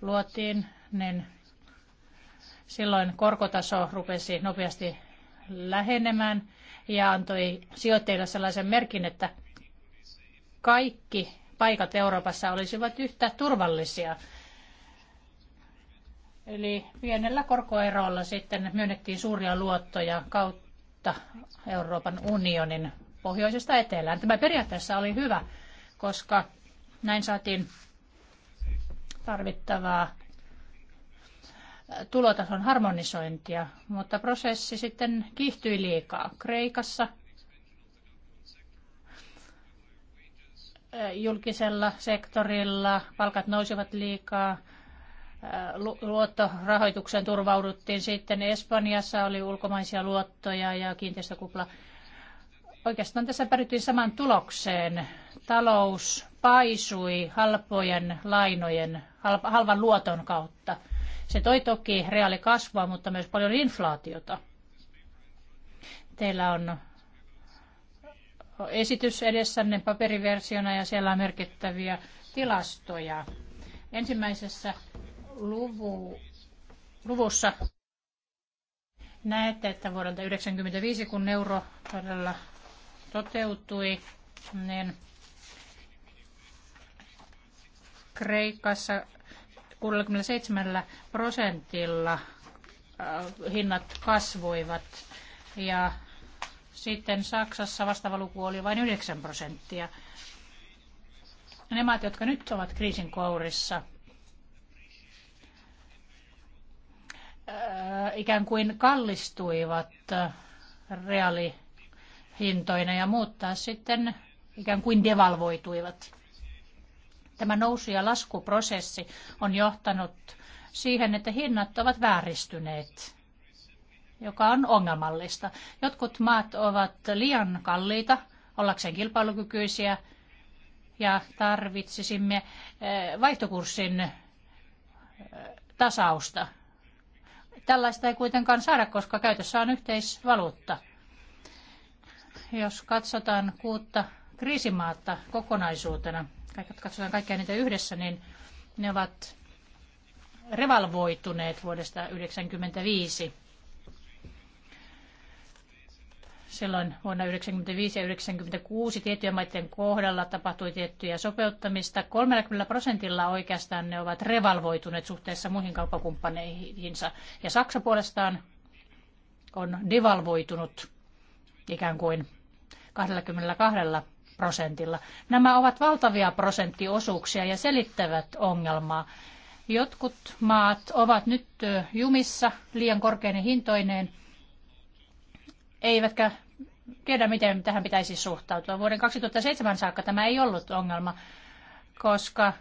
Speaker 2: luotiin, niin silloin korkotaso rupesi nopeasti lähenemään ja antoi sijoittajille sellaisen merkin, että kaikki paikat Euroopassa olisivat yhtä turvallisia. Eli pienellä korkoerolla sitten myönnettiin suuria luottoja kautta Euroopan unionin pohjoisesta etelään. Tämä periaatteessa oli hyvä, koska näin saatiin tarvittavaa tulotason harmonisointia, mutta prosessi sitten kiihtyi liikaa. Kreikassa eh, julkisella sektorilla palkat nousivat liikaa, eh, luottorahoitukseen turvauduttiin sitten. Espanjassa oli ulkomaisia luottoja ja kiinteistökupla. Oikeastaan tässä päädyttiin saman tulokseen. Talous paisui halpojen lainojen, halvan luoton kautta. Se toi toki reaalikasvua, mutta myös paljon inflaatiota. Teillä on esitys edessänne paperiversiona ja siellä on merkittäviä tilastoja. Ensimmäisessä luvu, luvussa näette, että vuodelta 1995, kun euro todella toteutui, niin Kreikassa 67 prosentilla äh, hinnat kasvoivat ja sitten Saksassa vastaava luku oli vain 9 prosenttia. Ne maat, jotka nyt ovat kriisin kourissa, äh, ikään kuin kallistuivat reaalihintoina ja muuttaa sitten ikään kuin devalvoituivat. Tämä nousu- ja laskuprosessi on johtanut siihen, että hinnat ovat vääristyneet, joka on ongelmallista. Jotkut maat ovat liian kalliita ollakseen kilpailukykyisiä ja tarvitsisimme eh, vaihtokurssin eh, tasausta. Tällaista ei kuitenkaan saada, koska käytössä on yhteisvaluutta. Jos katsotaan kuutta kriisimaata kokonaisuutena, katsotaan kaikkia niitä yhdessä, niin ne ovat revalvoituneet vuodesta 1995. Silloin vuonna 1995 ja 1996 tiettyjen maiden kohdalla tapahtui tiettyjä sopeuttamista. 30 prosentilla oikeastaan ne ovat revalvoituneet suhteessa muihin kauppakumppaneihinsa. Ja Saksa puolestaan on devalvoitunut ikään kuin 22 prosentilla. Nämä ovat valtavia prosenttiosuuksia ja selittävät ongelmaa. Jotkut maat ovat nyt jumissa liian korkeinen hintoineen, eivätkä tiedä, miten tähän pitäisi suhtautua. Vuoden 2007 saakka tämä ei ollut ongelma, koska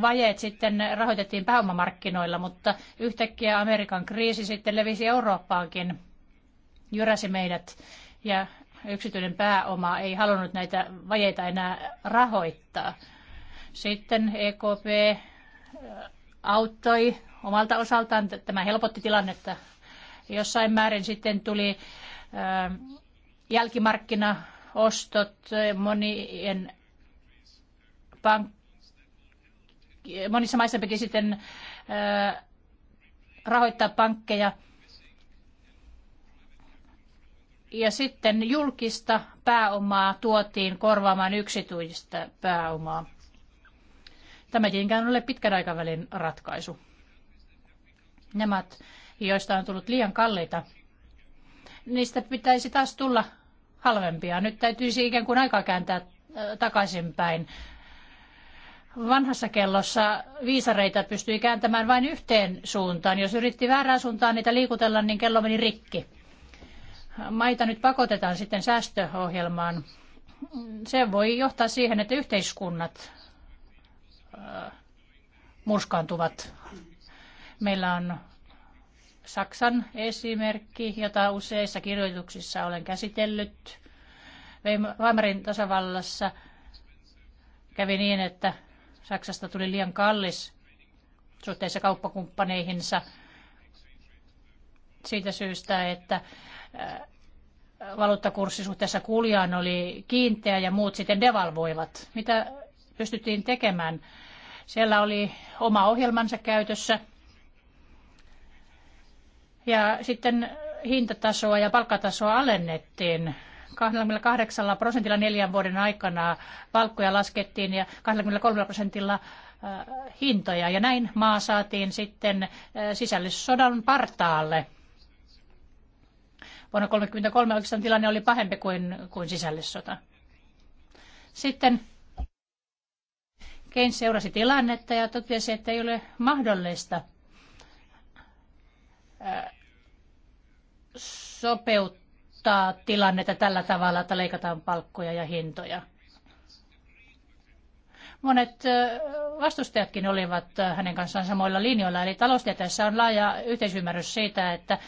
Speaker 2: vajeet sitten rahoitettiin pääomamarkkinoilla, mutta yhtäkkiä Amerikan kriisi sitten levisi Eurooppaankin, jyräsi meidät ja yksityinen pääoma ei halunnut näitä vajeita enää rahoittaa. Sitten EKP auttoi omalta osaltaan, tämä helpotti tilannetta. Jossain määrin sitten tuli jälkimarkkinaostot monien pank- monissa maissa piti sitten rahoittaa pankkeja – ja sitten julkista pääomaa tuotiin korvaamaan yksityistä pääomaa. Tämä tietenkään ole pitkän aikavälin ratkaisu. Nämä, joista on tullut liian kalliita, niistä pitäisi taas tulla halvempia. Nyt täytyisi ikään kuin aikaa kääntää äh, takaisinpäin. Vanhassa kellossa viisareita pystyi kääntämään vain yhteen suuntaan. Jos yritti väärään suuntaan niitä liikutella, niin kello meni rikki maita nyt pakotetaan sitten säästöohjelmaan, se voi johtaa siihen, että yhteiskunnat äh, murskaantuvat. Meillä on Saksan esimerkki, jota useissa kirjoituksissa olen käsitellyt. Weimarin tasavallassa kävi niin, että Saksasta tuli liian kallis suhteessa kauppakumppaneihinsa siitä syystä, että Äh, valuuttakurssi suhteessa kuljaan oli kiinteä ja muut sitten devalvoivat. Mitä pystyttiin tekemään? Siellä oli oma ohjelmansa käytössä. Ja sitten hintatasoa ja palkkatasoa alennettiin 28 prosentilla neljän vuoden aikana palkkoja laskettiin ja 23 prosentilla äh, hintoja. Ja näin maa saatiin sitten äh, sisällissodan partaalle. Vuonna 1933 oikeastaan tilanne oli pahempi kuin, kuin sisällissota. Sitten Keynes seurasi tilannetta ja totesi, että ei ole mahdollista äh, sopeuttaa tilannetta tällä tavalla, että leikataan palkkoja ja hintoja. Monet äh, vastustajatkin olivat äh, hänen kanssaan samoilla linjoilla, eli taloustieteessä on laaja yhteisymmärrys siitä, että,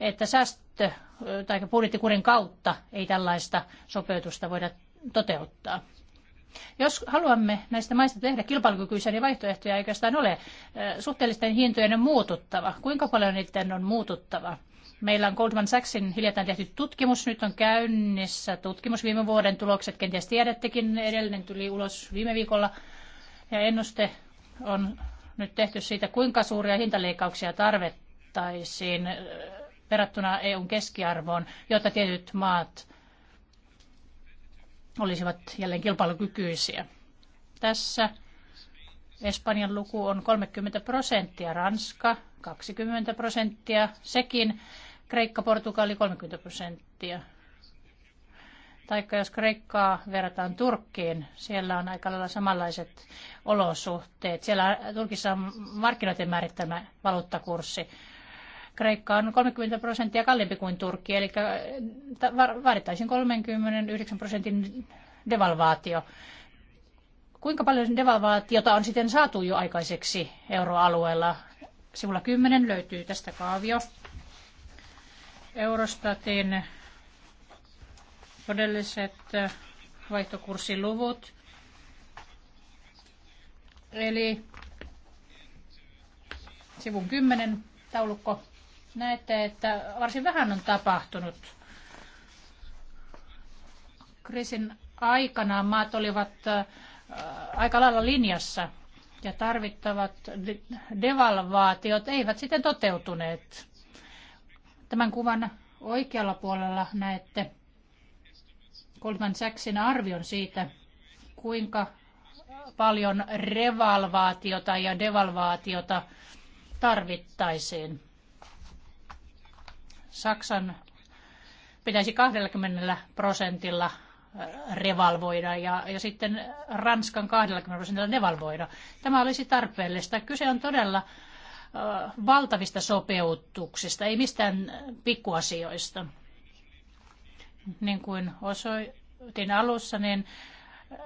Speaker 2: että sääst- käyttö tai budjettikurin kautta ei tällaista sopeutusta voida toteuttaa. Jos haluamme näistä maista tehdä kilpailukykyisiä, niin vaihtoehtoja ei oikeastaan ole. Suhteellisten hintojen on muututtava. Kuinka paljon niiden on muututtava? Meillä on Goldman Sachsin hiljattain tehty tutkimus, nyt on käynnissä tutkimus viime vuoden tulokset, kenties tiedättekin, edellinen tuli ulos viime viikolla. Ja ennuste on nyt tehty siitä, kuinka suuria hintaleikkauksia tarvittaisiin verrattuna EUn keskiarvoon, jotta tietyt maat olisivat jälleen kilpailukykyisiä. Tässä Espanjan luku on 30 prosenttia, Ranska 20 prosenttia, sekin Kreikka, Portugali 30 prosenttia. Taikka jos Kreikkaa verrataan Turkkiin, siellä on aika lailla samanlaiset olosuhteet. Siellä Turkissa on markkinoiden määrittämä valuuttakurssi. Kreikka on 30 prosenttia kalliimpi kuin Turkki, eli äh, vaadittaisiin 39 prosentin devalvaatio. Kuinka paljon devalvaatiota on sitten saatu jo aikaiseksi euroalueella? Sivulla 10 löytyy tästä kaavio. Eurostatin todelliset äh, vaihtokurssiluvut. Eli sivun 10 taulukko näette, että varsin vähän on tapahtunut. Kriisin aikana maat olivat aika lailla linjassa ja tarvittavat devalvaatiot eivät sitten toteutuneet. Tämän kuvan oikealla puolella näette Goldman Sachsin arvion siitä, kuinka paljon revalvaatiota ja devalvaatiota tarvittaisiin. Saksan pitäisi 20 prosentilla äh, revalvoida ja, ja sitten Ranskan 20 prosentilla devalvoida. Tämä olisi tarpeellista. Kyse on todella äh, valtavista sopeutuksista, ei mistään pikkuasioista. Niin kuin osoitin alussa, niin äh,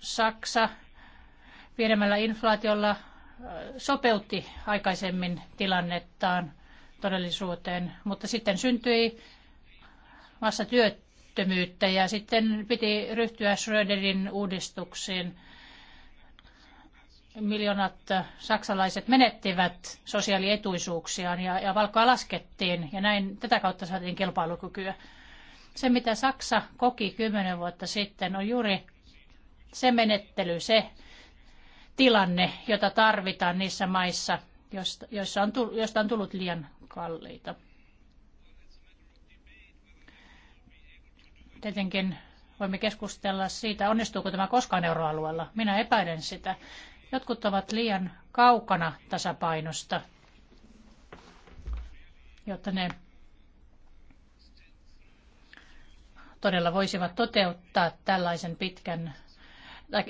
Speaker 2: Saksa pienemmällä inflaatiolla sopeutti aikaisemmin tilannettaan – todellisuuteen, mutta sitten syntyi työttömyyttä ja sitten piti ryhtyä Schröderin uudistuksiin. Miljoonat saksalaiset menettivät sosiaalietuisuuksiaan ja, ja valkoa laskettiin ja näin tätä kautta saatiin kilpailukykyä. Se, mitä Saksa koki kymmenen vuotta sitten, on juuri se menettely, se tilanne, jota tarvitaan niissä maissa, josta on tullut liian kalliita. Tietenkin voimme keskustella siitä, onnistuuko tämä koskaan euroalueella. Minä epäilen sitä. Jotkut ovat liian kaukana tasapainosta, jotta ne todella voisivat toteuttaa tällaisen pitkän tai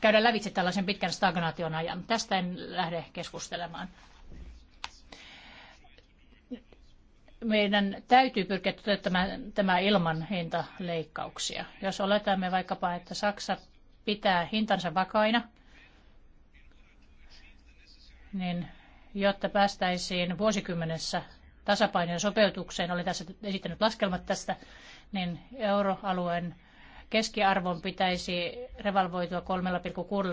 Speaker 2: käydä lävitse tällaisen pitkän stagnaation ajan. Tästä en lähde keskustelemaan. meidän täytyy pyrkiä toteuttamaan tämä ilman hintaleikkauksia. Jos oletamme vaikkapa, että Saksa pitää hintansa vakaina, niin jotta päästäisiin vuosikymmenessä ja sopeutukseen, olen tässä esittänyt laskelmat tästä, niin euroalueen keskiarvon pitäisi revalvoitua 3,6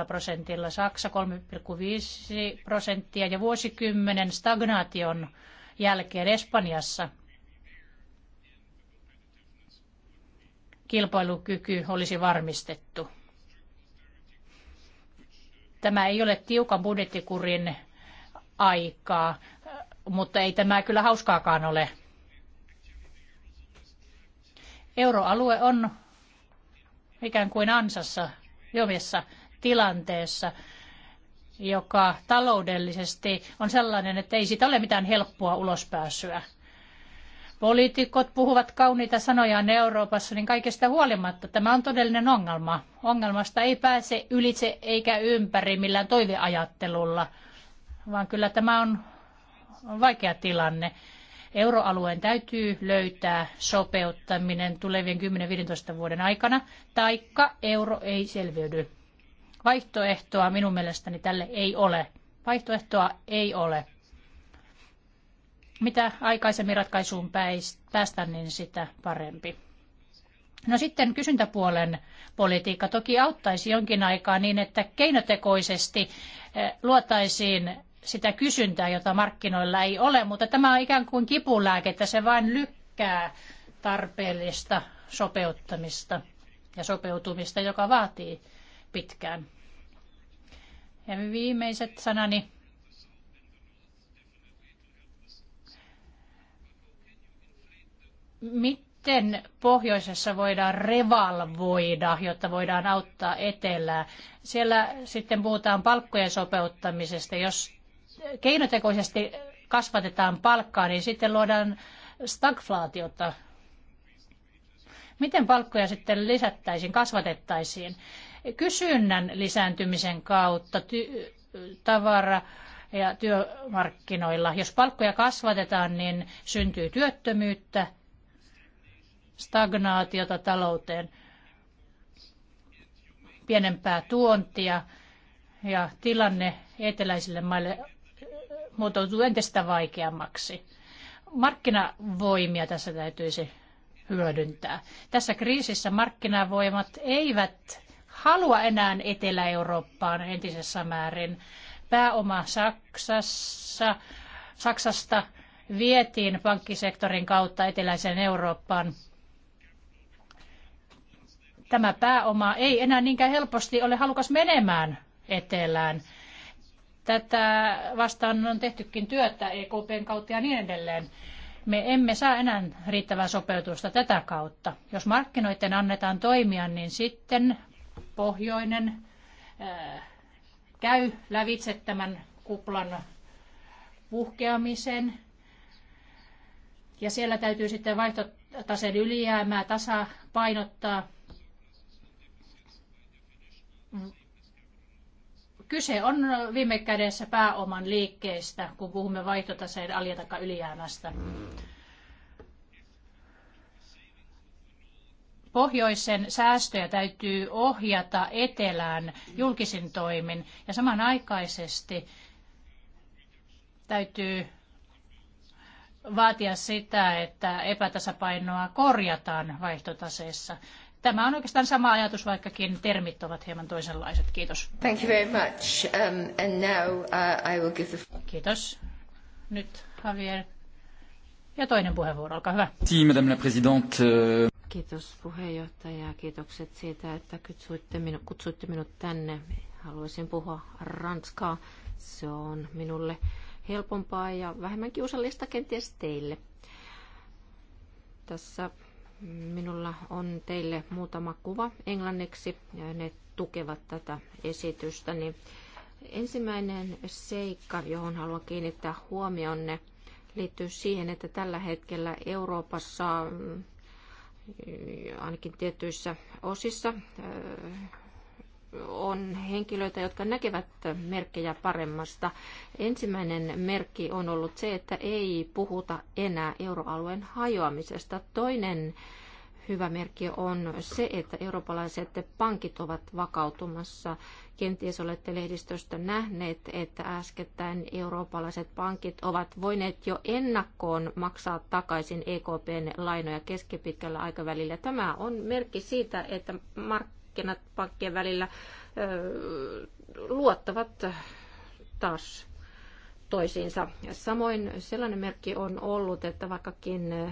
Speaker 2: prosentilla, Saksa 3,5 prosenttia ja vuosikymmenen stagnaation jälkeen Espanjassa kilpailukyky olisi varmistettu. Tämä ei ole tiukan budjettikurin aikaa, mutta ei tämä kyllä hauskaakaan ole. Euroalue on ikään kuin ansassa jomissa tilanteessa, joka taloudellisesti on sellainen, että ei siitä ole mitään helppoa ulospääsyä. Poliitikot puhuvat kauniita sanojaan Euroopassa, niin kaikesta huolimatta tämä on todellinen ongelma. Ongelmasta ei pääse ylitse eikä ympäri millään toiveajattelulla, vaan kyllä tämä on vaikea tilanne. Euroalueen täytyy löytää sopeuttaminen tulevien 10-15 vuoden aikana, taikka euro ei selviydy. Vaihtoehtoa minun mielestäni tälle ei ole. Vaihtoehtoa ei ole. Mitä aikaisemmin ratkaisuun päästä, niin sitä parempi. No sitten kysyntäpuolen politiikka toki auttaisi jonkin aikaa niin, että keinotekoisesti eh, luotaisiin sitä kysyntää, jota markkinoilla ei ole, mutta tämä on ikään kuin kipulääke, että se vain lykkää tarpeellista sopeuttamista ja sopeutumista, joka vaatii pitkään. Ja viimeiset sanani. Miten pohjoisessa voidaan revalvoida, jotta voidaan auttaa etelää? Siellä sitten puhutaan palkkojen sopeuttamisesta. Jos keinotekoisesti kasvatetaan palkkaa, niin sitten luodaan stagflaatiota. Miten palkkoja sitten lisättäisiin, kasvatettaisiin? kysynnän lisääntymisen kautta ty- tavara ja työmarkkinoilla. Jos palkkoja kasvatetaan, niin syntyy työttömyyttä, stagnaatiota talouteen, pienempää tuontia ja tilanne eteläisille maille muotoutuu entistä vaikeammaksi. Markkinavoimia tässä täytyisi hyödyntää. Tässä kriisissä markkinavoimat eivät halua enää Etelä-Eurooppaan entisessä määrin. Pääoma Saksassa, Saksasta vietiin pankkisektorin kautta eteläiseen Eurooppaan. Tämä pääoma ei enää niinkään helposti ole halukas menemään etelään. Tätä vastaan on tehtykin työtä EKPn kautta ja niin edelleen. Me emme saa enää riittävää sopeutusta tätä kautta. Jos markkinoiden annetaan toimia, niin sitten pohjoinen käy lävitse tämän kuplan puhkeamisen. Ja siellä täytyy sitten vaihtotaseen ylijäämää tasapainottaa. Kyse on viime kädessä pääoman liikkeestä, kun puhumme vaihtotaseen alijataka ylijäämästä. Pohjoisen säästöjä täytyy ohjata etelään julkisin toimin ja samanaikaisesti täytyy vaatia sitä, että epätasapainoa korjataan vaihtotaseessa. Tämä on oikeastaan sama ajatus, vaikkakin termit ovat hieman toisenlaiset. Kiitos. Thank you very
Speaker 1: much. Um, and
Speaker 2: now uh, I will give the... Kiitos. Nyt Javier. Ja toinen puheenvuoro, olkaa hyvä.
Speaker 1: Si, madame la présidente.
Speaker 2: Kiitos puheenjohtaja ja kiitokset
Speaker 1: siitä, että kutsuitte, minu, kutsuitte minut tänne. Haluaisin puhua ranskaa. Se on minulle helpompaa ja vähemmän kiusallista kenties teille. Tässä minulla on teille muutama kuva englanniksi ja ne tukevat tätä esitystä. Niin ensimmäinen seikka, johon haluan kiinnittää huomionne, liittyy siihen, että tällä hetkellä Euroopassa ainakin tietyissä osissa äh, on henkilöitä, jotka näkevät merkkejä paremmasta. Ensimmäinen merkki on ollut se, että ei puhuta enää euroalueen hajoamisesta. Toinen hyvä merkki on se, että eurooppalaiset pankit ovat vakautumassa. Kenties olette lehdistöstä nähneet, että äskettäin eurooppalaiset pankit ovat voineet jo ennakkoon maksaa takaisin EKPn lainoja keskipitkällä aikavälillä. Tämä on merkki siitä, että markkinat pankkien välillä luottavat taas toisiinsa. Samoin sellainen merkki on ollut, että vaikkakin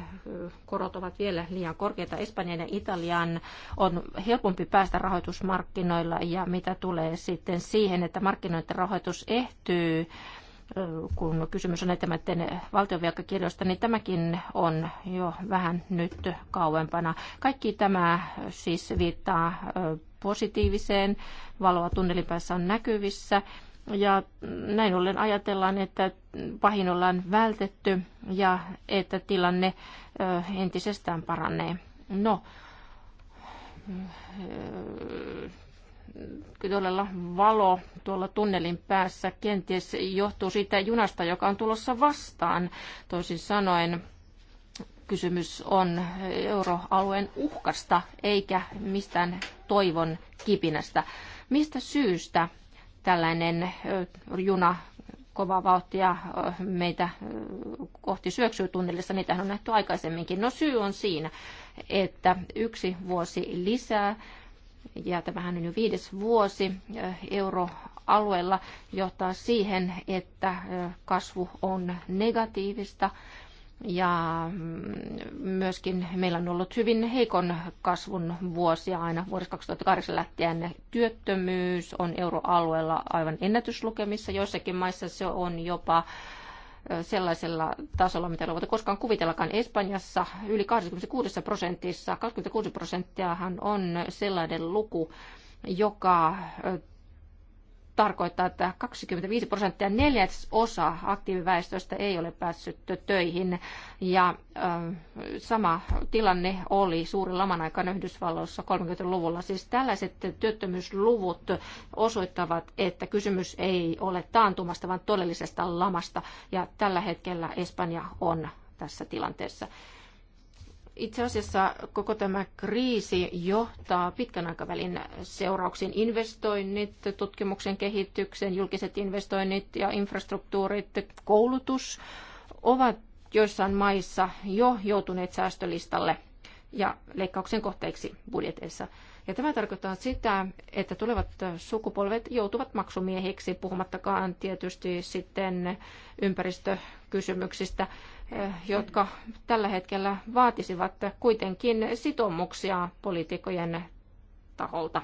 Speaker 1: korot ovat vielä liian korkeita Espanjan ja Italian, on helpompi päästä rahoitusmarkkinoilla ja mitä tulee sitten siihen, että markkinoiden rahoitus ehtyy, kun kysymys on näiden valtionvelkakirjoista, niin tämäkin on jo vähän nyt kauempana. Kaikki tämä siis viittaa positiiviseen, valoa tunnelin päässä on näkyvissä ja näin ollen ajatellaan, että pahin ollaan vältetty ja että tilanne entisestään paranee. No, todella valo tuolla tunnelin päässä kenties johtuu siitä junasta, joka on tulossa vastaan. Toisin sanoen kysymys on euroalueen uhkasta eikä mistään toivon kipinästä. Mistä syystä tällainen juna kovaa vauhtia meitä kohti syöksytunnelissa. Niitähän on nähty aikaisemminkin. No syy on siinä, että yksi vuosi lisää, ja tämähän on jo viides vuosi euroalueella, johtaa siihen, että kasvu on negatiivista ja myöskin meillä on ollut hyvin heikon kasvun vuosia aina vuodesta 2008 lähtien. Työttömyys on euroalueella aivan ennätyslukemissa. Joissakin maissa se on jopa sellaisella tasolla, mitä ei voitu koskaan kuvitellakaan. Espanjassa yli 26 prosentissa, 26 prosenttiahan on sellainen luku, joka tarkoittaa, että 25 prosenttia neljäsosa aktiiviväestöstä ei ole päässyt töihin. Ja sama tilanne oli suuri laman aikana Yhdysvalloissa 30-luvulla. Siis tällaiset työttömyysluvut osoittavat, että kysymys ei ole taantumasta, vaan todellisesta lamasta. Ja tällä hetkellä Espanja on tässä tilanteessa. Itse asiassa koko tämä kriisi johtaa pitkän aikavälin seurauksiin. Investoinnit, tutkimuksen kehityksen, julkiset investoinnit ja infrastruktuurit, koulutus ovat joissain maissa jo joutuneet säästölistalle ja leikkauksen kohteiksi budjeteissa. Ja tämä tarkoittaa sitä, että tulevat sukupolvet joutuvat maksumiehiksi, puhumattakaan tietysti sitten ympäristökysymyksistä, eh, jotka tällä hetkellä vaatisivat kuitenkin sitoumuksia poliitikkojen taholta.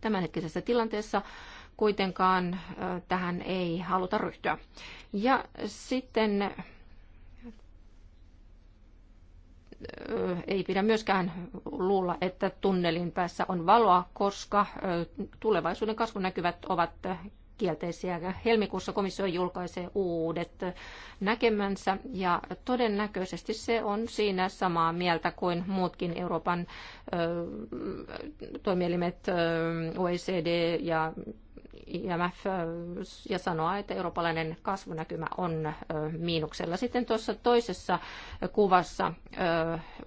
Speaker 1: Tämänhetkisessä tilanteessa kuitenkaan eh, tähän ei haluta ryhtyä. Ja sitten ei pidä myöskään luulla, että tunnelin päässä on valoa, koska tulevaisuuden kasvunäkyvät ovat kielteisiä. Helmikuussa komissio julkaisee uudet näkemänsä ja todennäköisesti se on siinä samaa mieltä kuin muutkin Euroopan toimielimet, OECD ja IMF ja sanoa, että eurooppalainen kasvunäkymä on miinuksella. Sitten tuossa toisessa kuvassa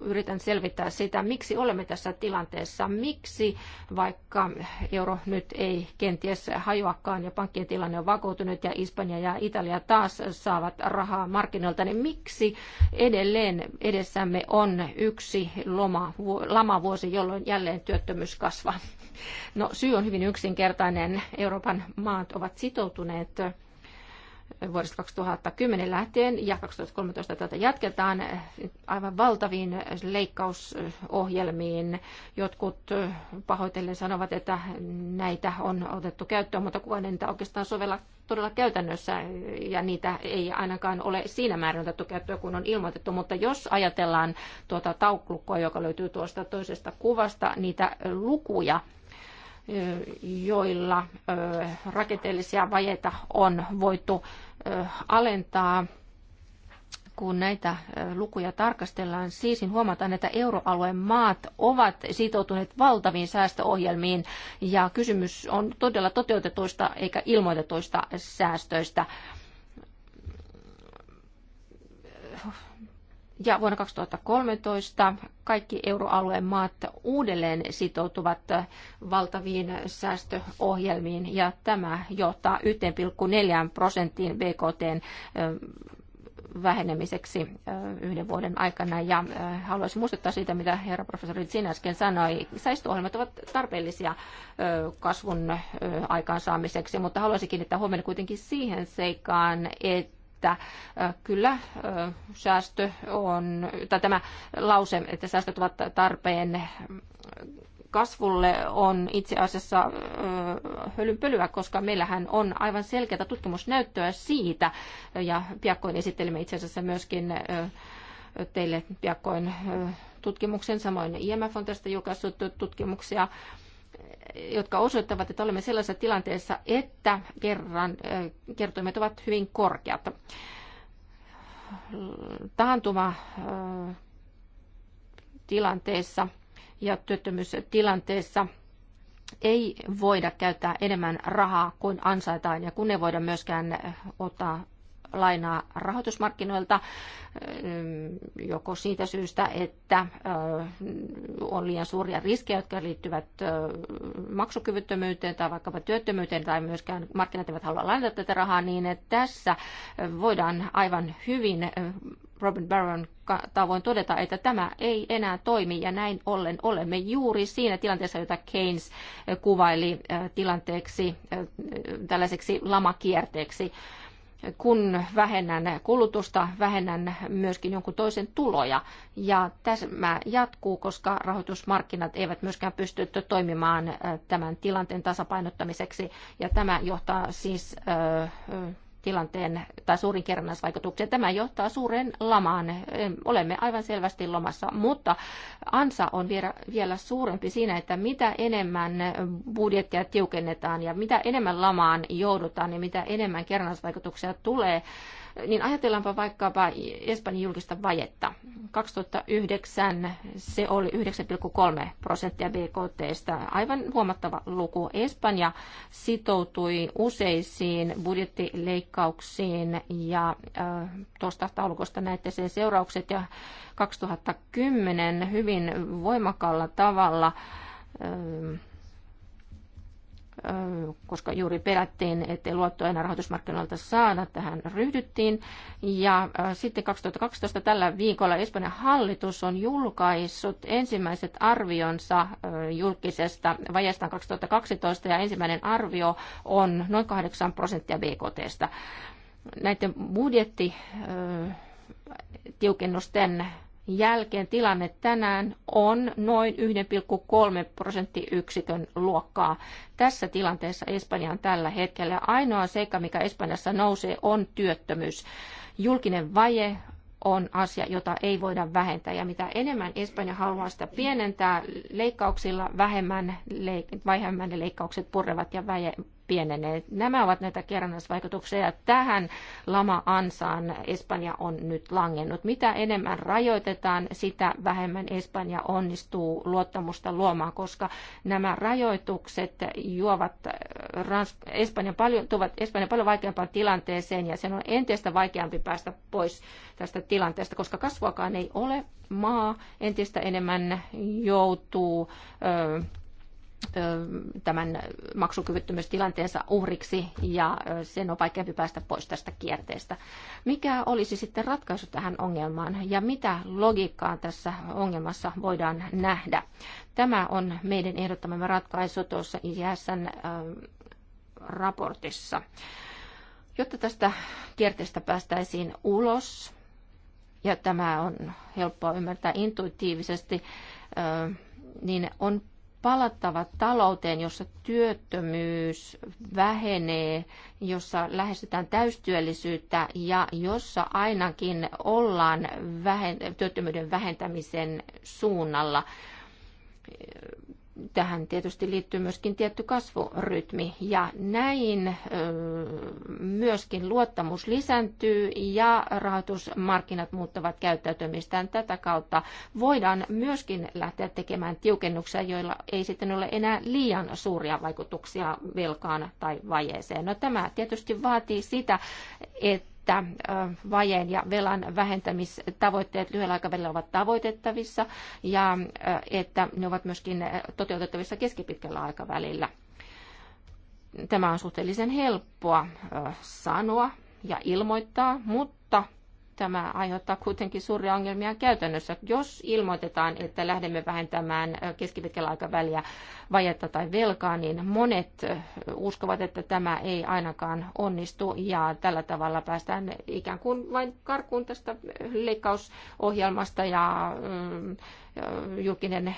Speaker 1: yritän selvittää sitä, miksi olemme tässä tilanteessa, miksi vaikka euro nyt ei kenties hajoakaan ja pankkien tilanne on vakoutunut ja Espanja ja Italia taas saavat rahaa markkinoilta, niin miksi edelleen edessämme on yksi loma, lamavuosi, jolloin jälleen työttömyys kasvaa? No syy on hyvin yksinkertainen. Euroopan maat ovat sitoutuneet vuodesta 2010 lähtien ja 2013 tätä jatketaan aivan valtaviin leikkausohjelmiin. Jotkut pahoitellen sanovat, että näitä on otettu käyttöön, mutta kukaan ei niitä oikeastaan sovella todella käytännössä ja niitä ei ainakaan ole siinä määrin otettu käyttöön, kun on ilmoitettu. Mutta jos ajatellaan tuota tauklukkoa, joka löytyy tuosta toisesta kuvasta, niitä lukuja, joilla rakenteellisia vajeita on voitu alentaa kun näitä lukuja tarkastellaan, siis niin huomataan, että euroalueen maat ovat sitoutuneet valtaviin säästöohjelmiin ja kysymys on todella toteutetuista eikä ilmoitetuista säästöistä. Ja vuonna 2013 kaikki euroalueen maat uudelleen sitoutuvat valtaviin säästöohjelmiin ja tämä johtaa 1,4 prosenttiin BKT vähenemiseksi yhden vuoden aikana. Ja haluaisin muistuttaa siitä, mitä herra professori Zin äsken sanoi. Säästöohjelmat ovat tarpeellisia kasvun aikaansaamiseksi, mutta haluaisin kiinnittää huomioon kuitenkin siihen seikkaan, että että kyllä säästö on, tai tämä lause, että säästöt ovat tarpeen kasvulle on itse asiassa hölynpölyä, koska meillähän on aivan selkeää tutkimusnäyttöä siitä, ja piakkoin esittelemme itse asiassa myöskin teille piakkoin tutkimuksen, samoin IMF on tästä julkaissut tutkimuksia, jotka osoittavat, että olemme sellaisessa tilanteessa, että kerran kertoimet ovat hyvin korkeat. Taantuma tilanteessa ja työttömyystilanteessa ei voida käyttää enemmän rahaa kuin ansaitaan ja kun ei voida myöskään ottaa lainaa rahoitusmarkkinoilta joko siitä syystä, että on liian suuria riskejä, jotka liittyvät maksukyvyttömyyteen tai vaikkapa työttömyyteen tai myöskään markkinat eivät halua lainata tätä rahaa, niin tässä voidaan aivan hyvin Robin Barron tavoin todeta, että tämä ei enää toimi ja näin ollen olemme juuri siinä tilanteessa, jota Keynes kuvaili tilanteeksi tällaiseksi lamakierteeksi kun vähennän kulutusta, vähennän myöskin jonkun toisen tuloja. Ja tämä jatkuu, koska rahoitusmarkkinat eivät myöskään pysty toimimaan äh, tämän tilanteen tasapainottamiseksi. Ja tämä johtaa siis äh, tilanteen tai suurin kerrannaisvaikutuksen. Tämä johtaa suureen lamaan. Olemme aivan selvästi lomassa, mutta ansa on vielä, vielä suurempi siinä, että mitä enemmän budjettia tiukennetaan ja mitä enemmän lamaan joudutaan ja mitä enemmän kerrannaisvaikutuksia tulee, niin ajatellaanpa vaikkapa Espanjan julkista vajetta. 2009 se oli 9,3 prosenttia BKTstä, aivan huomattava luku. Espanja sitoutui useisiin budjettileikkauksiin ja äh, tuosta taulukosta näette sen seuraukset ja 2010 hyvin voimakalla tavalla äh, koska juuri pelättiin, ettei luottoa enää rahoitusmarkkinoilta saada, tähän ryhdyttiin. Ja sitten 2012 tällä viikolla Espanjan hallitus on julkaissut ensimmäiset arvionsa julkisesta vajestaan 2012 ja ensimmäinen arvio on noin 8 prosenttia BKTstä. Näiden budjetti tiukennusten jälkeen tilanne tänään on noin 1,3 prosenttiyksikön luokkaa. Tässä tilanteessa Espanja on tällä hetkellä. Ainoa seikka, mikä Espanjassa nousee, on työttömyys. Julkinen vaje on asia, jota ei voida vähentää. Ja mitä enemmän Espanja haluaa sitä pienentää leikkauksilla, vähemmän, leik- vähemmän ne leikkaukset purevat ja väje pienenee. Nämä ovat näitä kerrannaisvaikutuksia ja tähän lama-ansaan Espanja on nyt langennut. Mitä enemmän rajoitetaan, sitä vähemmän Espanja onnistuu luottamusta luomaan, koska nämä rajoitukset juovat äh, Rans- Espanjan paljon, tuovat Espanjan paljon vaikeampaan tilanteeseen ja sen on entistä vaikeampi päästä pois tästä tilanteesta, koska kasvuakaan ei ole. Maa entistä enemmän joutuu ö, tämän maksukyvyttömyystilanteensa uhriksi ja sen on vaikeampi päästä pois tästä kierteestä. Mikä olisi sitten ratkaisu tähän ongelmaan ja mitä logiikkaa tässä ongelmassa voidaan nähdä? Tämä on meidän ehdottamamme ratkaisu tuossa ISN raportissa. Jotta tästä kierteestä päästäisiin ulos, ja tämä on helppoa ymmärtää intuitiivisesti, niin on palattava talouteen, jossa työttömyys vähenee, jossa lähestytään täystyöllisyyttä ja jossa ainakin ollaan vähen, työttömyyden vähentämisen suunnalla tähän tietysti liittyy myöskin tietty kasvurytmi ja näin myöskin luottamus lisääntyy ja rahoitusmarkkinat muuttavat käyttäytymistään tätä kautta. Voidaan myöskin lähteä tekemään tiukennuksia, joilla ei sitten ole enää liian suuria vaikutuksia velkaan tai vajeeseen. No tämä tietysti vaatii sitä, että että vajeen ja velan vähentämistavoitteet lyhyellä aikavälillä ovat tavoitettavissa ja että ne ovat myöskin toteutettavissa keskipitkällä aikavälillä. Tämä on suhteellisen helppoa sanoa ja ilmoittaa, mutta Tämä aiheuttaa kuitenkin suuria ongelmia käytännössä. Jos ilmoitetaan, että lähdemme vähentämään keskipitkällä aikaväliä vajetta tai velkaa, niin monet uskovat, että tämä ei ainakaan onnistu ja tällä tavalla päästään ikään kuin vain karkuun tästä leikkausohjelmasta ja julkinen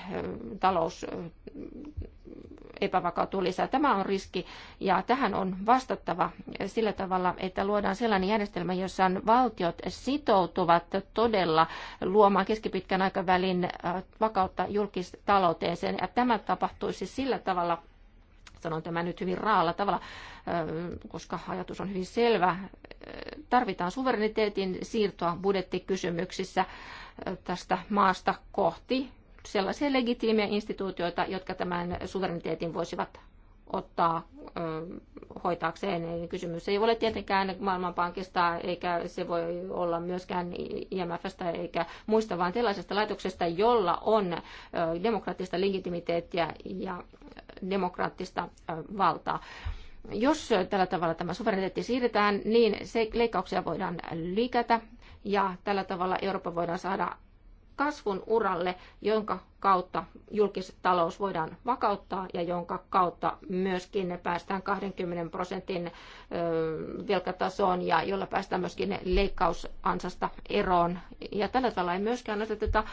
Speaker 1: talous epävakautuu lisää. Tämä on riski ja tähän on vastattava sillä tavalla, että luodaan sellainen järjestelmä, jossa valtiot sitoutuvat todella luomaan keskipitkän aikavälin vakautta julkistalouteeseen. Ja tämä tapahtuisi sillä tavalla, sanon tämä nyt hyvin raalla tavalla, koska ajatus on hyvin selvä. Tarvitaan suvereniteetin siirtoa budjettikysymyksissä tästä maasta kohti sellaisia legitiimejä instituutioita, jotka tämän suvereniteetin voisivat ottaa hoitaakseen. Eli kysymys ei ole tietenkään Maailmanpankista, eikä se voi olla myöskään IMFstä eikä muista, vaan tällaisesta laitoksesta, jolla on demokraattista legitimiteettiä ja demokraattista valtaa. Jos tällä tavalla tämä suvereniteetti siirretään, niin se leikkauksia voidaan lykätä ja tällä tavalla Eurooppa voidaan saada kasvun uralle, jonka kautta julkiset talous voidaan vakauttaa ja jonka kautta myöskin päästään 20 prosentin velkatasoon ja jolla päästään myöskin leikkausansasta eroon. Ja tällä tavalla ei myöskään aseteta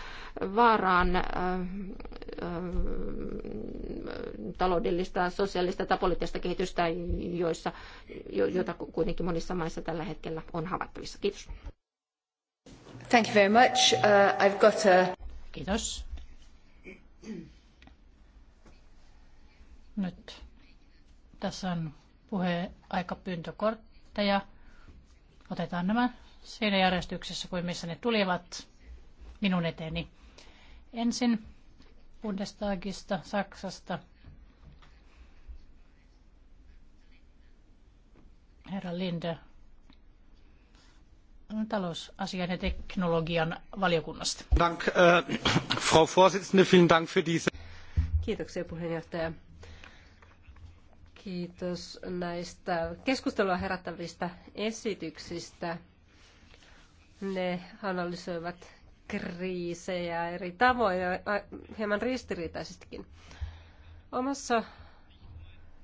Speaker 1: vaaraan taloudellista, sosiaalista tai poliittista kehitystä, joissa, jota kuitenkin monissa maissa tällä hetkellä on havaittavissa. Kiitos. Thank you very much. Uh,
Speaker 2: I've got a... Kiitos. Nyt tässä on puheaikapyyntökortteja. Otetaan nämä siinä järjestyksessä kuin missä ne tulivat minun eteeni. Ensin Bundestagista, Saksasta. Herra Linde, talousasian ja teknologian valiokunnasta.
Speaker 3: Dank, äh, Frau Vorsitzende, vielen Dank für diese...
Speaker 2: Kiitoksia puheenjohtaja.
Speaker 4: Kiitos näistä keskustelua herättävistä esityksistä. Ne analysoivat kriisejä eri tavoin ja äh, hieman ristiriitaisestikin. Omassa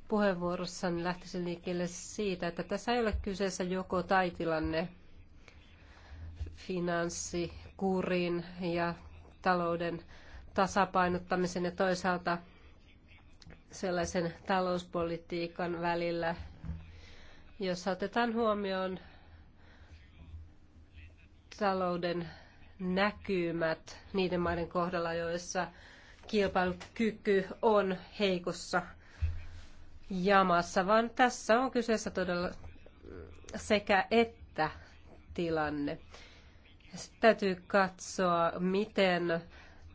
Speaker 4: puheenvuorossani lähtisin liikkeelle siitä, että tässä ei ole kyseessä joko tai tilanne, finanssikurin ja talouden tasapainottamisen ja toisaalta sellaisen talouspolitiikan välillä, jossa otetaan huomioon talouden näkymät niiden maiden kohdalla, joissa kilpailukyky on heikossa jamassa, vaan tässä on kyseessä todella sekä että tilanne. Sitten täytyy katsoa, miten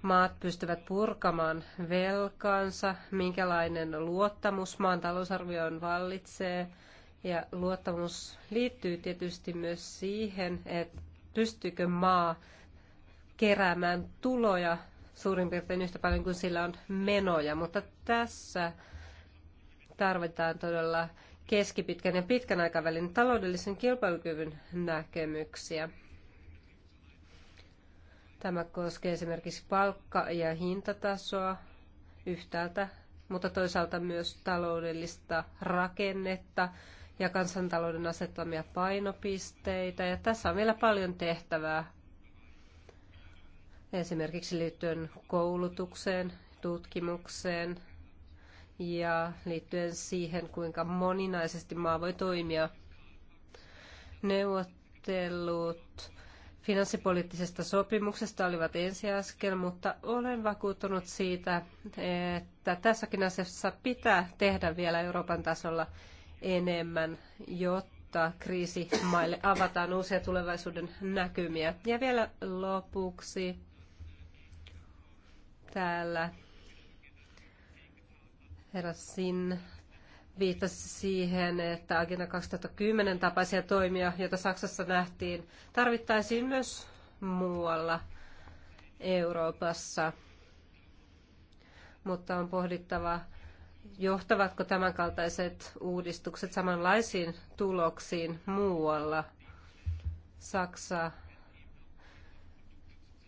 Speaker 4: maat pystyvät purkamaan velkaansa, minkälainen luottamus maan talousarvioon vallitsee. Ja luottamus liittyy tietysti myös siihen, että pystyykö maa keräämään tuloja suurin piirtein yhtä paljon kuin sillä on menoja. Mutta tässä tarvitaan todella keskipitkän ja pitkän aikavälin taloudellisen kilpailukyvyn näkemyksiä. Tämä koskee esimerkiksi palkka- ja hintatasoa yhtäältä, mutta toisaalta myös taloudellista rakennetta ja kansantalouden asettamia painopisteitä. Ja tässä on vielä paljon tehtävää esimerkiksi liittyen koulutukseen, tutkimukseen ja liittyen siihen, kuinka moninaisesti maa voi toimia. Neuvottelut finanssipoliittisesta sopimuksesta olivat ensiaskel, mutta olen vakuuttunut siitä, että tässäkin asiassa pitää tehdä vielä Euroopan tasolla enemmän, jotta kriisimaille avataan uusia tulevaisuuden näkymiä. Ja vielä lopuksi täällä herra Sin viittasi siihen, että Agenda 2010 tapaisia toimia, joita Saksassa nähtiin, tarvittaisiin myös muualla Euroopassa. Mutta on pohdittava, johtavatko tämänkaltaiset uudistukset samanlaisiin tuloksiin muualla. Saksa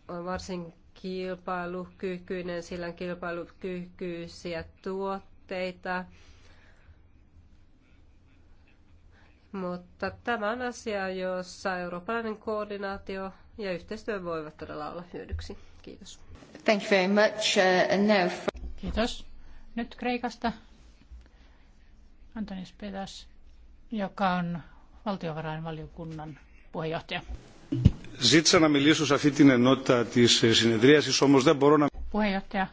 Speaker 4: on varsin kilpailukykyinen, sillä on kilpailukykyisiä tuotteita Mutta tämä on asia, jossa eurooppalainen koordinaatio ja yhteistyö voivat todella olla hyödyksi. Kiitos.
Speaker 2: Thank you very much. Uh, now for... Kiitos. Nyt Kreikasta Antonis Pedas, joka on valtiovarainvaliokunnan puheenjohtaja.
Speaker 3: Ζήτησα να μιλήσω σε αυτή την ενότητα της συνεδρίασης, όμως δεν μπορώ να...
Speaker 2: Puheenjohtaja,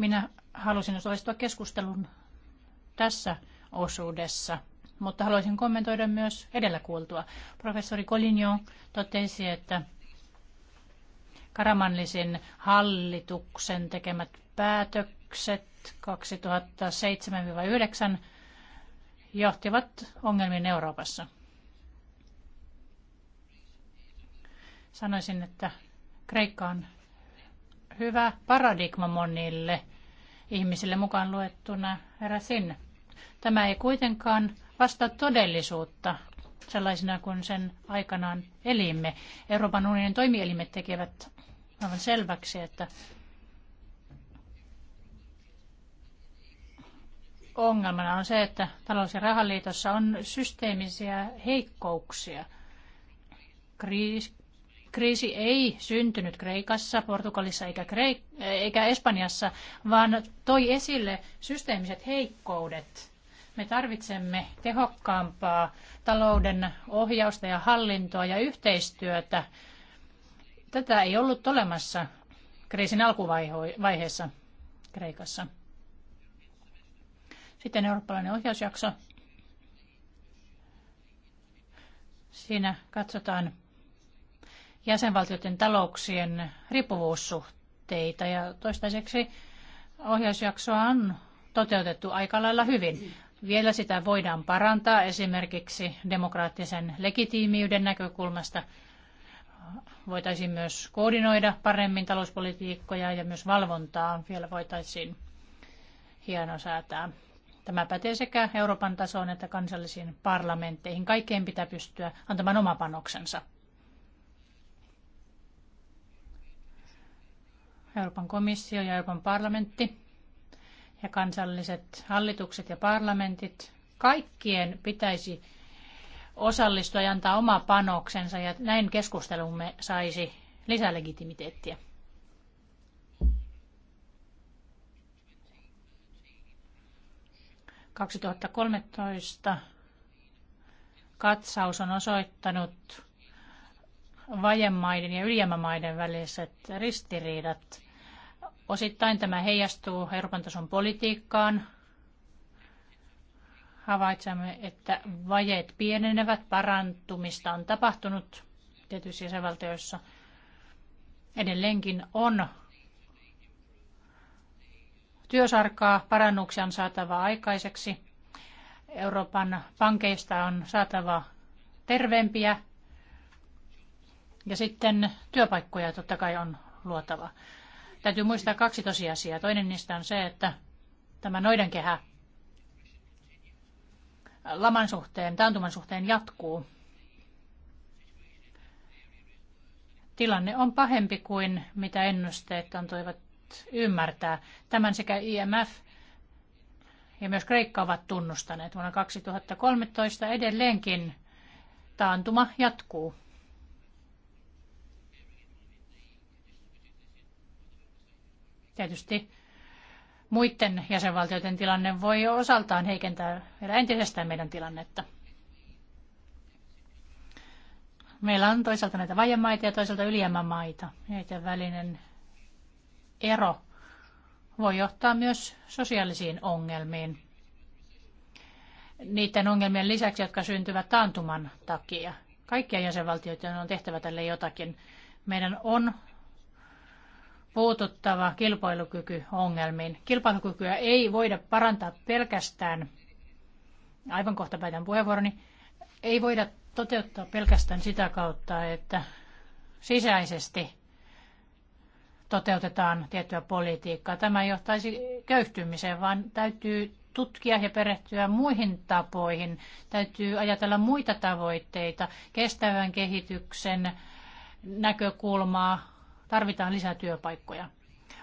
Speaker 2: minä halusin osallistua keskustelun tässä osuudessa. Mutta haluaisin kommentoida myös edellä kuultua. Professori Coligno totesi, että Karamanlisin hallituksen tekemät päätökset 2007-2009 johtivat ongelmiin Euroopassa. Sanoisin, että Kreikka on hyvä paradigma monille ihmisille mukaan luettuna heräsin. Tämä ei kuitenkaan vastaa todellisuutta sellaisena kuin sen aikanaan elimme. Euroopan unionin toimielimet tekevät aivan selväksi, että ongelmana on se, että talous- ja rahaliitossa on systeemisiä heikkouksia kriisi ei syntynyt Kreikassa, Portugalissa eikä, Kreik- eikä Espanjassa, vaan toi esille systeemiset heikkoudet. Me tarvitsemme tehokkaampaa talouden ohjausta ja hallintoa ja yhteistyötä. Tätä ei ollut olemassa kriisin alkuvaiheessa Kreikassa. Sitten eurooppalainen ohjausjakso. Siinä katsotaan jäsenvaltioiden talouksien riippuvuussuhteita ja toistaiseksi ohjausjaksoa on toteutettu aika lailla hyvin. Vielä sitä voidaan parantaa esimerkiksi demokraattisen legitiimiyden näkökulmasta. Voitaisiin myös koordinoida paremmin talouspolitiikkoja ja myös valvontaa vielä voitaisiin hieno säätää. Tämä pätee sekä Euroopan tasoon että kansallisiin parlamentteihin. Kaikkeen pitää pystyä antamaan oma panoksensa. Euroopan komissio ja Euroopan parlamentti ja kansalliset hallitukset ja parlamentit, kaikkien pitäisi osallistua ja antaa oma panoksensa ja näin keskustelumme saisi lisälegitimiteettiä. 2013 katsaus on osoittanut vajemaiden ja ylijäämämaiden väliset ristiriidat. Osittain tämä heijastuu Euroopan tason politiikkaan. Havaitsemme, että vajeet pienenevät, parantumista on tapahtunut tietyissä jäsenvaltioissa. Edelleenkin on työsarkaa, parannuksia on saatava aikaiseksi. Euroopan pankeista on saatava terveempiä ja sitten työpaikkoja totta kai on luotava. Täytyy muistaa kaksi tosiasiaa. Toinen niistä on se, että tämä noidankehä laman suhteen, taantuman suhteen jatkuu. Tilanne on pahempi kuin mitä ennusteet antoivat ymmärtää. Tämän sekä IMF ja myös Kreikka ovat tunnustaneet. Vuonna 2013 edelleenkin taantuma jatkuu. Tietysti muiden jäsenvaltioiden tilanne voi osaltaan heikentää vielä entisestään meidän tilannetta. Meillä on toisaalta näitä vajemaita ja toisaalta ylijäämämaita. Näiden välinen ero voi johtaa myös sosiaalisiin ongelmiin. Niiden ongelmien lisäksi, jotka syntyvät taantuman takia. Kaikkia jäsenvaltioita on tehtävä tälle jotakin. Meidän on puututtava kilpailukykyongelmiin. Kilpailukykyä ei voida parantaa pelkästään, aivan kohta päätän puheenvuoroni, ei voida toteuttaa pelkästään sitä kautta, että sisäisesti toteutetaan tiettyä politiikkaa. Tämä johtaisi köyhtymiseen, vaan täytyy tutkia ja perehtyä muihin tapoihin. Täytyy ajatella muita tavoitteita, kestävän kehityksen näkökulmaa, tarvitaan lisää työpaikkoja.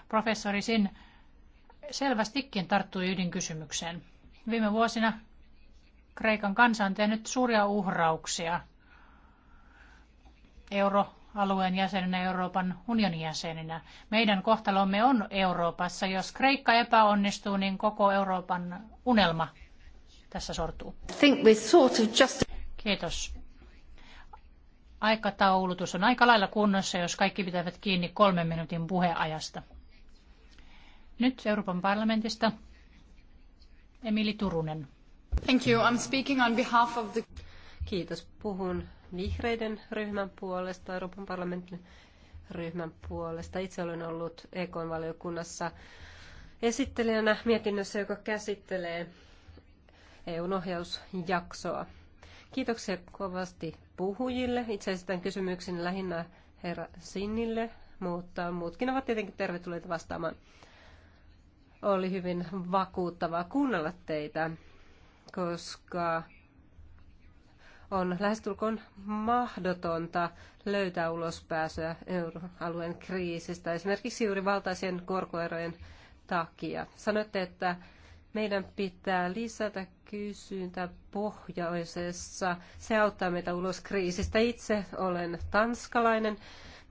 Speaker 2: Professori Sin selvästikin tarttui ydinkysymykseen. Viime vuosina Kreikan kansa on tehnyt suuria uhrauksia euroalueen jäsenenä, Euroopan unionin jäsenenä. Meidän kohtalomme on Euroopassa. Jos Kreikka epäonnistuu, niin koko Euroopan unelma tässä sortuu. Kiitos aikataulutus on aika lailla kunnossa, jos kaikki pitävät kiinni kolmen minuutin puheajasta. Nyt Euroopan parlamentista Emili Turunen. Thank you. I'm speaking on behalf of the... Kiitos. Puhun vihreiden ryhmän
Speaker 4: puolesta, Euroopan parlamentin ryhmän puolesta. Itse olen ollut EK-valiokunnassa esittelijänä mietinnössä, joka käsittelee eu ohjausjaksoa. Kiitoksia kovasti puhujille. Itse esitän kysymyksen lähinnä herra Sinnille, mutta muutkin ovat tietenkin tervetulleita vastaamaan. Oli hyvin vakuuttavaa kuunnella teitä, koska on lähestulkoon mahdotonta löytää ulospääsyä euroalueen kriisistä, esimerkiksi juuri valtaisien korkoerojen takia. Sanoitte, että meidän pitää lisätä kysyntäpohjaisessa. Se auttaa meitä ulos kriisistä. Itse olen tanskalainen.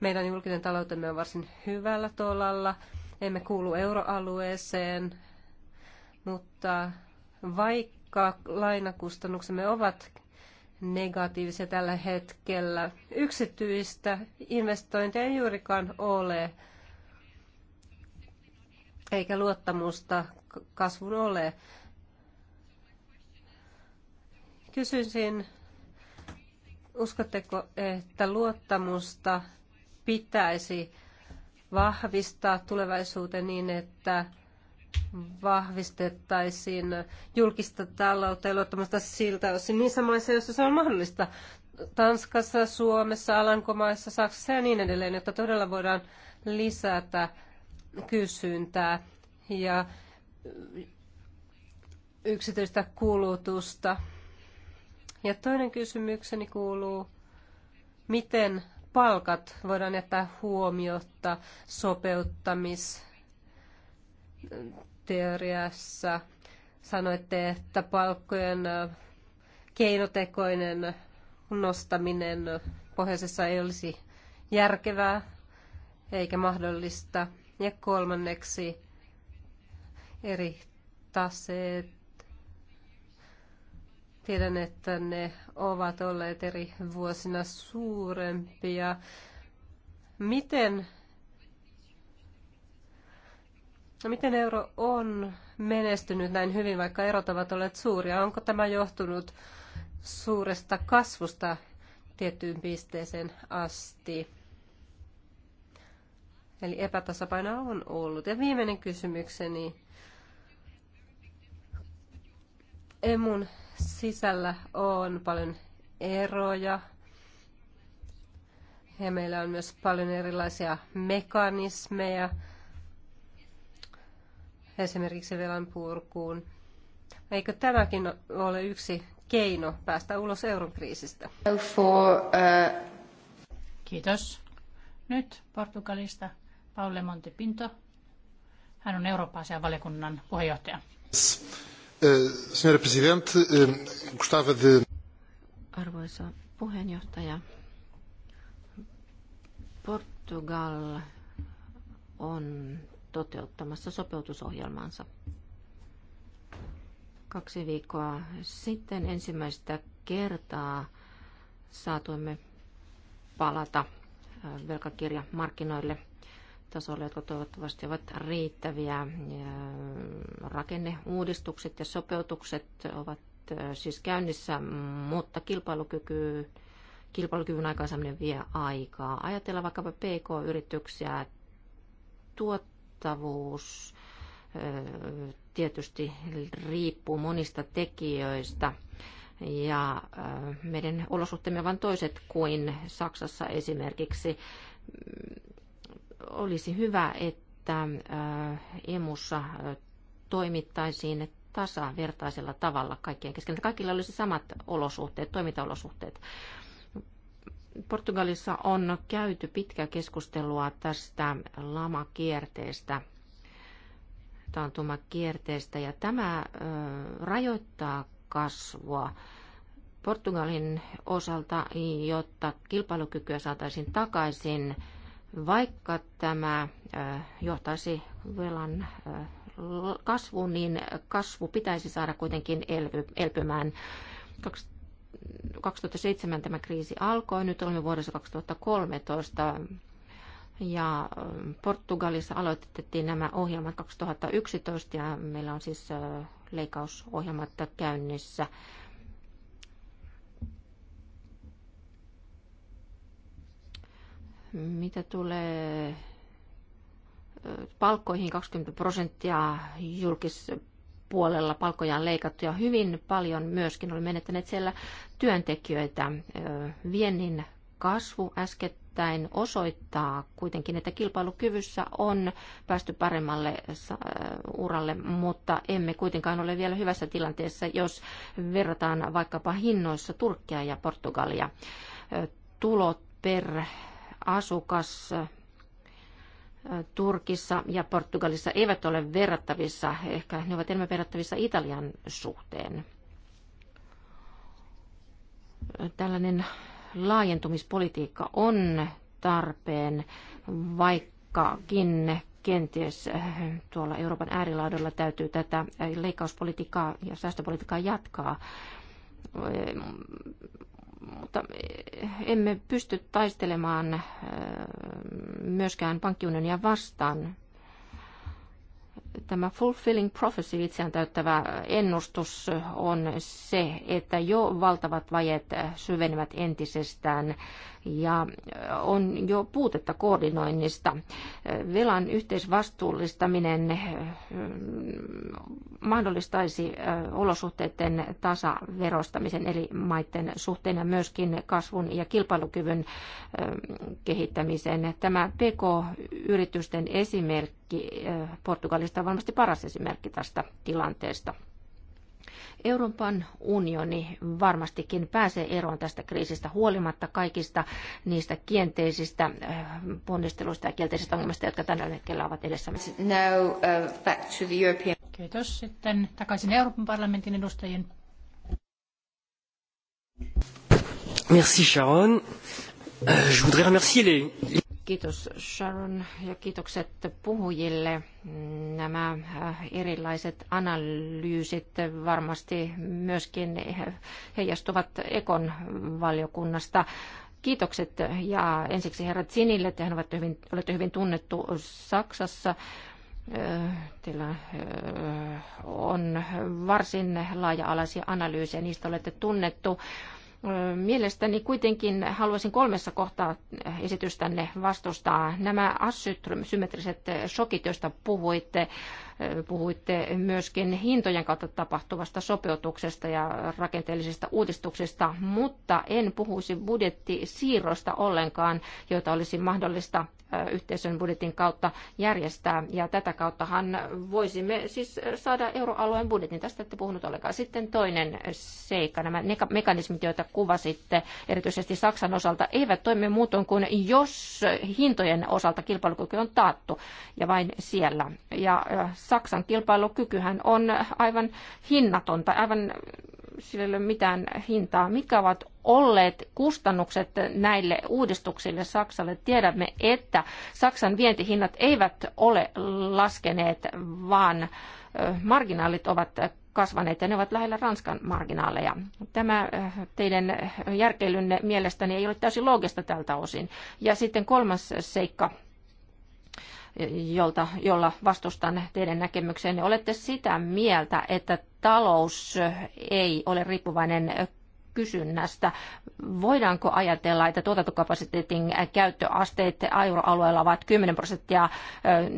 Speaker 4: Meidän julkinen taloutemme on varsin hyvällä tolalla. Emme kuulu euroalueeseen, mutta vaikka lainakustannuksemme ovat negatiivisia tällä hetkellä, yksityistä investointia ei juurikaan ole, eikä luottamusta kasvun ole. Kysyisin, uskotteko, että luottamusta pitäisi vahvistaa tulevaisuuteen niin, että vahvistettaisiin julkista taloutta ja luottamusta siltä osin niissä maissa, joissa se on mahdollista. Tanskassa, Suomessa, Alankomaissa, Saksassa ja niin edelleen, jotta todella voidaan lisätä kysyntää ja yksityistä kulutusta. Ja toinen kysymykseni kuuluu, miten palkat voidaan jättää huomiotta sopeuttamisteoriassa. Sanoitte, että palkkojen keinotekoinen nostaminen pohjoisessa ei olisi järkevää eikä mahdollista. Ja kolmanneksi eri taseet Tiedän, että ne ovat olleet eri vuosina suurempia. Miten, no miten euro on menestynyt näin hyvin, vaikka erot ovat olleet suuria? Onko tämä johtunut suuresta kasvusta tiettyyn pisteeseen asti? Eli epätasapainoa on ollut. Ja viimeinen kysymykseni. Emun sisällä on paljon eroja ja meillä on myös paljon erilaisia mekanismeja esimerkiksi velan purkuun. Eikö tämäkin ole yksi keino päästä ulos euron kriisistä?
Speaker 2: Uh, Kiitos. Nyt Portugalista Paule Montepinto. Hän on Eurooppa-asian valiokunnan puheenjohtaja.
Speaker 1: Eh,
Speaker 3: eh,
Speaker 2: Arvoisa puhemies,
Speaker 1: Portugal on toteuttamassa sopeutusohjelmansa. Kaksi viikkoa sitten ensimmäistä kertaa saatoimme palata eh, velkakirjamarkkinoille – tasolle, jotka toivottavasti ovat riittäviä. Rakenneuudistukset ja sopeutukset ovat siis käynnissä, mutta kilpailukyky, kilpailukyvyn aikaansaaminen vie aikaa. Ajatellaan vaikkapa PK-yrityksiä, tuottavuus tietysti riippuu monista tekijöistä. Ja meidän olosuhteemme ovat toiset kuin Saksassa esimerkiksi olisi hyvä, että äh, emussa äh, toimittaisiin tasavertaisella tavalla kaikkien kesken. Kaikilla olisi samat olosuhteet, toimintaolosuhteet. Portugalissa on käyty pitkä keskustelua tästä lamakierteestä, taantumakierteestä, ja tämä äh, rajoittaa kasvua Portugalin osalta, jotta kilpailukykyä saataisiin takaisin – vaikka tämä johtaisi velan kasvu, niin kasvu pitäisi saada kuitenkin elpy, elpymään. 2007 tämä kriisi alkoi, nyt olemme vuodessa 2013 ja Portugalissa aloitettiin nämä ohjelmat 2011 ja meillä on siis leikkausohjelmat käynnissä Mitä tulee palkkoihin 20 prosenttia julkispuolella palkkoja on leikattu ja hyvin paljon myöskin oli menettäneet siellä työntekijöitä. Viennin kasvu äskettäin osoittaa kuitenkin, että kilpailukyvyssä on päästy paremmalle uralle, mutta emme kuitenkaan ole vielä hyvässä tilanteessa, jos verrataan vaikkapa hinnoissa Turkkia ja Portugalia. Tulot per asukas Turkissa ja Portugalissa eivät ole verrattavissa, ehkä ne ovat enemmän verrattavissa Italian suhteen. Tällainen laajentumispolitiikka on tarpeen, vaikkakin kenties tuolla Euroopan äärilaidolla täytyy tätä leikkauspolitiikkaa ja säästöpolitiikkaa jatkaa mutta eh, emme pysty taistelemaan eh, myöskään pankkiunionia vastaan tämä fulfilling prophecy, itseään täyttävä ennustus, on se, että jo valtavat vajet syvenevät entisestään ja on jo puutetta koordinoinnista. Velan yhteisvastuullistaminen eh, mahdollistaisi eh, olosuhteiden tasaverostamisen eli maiden suhteen ja myöskin kasvun ja kilpailukyvyn eh, kehittämisen. Tämä PK-yritysten esimerkki Portugalista oikeastaan varmasti paras esimerkki tästä tilanteesta. Euroopan unioni varmastikin pääsee eroon tästä kriisistä huolimatta kaikista niistä kielteisistä eh, ponnisteluista ja kielteisistä ongelmista, jotka tällä hetkellä ovat edessä.
Speaker 2: Now, uh, back to the European... Kiitos. Sitten takaisin Euroopan parlamentin edustajien.
Speaker 4: Merci Sharon. Euh, je voudrais remercier
Speaker 1: les... Kiitos Sharon ja kiitokset puhujille. Nämä äh, erilaiset analyysit varmasti myöskin heijastuvat Ekon valiokunnasta kiitokset ja ensiksi herra Zinille, tehän ovat olette hyvin, olette hyvin tunnettu Saksassa. Äh, teillä äh, on varsin laaja-alaisia analyysejä, niistä olette tunnettu. Mielestäni kuitenkin haluaisin kolmessa kohtaa eh, esitystänne vastustaa nämä asymmetriset eh, shokit, joista puhuitte Puhuitte myöskin hintojen kautta tapahtuvasta sopeutuksesta ja rakenteellisista uudistuksista, mutta en puhuisi budjettisiirroista ollenkaan, joita olisi mahdollista yhteisön budjetin kautta järjestää. Ja tätä kauttahan voisimme siis saada euroalueen budjetin. Tästä ette puhunut ollenkaan. Sitten toinen seikka. Nämä mekanismit, joita kuvasitte erityisesti Saksan osalta, eivät toimi muutoin kuin jos hintojen osalta kilpailukyky on taattu ja vain siellä. Ja Saksan kilpailukykyhän on aivan hinnatonta, aivan sillä ei ole mitään hintaa. Mitkä ovat olleet kustannukset näille uudistuksille Saksalle? Tiedämme, että Saksan vientihinnat eivät ole laskeneet, vaan marginaalit ovat kasvaneet ja ne ovat lähellä Ranskan marginaaleja. Tämä teidän järkeilynne mielestäni ei ole täysin loogista tältä osin. Ja sitten kolmas seikka jolta, jolla vastustan teidän näkemykseenne. Olette sitä mieltä, että talous ei ole riippuvainen kysynnästä. Voidaanko ajatella, että tuotantokapasiteetin käyttöasteet euroalueella ovat 10 prosenttia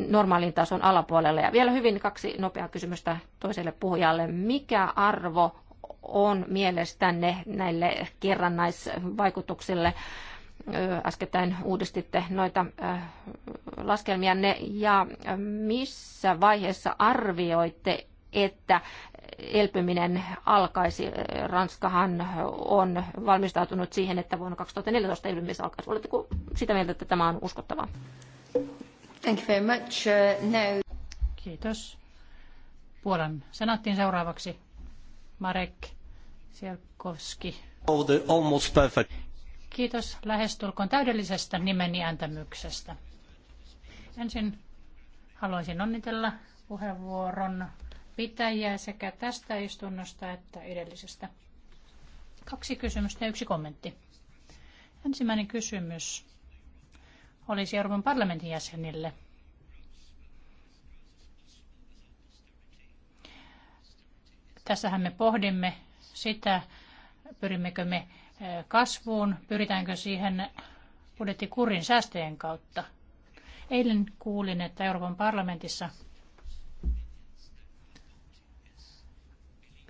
Speaker 1: normaalin tason alapuolella? Ja vielä hyvin kaksi nopeaa kysymystä toiselle puhujalle. Mikä arvo on mielestänne näille kerrannaisvaikutuksille? äskettäin uudistitte noita laskelmianne ja missä vaiheessa arvioitte, että elpyminen alkaisi. Ranskahan on valmistautunut siihen, että vuonna 2014 elpymis alkaisi. Oletteko sitä mieltä, että tämä on uskottavaa?
Speaker 2: Thank you very much. Uh, no. Kiitos. Puolan senaattiin seuraavaksi Marek Sierkowski.
Speaker 3: Oh, the almost perfect.
Speaker 2: Kiitos lähestulkoon täydellisestä nimeni ääntämyksestä. Ensin haluaisin onnitella puheenvuoron pitäjiä sekä tästä istunnosta että edellisestä. Kaksi kysymystä ja yksi kommentti. Ensimmäinen kysymys olisi Euroopan parlamentin jäsenille. Tässähän me pohdimme sitä, pyrimmekö me kasvuun, pyritäänkö siihen budjettikurin säästöjen kautta. Eilen kuulin, että Euroopan parlamentissa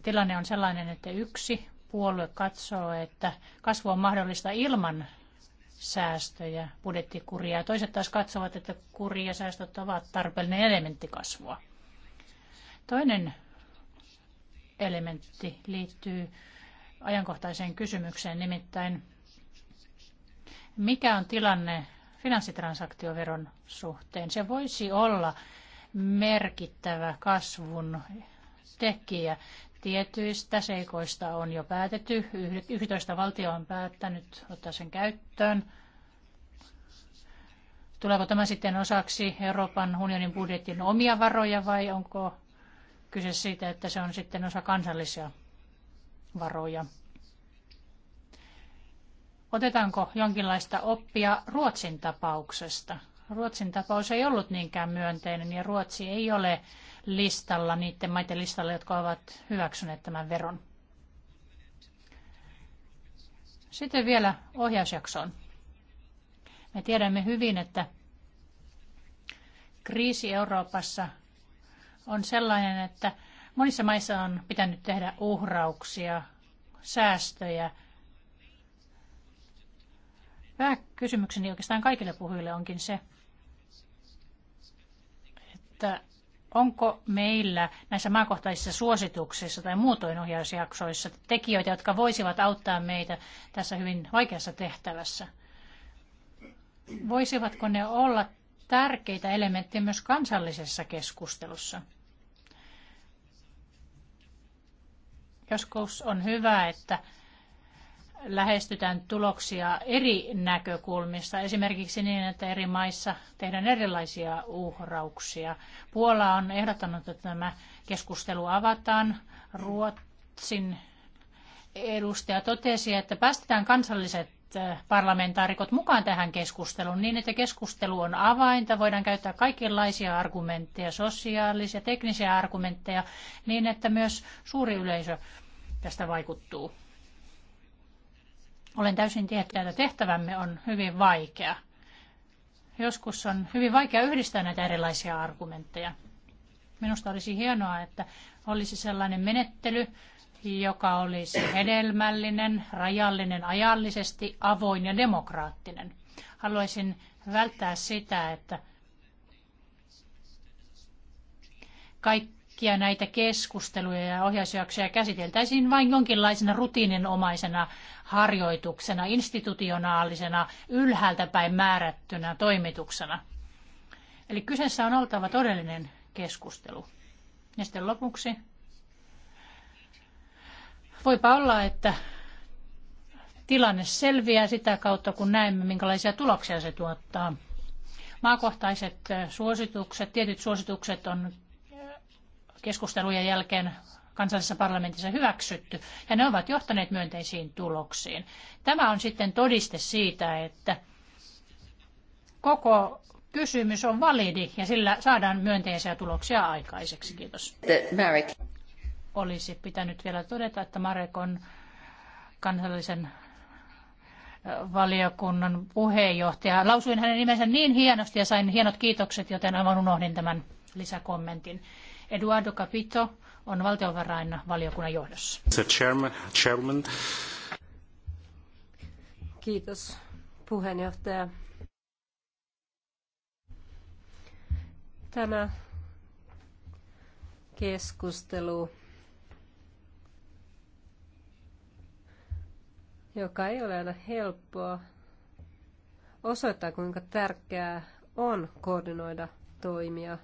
Speaker 2: tilanne on sellainen, että yksi puolue katsoo, että kasvu on mahdollista ilman säästöjä, budjettikuria. Toiset taas katsovat, että kuri ja säästöt ovat tarpeellinen elementti kasvua. Toinen elementti liittyy ajankohtaiseen kysymykseen, nimittäin mikä on tilanne finanssitransaktioveron suhteen? Se voisi olla merkittävä kasvun tekijä. Tietyistä seikoista on jo päätetty. 11 valtio on päättänyt ottaa sen käyttöön. Tuleeko tämä sitten osaksi Euroopan unionin budjetin omia varoja vai onko kyse siitä, että se on sitten osa kansallisia varoja. Otetaanko jonkinlaista oppia Ruotsin tapauksesta? Ruotsin tapaus ei ollut niinkään myönteinen ja Ruotsi ei ole listalla, niiden maiden listalla, jotka ovat hyväksyneet tämän veron. Sitten vielä ohjausjaksoon. Me tiedämme hyvin, että kriisi Euroopassa on sellainen, että Monissa maissa on pitänyt tehdä uhrauksia, säästöjä. Pääkysymykseni oikeastaan kaikille puhujille onkin se, että onko meillä näissä maakohtaisissa suosituksissa tai muutoin ohjausjaksoissa tekijöitä, jotka voisivat auttaa meitä tässä hyvin vaikeassa tehtävässä? Voisivatko ne olla tärkeitä elementtejä myös kansallisessa keskustelussa? Joskus on hyvä, että lähestytään tuloksia eri näkökulmista, esimerkiksi niin, että eri maissa tehdään erilaisia uhrauksia. Puola on ehdottanut, että tämä keskustelu avataan. Ruotsin edustaja totesi, että päästetään kansalliset eh, parlamentaarikot mukaan tähän keskusteluun niin, että keskustelu on avainta, voidaan käyttää kaikenlaisia argumentteja, sosiaalisia, teknisiä argumentteja, niin että myös suuri yleisö tästä vaikuttuu. Olen täysin tietoinen, että tehtävämme on hyvin vaikea. Joskus on hyvin vaikea yhdistää näitä erilaisia argumentteja. Minusta olisi hienoa, että olisi sellainen menettely, joka olisi hedelmällinen, rajallinen, ajallisesti avoin ja demokraattinen. Haluaisin välttää sitä, että kaikki kaikkia näitä keskusteluja ja ohjausjaksoja käsiteltäisiin vain jonkinlaisena rutiininomaisena harjoituksena, institutionaalisena, ylhäältä päin määrättynä toimituksena. Eli kyseessä on oltava todellinen keskustelu. Ja sitten lopuksi. Voipa olla, että tilanne selviää sitä kautta, kun näemme, minkälaisia tuloksia se tuottaa maakohtaiset suositukset, tietyt suositukset on keskustelujen jälkeen kansallisessa parlamentissa hyväksytty, ja ne ovat johtaneet myönteisiin tuloksiin. Tämä on sitten todiste siitä, että koko kysymys on validi, ja sillä saadaan myönteisiä tuloksia aikaiseksi. Kiitos. Marek. Olisi pitänyt vielä todeta, että Marek on kansallisen valiokunnan puheenjohtaja. Lausuin hänen nimensä niin hienosti ja sain hienot kiitokset, joten aivan unohdin tämän lisäkommentin. Eduardo Capito on valtiovarainvaliokunnan johdossa. Chairman, Kiitos puheenjohtaja.
Speaker 4: Tämä keskustelu, joka ei ole aina helppoa, osoittaa kuinka tärkeää on koordinoida toimia –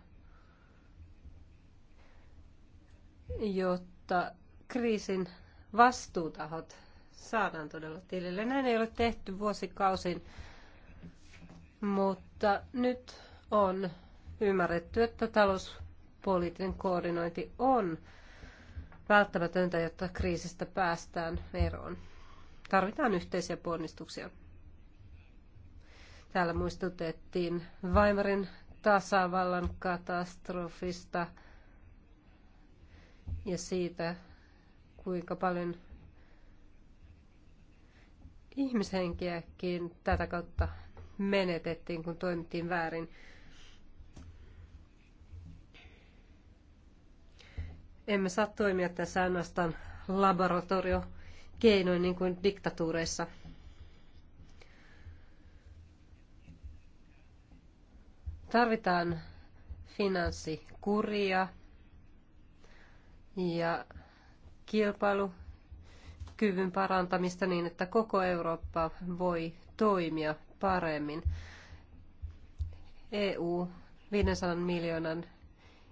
Speaker 4: jotta kriisin vastuutahot saadaan todella tilille. Näin ei ole tehty vuosikausin, mutta nyt on ymmärretty, että talouspoliittinen koordinointi on välttämätöntä, jotta kriisistä päästään eroon. Tarvitaan yhteisiä ponnistuksia. Täällä muistutettiin Weimarin tasavallan katastrofista – ja siitä, kuinka paljon ihmishenkiäkin tätä kautta menetettiin, kun toimittiin väärin. Emme saa toimia tässä ainoastaan laboratoriokeinoin niin kuin diktatuureissa. Tarvitaan finanssikuria, ja kilpailukyvyn parantamista niin, että koko Eurooppa voi toimia paremmin. EU 500 miljoonan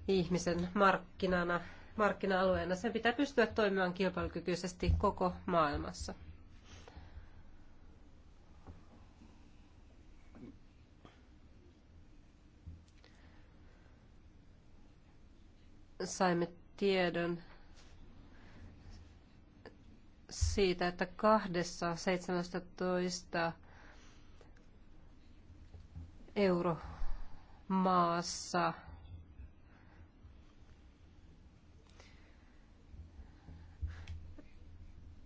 Speaker 4: ihmisen markkinana, markkina-alueena. Sen pitää pystyä toimimaan kilpailukykyisesti koko maailmassa. Saimme tiedon siitä, että kahdessa 17 euromaassa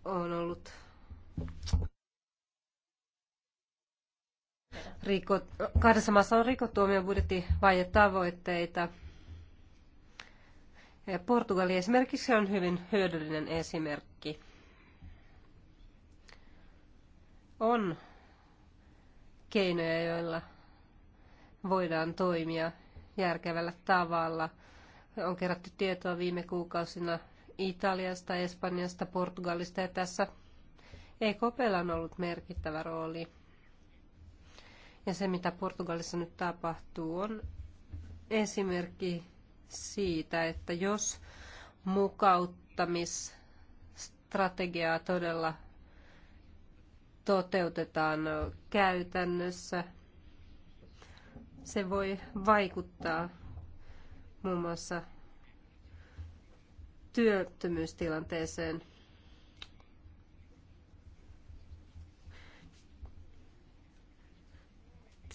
Speaker 4: on ollut rikot, kahdessa maassa on rikottu omia budjettivajetavoitteita. Portugali esimerkiksi on hyvin hyödyllinen esimerkki. On keinoja, joilla voidaan toimia järkevällä tavalla. On kerätty tietoa viime kuukausina Italiasta, Espanjasta, Portugalista ja tässä EKPllä on ollut merkittävä rooli. Ja se, mitä Portugalissa nyt tapahtuu, on esimerkki siitä, että jos mukauttamisstrategiaa todella toteutetaan käytännössä, se voi vaikuttaa muun muassa työttömyystilanteeseen –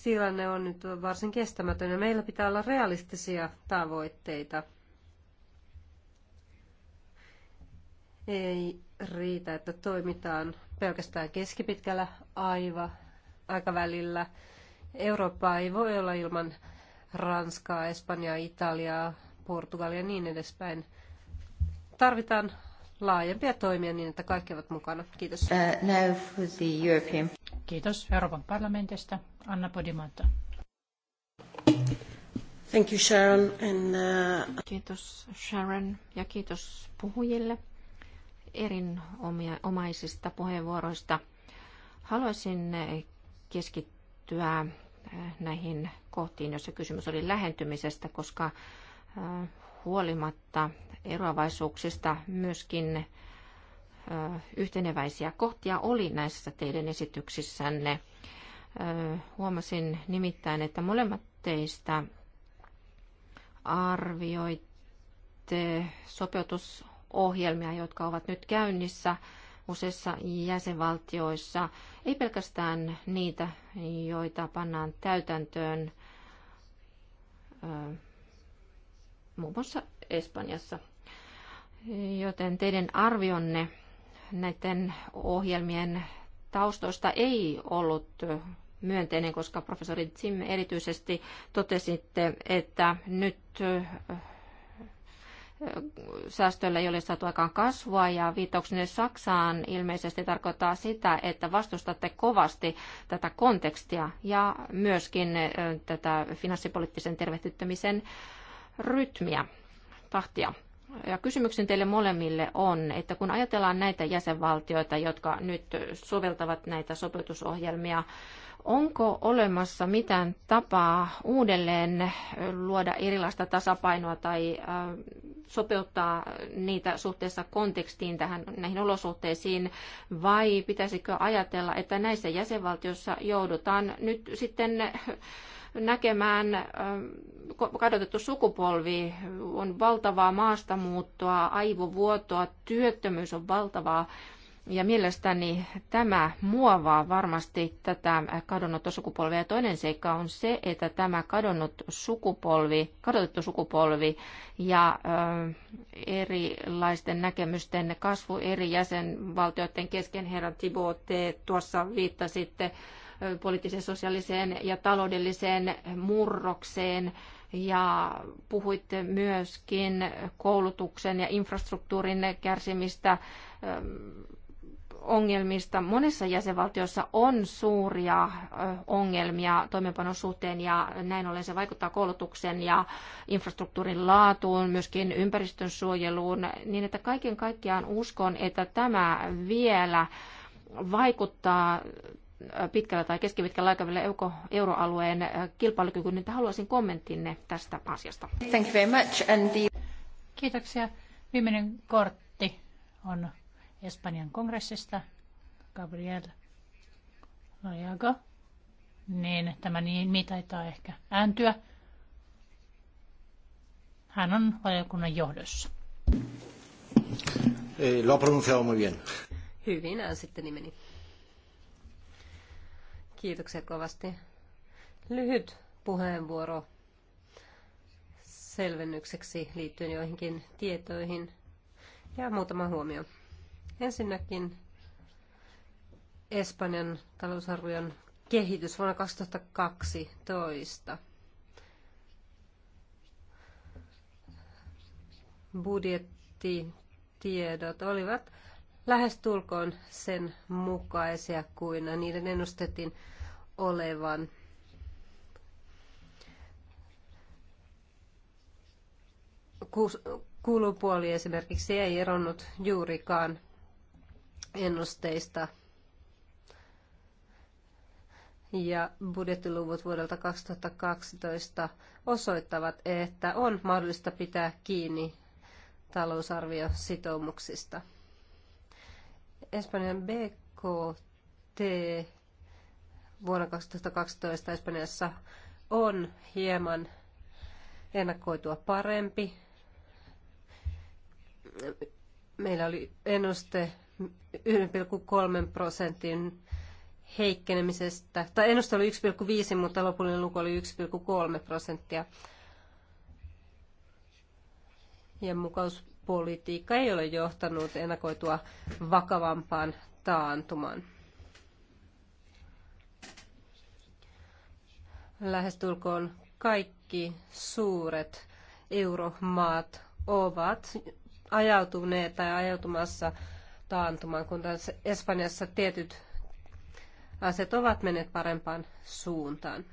Speaker 4: tilanne on nyt varsin kestämätön ja meillä pitää olla realistisia tavoitteita. Ei riitä, että toimitaan pelkästään keskipitkällä aiva, aikavälillä. Eurooppa ei voi olla ilman Ranskaa, Espanjaa, Italiaa, Portugalia ja niin edespäin. Tarvitaan laajempia toimia niin, että kaikki ovat
Speaker 2: mukana. Kiitos. Uh, now for the European. Kiitos Euroopan parlamentista. Anna Podimata.
Speaker 1: Thank you Sharon and, uh... Kiitos Sharon ja kiitos puhujille erinomaisista puheenvuoroista. Haluaisin eh, keskittyä eh, näihin kohtiin, joissa kysymys oli lähentymisestä, koska eh, huolimatta eroavaisuuksista myöskin yhteneväisiä kohtia oli näissä teidän esityksissänne. Huomasin nimittäin, että molemmat teistä arvioitte sopeutusohjelmia, jotka ovat nyt käynnissä useissa jäsenvaltioissa. Ei pelkästään niitä, joita pannaan täytäntöön muun muassa Espanjassa. Joten teidän arvionne näiden ohjelmien taustoista ei ollut myönteinen, koska professori Zimme erityisesti totesitte, että nyt äh, säästöillä ei ole saatu aikaan kasvua ja viittauksenne Saksaan ilmeisesti tarkoittaa sitä, että vastustatte kovasti tätä kontekstia ja myöskin äh, tätä finanssipoliittisen tervehdyttämisen rytmiä, tahtia. Ja kysymyksen teille molemmille on, että kun ajatellaan näitä jäsenvaltioita, jotka nyt soveltavat näitä sopeutusohjelmia, Onko olemassa mitään tapaa uudelleen luoda erilaista tasapainoa tai äh, sopeuttaa niitä suhteessa kontekstiin tähän, näihin olosuhteisiin, vai pitäisikö ajatella, että näissä jäsenvaltioissa joudutaan nyt sitten näkemään äh, kadotettu sukupolvi, on valtavaa maastamuuttoa, aivovuotoa, työttömyys on valtavaa ja mielestäni tämä muovaa varmasti tätä kadonnutta sukupolvia Ja toinen seikka on se, että tämä kadonnut sukupolvi, kadotettu sukupolvi ja ö, erilaisten näkemysten kasvu eri jäsenvaltioiden kesken, herra Thibaut, tuossa viittasitte poliittiseen, sosiaaliseen ja taloudelliseen murrokseen ja puhuitte myöskin koulutuksen ja infrastruktuurin kärsimistä ongelmista. Monissa jäsenvaltioissa on suuria ongelmia toimeenpanon suhteen ja näin ollen se vaikuttaa koulutuksen ja infrastruktuurin laatuun, myöskin ympäristön suojeluun, niin että kaiken kaikkiaan uskon, että tämä vielä vaikuttaa pitkällä tai keskipitkällä aikavälillä euroalueen kilpailukykyyn, niin haluaisin kommenttinne tästä asiasta. Thank you very much. And the...
Speaker 2: Kiitoksia. Viimeinen kortti on Espanjan kongressista, Gabriel Lojaga, niin tämä nimi taitaa ehkä ääntyä. Hän on valiokunnan johdossa.
Speaker 3: Eh, lo pronunciado muy bien.
Speaker 4: Hyvin Sitten nimeni. Kiitoksia kovasti. Lyhyt puheenvuoro selvennykseksi liittyen joihinkin tietoihin ja muutama huomio. Ensinnäkin Espanjan talousarvion kehitys vuonna 2012. Budjettitiedot olivat lähestulkoon sen mukaisia kuin niiden ennustettiin olevan. Kulupuoli esimerkiksi ei eronnut juurikaan ennusteista. Ja budjettiluvut vuodelta 2012 osoittavat, että on mahdollista pitää kiinni talousarviositoumuksista. Espanjan BKT vuonna 2012 Espanjassa on hieman ennakoitua parempi. Meillä oli ennuste 1,3 prosentin heikkenemisestä. Tai ennuste oli 1,5, mutta lopullinen luku oli 1,3 prosenttia. Ja mukauspolitiikka ei ole johtanut ennakoitua vakavampaan taantumaan. Lähestulkoon kaikki suuret euromaat ovat ajautuneet tai ajautumassa taantumaan, kun taas Espanjassa tietyt asiat ovat menneet parempaan suuntaan.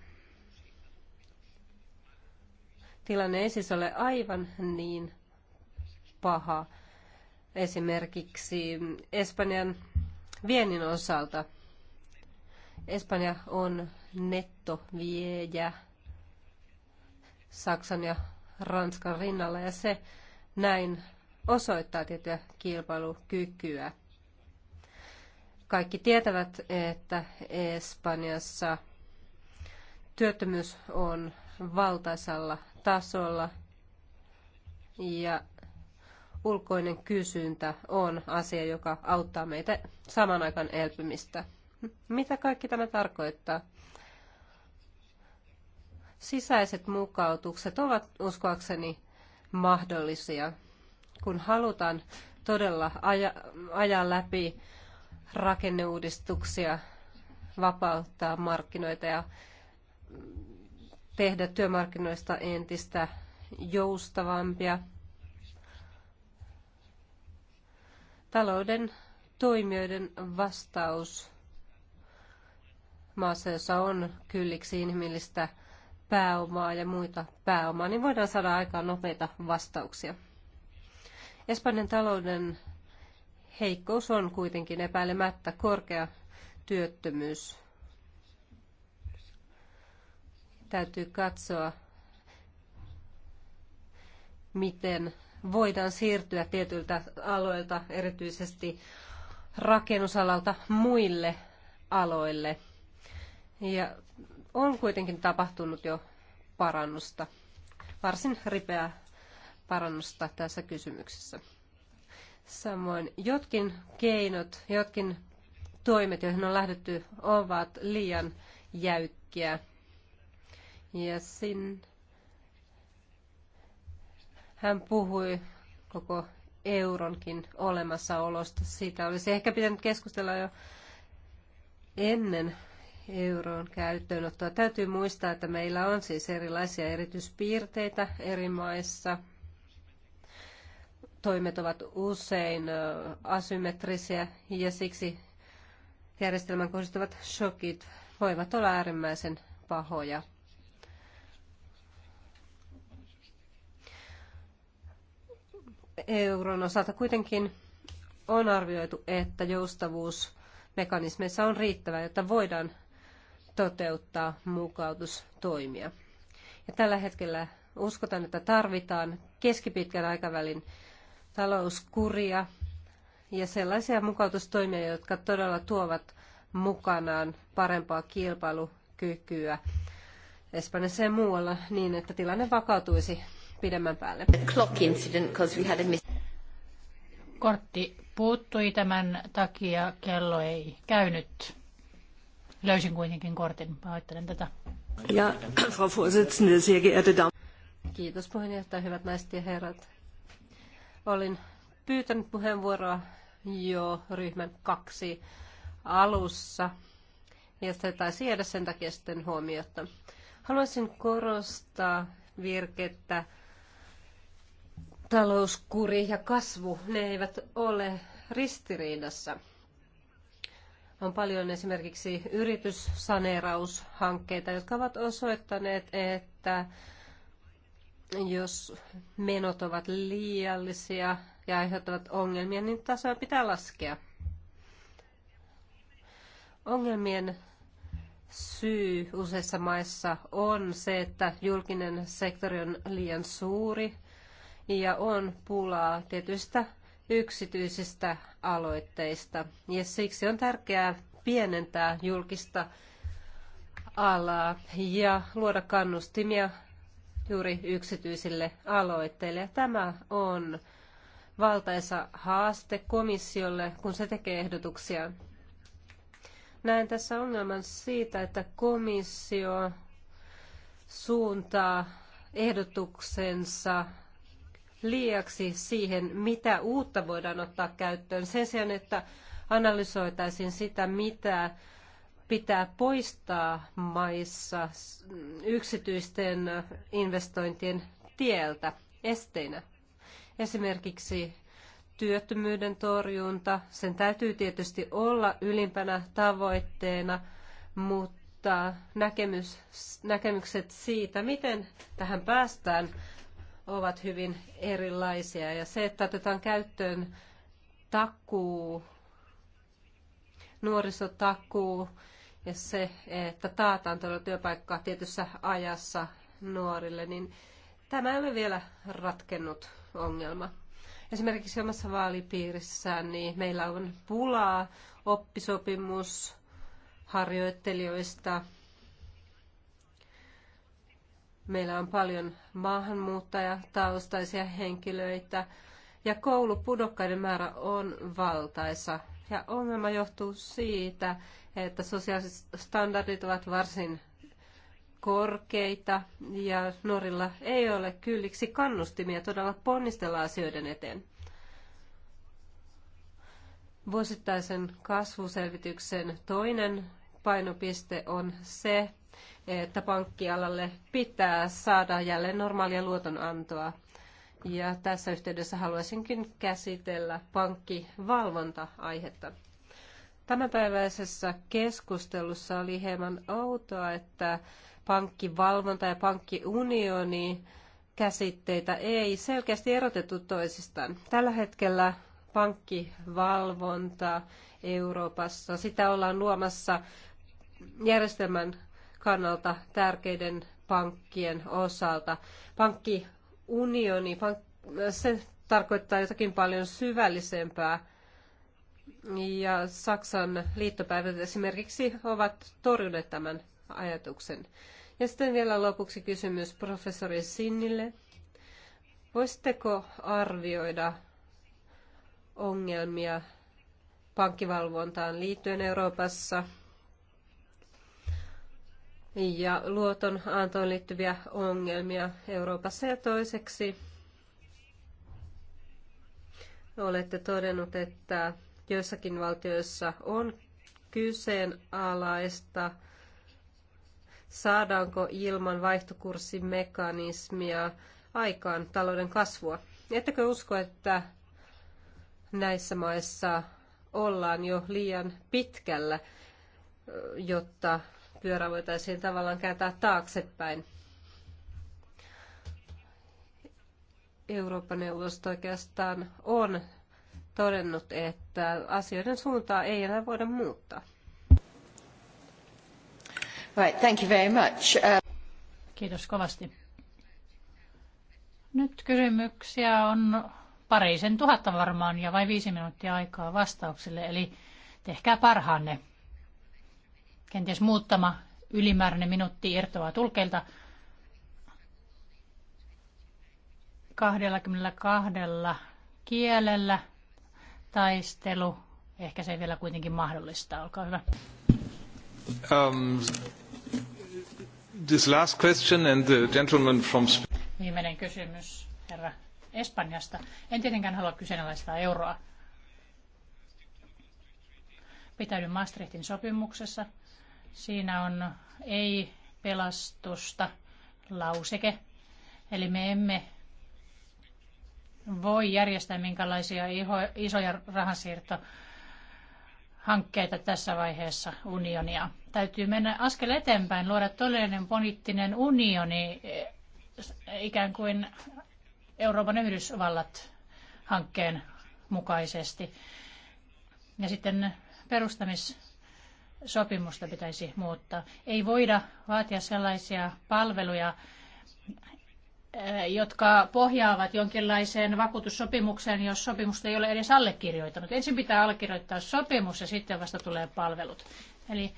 Speaker 4: Tilanne ei siis ole aivan niin paha esimerkiksi Espanjan viennin osalta. Espanja on nettoviejä Saksan ja Ranskan rinnalla ja se näin osoittaa tiettyä kilpailukykyä. Kaikki tietävät, että Espanjassa työttömyys on valtaisalla tasolla ja ulkoinen kysyntä on asia, joka auttaa meitä saman aikaan elpymistä. Mitä kaikki tämä tarkoittaa? Sisäiset mukautukset ovat uskoakseni mahdollisia kun halutaan todella aja, ajaa läpi rakenneuudistuksia, vapauttaa markkinoita ja tehdä työmarkkinoista entistä joustavampia. Talouden toimijoiden vastaus maassa, jossa on kylliksi inhimillistä pääomaa ja muita pääomaa, niin voidaan saada aikaan nopeita vastauksia. Espanjan talouden heikkous on kuitenkin epäilemättä korkea työttömyys. Täytyy katsoa, miten voidaan siirtyä tietyiltä aloilta, erityisesti rakennusalalta muille aloille. Ja on kuitenkin tapahtunut jo parannusta. Varsin ripeää parannusta tässä kysymyksessä. Samoin jotkin keinot, jotkin toimet, joihin on lähdetty, ovat liian jäykkiä. Ja sin... Hän puhui koko euronkin olemassaolosta. Siitä olisi ehkä pitänyt keskustella jo ennen euron käyttöönottoa. Täytyy muistaa, että meillä on siis erilaisia erityispiirteitä eri maissa – toimet ovat usein asymmetrisiä ja siksi järjestelmän kohdistuvat shokit voivat olla äärimmäisen pahoja. Euron osalta kuitenkin on arvioitu, että joustavuus mekanismeissa on riittävä, jotta voidaan toteuttaa mukautustoimia. Ja tällä hetkellä uskotaan, että tarvitaan keskipitkän aikavälin talouskuria ja sellaisia mukautustoimia, jotka todella tuovat mukanaan parempaa kilpailukykyä Espanjassa ja muualla niin, että tilanne vakautuisi pidemmän päälle.
Speaker 2: Kortti puuttui tämän takia, kello ei käynyt. Löysin kuitenkin kortin, pahoittelen tätä.
Speaker 4: Ja, <clears throat> Frau Vorsitzende, sehr geehrte Damen. Kiitos puheenjohtaja, hyvät naiset ja herrat. Olin pyytänyt puheenvuoroa jo ryhmän kaksi alussa, ja se taisi jäädä sen takia sitten huomiota. Haluaisin korostaa virkettä talouskuri ja kasvu, ne eivät ole ristiriidassa. On paljon esimerkiksi yrityssaneeraushankkeita, jotka ovat osoittaneet, että jos menot ovat liiallisia ja aiheuttavat ongelmia, niin tasoa pitää laskea. Ongelmien syy useissa maissa on se, että julkinen sektori on liian suuri ja on pulaa tietyistä yksityisistä aloitteista. Ja siksi on tärkeää pienentää julkista alaa ja luoda kannustimia juuri yksityisille aloitteille. Ja tämä on valtaisa haaste komissiolle, kun se tekee ehdotuksia. Näen tässä ongelman siitä, että komissio suuntaa ehdotuksensa liiaksi siihen, mitä uutta voidaan ottaa käyttöön, sen sijaan, että analysoitaisiin sitä, mitä pitää poistaa maissa yksityisten investointien tieltä esteinä. Esimerkiksi työttömyyden torjunta, sen täytyy tietysti olla ylimpänä tavoitteena, mutta näkemys, näkemykset siitä, miten tähän päästään, ovat hyvin erilaisia. Ja se, että otetaan käyttöön takuu, nuorisotakuu, ja se, että taataan tuolla työpaikkaa tietyssä ajassa nuorille, niin tämä ei ole vielä ratkennut ongelma. Esimerkiksi omassa vaalipiirissään niin meillä on pulaa oppisopimus harjoittelijoista. Meillä on paljon maahanmuuttajataustaisia henkilöitä ja koulupudokkaiden määrä on valtaisa ehkä ongelma johtuu siitä, että sosiaaliset standardit ovat varsin korkeita ja nuorilla ei ole kylliksi kannustimia todella ponnistella asioiden eteen. Vuosittaisen kasvuselvityksen toinen painopiste on se, että pankkialalle pitää saada jälleen normaalia luotonantoa. Ja tässä yhteydessä haluaisinkin käsitellä pankkivalvonta-aihetta. Tämänpäiväisessä keskustelussa oli hieman outoa, että pankkivalvonta ja pankkiunioni käsitteitä ei selkeästi erotettu toisistaan. Tällä hetkellä pankkivalvonta Euroopassa, sitä ollaan luomassa järjestelmän kannalta tärkeiden pankkien osalta. Pankki unioni, se tarkoittaa jotakin paljon syvällisempää. Ja Saksan liittopäivät esimerkiksi ovat torjuneet tämän ajatuksen. Ja sitten vielä lopuksi kysymys professori Sinnille. Voisitteko arvioida ongelmia pankkivalvontaan liittyen Euroopassa – ja luotonantoon liittyviä ongelmia Euroopassa. Ja toiseksi olette todennut, että joissakin valtioissa on kyseenalaista, saadaanko ilman vaihtokurssimekanismia aikaan talouden kasvua. Ettekö usko, että näissä maissa ollaan jo liian pitkällä, jotta pyörä voitaisiin tavallaan kääntää taaksepäin. Euroopan neuvosto oikeastaan on todennut, että asioiden suuntaa ei enää voida muuttaa.
Speaker 2: Right, thank you very much. Uh... Kiitos kovasti. Nyt kysymyksiä on parisen tuhatta varmaan ja vain viisi minuuttia aikaa vastauksille, eli tehkää parhaanne. Kenties muuttama ylimääräinen minuutti irtoaa tulkeilta. 22 kielellä taistelu. Ehkä se vielä kuitenkin mahdollista. Olkaa hyvä.
Speaker 4: Um, this
Speaker 3: last question and the gentleman from
Speaker 2: Viimeinen kysymys, herra Espanjasta. En tietenkään halua kyseenalaistaa euroa. Pitäydyn Maastrichtin sopimuksessa – Siinä on ei-pelastusta lauseke. Eli me emme voi järjestää minkälaisia isoja rahansiirtohankkeita tässä vaiheessa unionia. Täytyy mennä askel eteenpäin, luoda todellinen poliittinen unioni, ikään kuin Euroopan Yhdysvallat hankkeen mukaisesti. Ja sitten perustamis sopimusta pitäisi muuttaa. Ei voida vaatia sellaisia palveluja, eh, jotka pohjaavat jonkinlaiseen vakuutussopimukseen, jos sopimusta ei ole edes allekirjoittanut. Ensin pitää allekirjoittaa sopimus ja sitten vasta tulee palvelut. Eli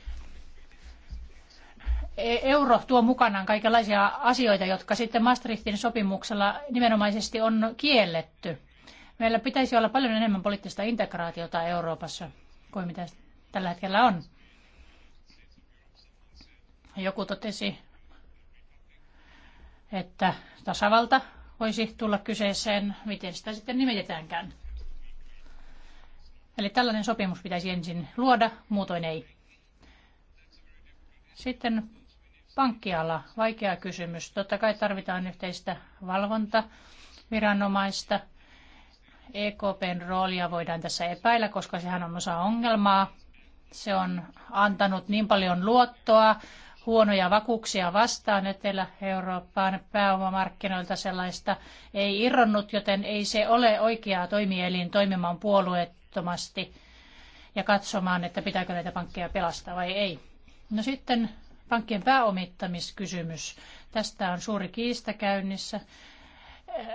Speaker 2: e- euro tuo mukanaan kaikenlaisia asioita, jotka sitten Maastrichtin sopimuksella nimenomaisesti on kielletty. Meillä pitäisi olla paljon enemmän poliittista integraatiota Euroopassa kuin mitä tällä hetkellä on. Joku totesi, että tasavalta voisi tulla kyseeseen, miten sitä sitten nimetetäänkään. Eli tällainen sopimus pitäisi ensin luoda, muutoin ei. Sitten pankkiala, vaikea kysymys. Totta kai tarvitaan yhteistä valvonta viranomaista. EKPn roolia voidaan tässä epäillä, koska sehän on osa ongelmaa. Se on antanut niin paljon luottoa huonoja vakuuksia vastaan Etelä-Eurooppaan pääomamarkkinoilta sellaista ei irronnut, joten ei se ole oikeaa toimielin toimimaan puolueettomasti ja katsomaan, että pitääkö näitä pankkeja pelastaa vai ei. No sitten pankkien pääomittamiskysymys. Tästä on suuri kiista käynnissä. Äh,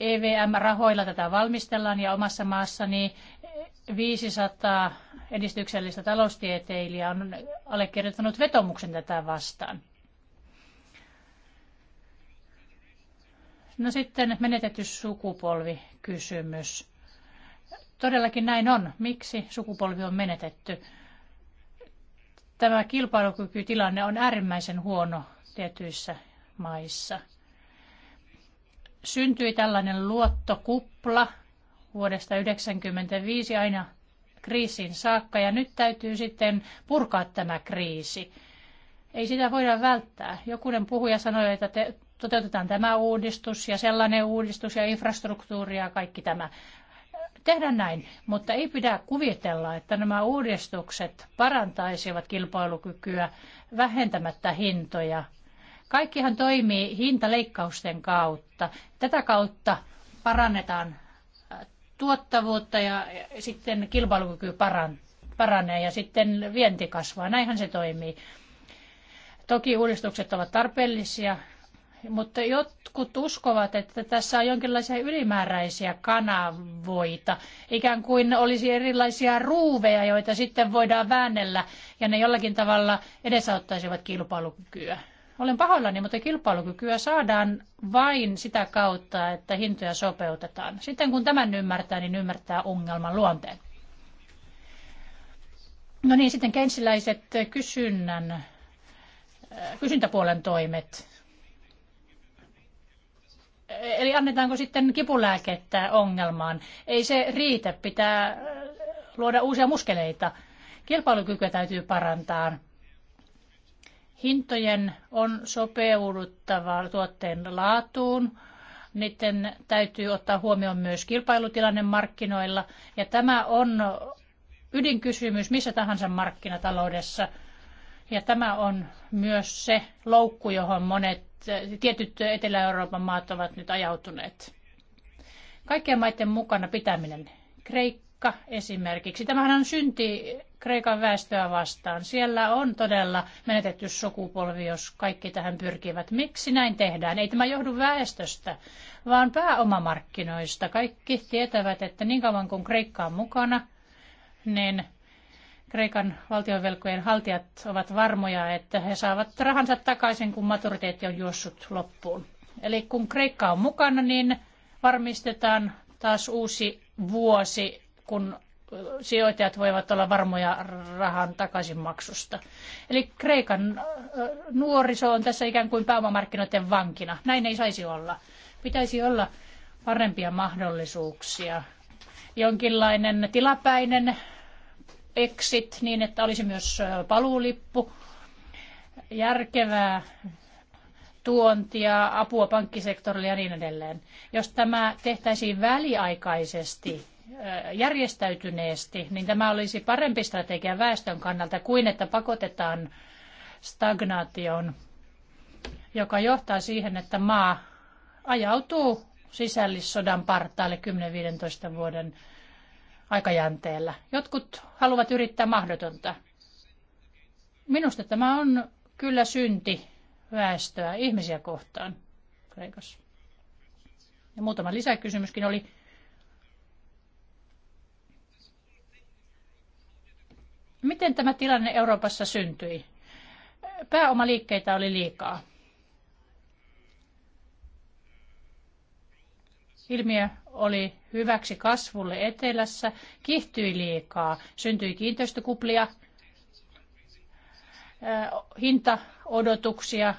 Speaker 2: EVM-rahoilla tätä valmistellaan ja omassa maassani 500 edistyksellistä taloustieteilijää on allekirjoittanut vetomuksen tätä vastaan. No sitten menetetty sukupolvi kysymys. Todellakin näin on. Miksi sukupolvi on menetetty? Tämä kilpailukykytilanne on äärimmäisen huono tietyissä maissa. Syntyi tällainen luottokupla, vuodesta 1995 aina kriisin saakka ja nyt täytyy sitten purkaa tämä kriisi. Ei sitä voida välttää. Jokunen puhuja sanoi, että te, toteutetaan tämä uudistus ja sellainen uudistus ja infrastruktuuri ja kaikki tämä. Tehdään näin, mutta ei pidä kuvitella, että nämä uudistukset parantaisivat kilpailukykyä vähentämättä hintoja. Kaikkihan toimii hintaleikkausten kautta. Tätä kautta parannetaan tuottavuutta ja sitten kilpailukyky paranee ja sitten vienti kasvaa. Näinhän se toimii. Toki uudistukset ovat tarpeellisia, mutta jotkut uskovat, että tässä on jonkinlaisia ylimääräisiä kanavoita. Ikään kuin olisi erilaisia ruuveja, joita sitten voidaan väännellä ja ne jollakin tavalla edesauttaisivat kilpailukykyä. Olen pahoillani, mutta kilpailukykyä saadaan vain sitä kautta, että hintoja sopeutetaan. Sitten kun tämän ymmärtää, niin ymmärtää ongelman luonteen. No niin, sitten kensiläiset kysynnän, äh, kysyntäpuolen toimet. Eli annetaanko sitten kipulääkettä ongelmaan? Ei se riitä, pitää äh, luoda uusia muskeleita. Kilpailukykyä täytyy parantaa Hintojen on sopeuduttava tuotteen laatuun, niiden täytyy ottaa huomioon myös kilpailutilanne markkinoilla. Ja tämä on ydinkysymys missä tahansa markkinataloudessa. Ja tämä on myös se loukku, johon monet tietyt Etelä-Euroopan maat ovat nyt ajautuneet. Kaikkien maiden mukana pitäminen. Kreikka Kreikka esimerkiksi. Tämähän synti Kreikan väestöä vastaan. Siellä on todella menetetty sukupolvi, jos kaikki tähän pyrkivät. Miksi näin tehdään? Ei tämä johdu väestöstä, vaan pääomamarkkinoista. Kaikki tietävät, että niin kauan kuin Kreikka on mukana, niin Kreikan valtionvelkojen haltijat ovat varmoja, että he saavat rahansa takaisin, kun maturiteetti on juossut loppuun. Eli kun Kreikka on mukana, niin varmistetaan taas uusi vuosi kun sijoittajat voivat olla varmoja rahan takaisinmaksusta. Eli Kreikan nuoriso on tässä ikään kuin pääomamarkkinoiden vankina. Näin ei saisi olla. Pitäisi olla parempia mahdollisuuksia. Jonkinlainen tilapäinen exit niin, että olisi myös paluulippu, järkevää tuontia, apua pankkisektorille ja niin edelleen. Jos tämä tehtäisiin väliaikaisesti, järjestäytyneesti, niin tämä olisi parempi strategia väestön kannalta kuin että pakotetaan stagnaation, joka johtaa siihen, että maa ajautuu sisällissodan partaalle 10-15 vuoden aikajänteellä. Jotkut haluavat yrittää mahdotonta. Minusta tämä on kyllä synti väestöä ihmisiä kohtaan Kreikassa. Ja muutama lisäkysymyskin oli, Miten tämä tilanne Euroopassa syntyi? Pääomaliikkeitä oli liikaa. Ilmiö oli hyväksi kasvulle etelässä, kiihtyi liikaa, syntyi kiinteistökuplia, hintaodotuksia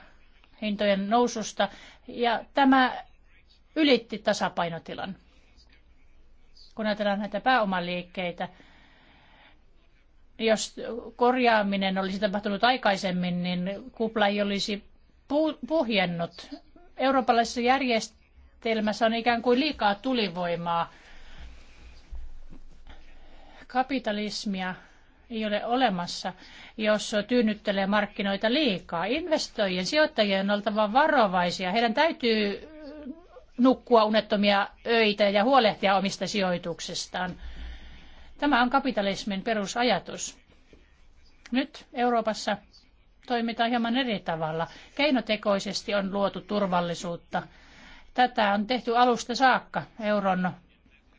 Speaker 2: hintojen noususta ja tämä ylitti tasapainotilan. Kun ajatellaan näitä pääomaliikkeitä, jos korjaaminen olisi tapahtunut aikaisemmin, niin kupla ei olisi puhjennut. Eurooppalaisessa järjestelmässä on ikään kuin liikaa tulivoimaa. Kapitalismia ei ole olemassa, jos tyynnyttelee markkinoita liikaa. Investoijien, sijoittajien on oltava varovaisia. Heidän täytyy nukkua unettomia öitä ja huolehtia omista sijoituksistaan Tämä on kapitalismin perusajatus. Nyt Euroopassa toimitaan hieman eri tavalla. Keinotekoisesti on luotu turvallisuutta. Tätä on tehty alusta saakka, euron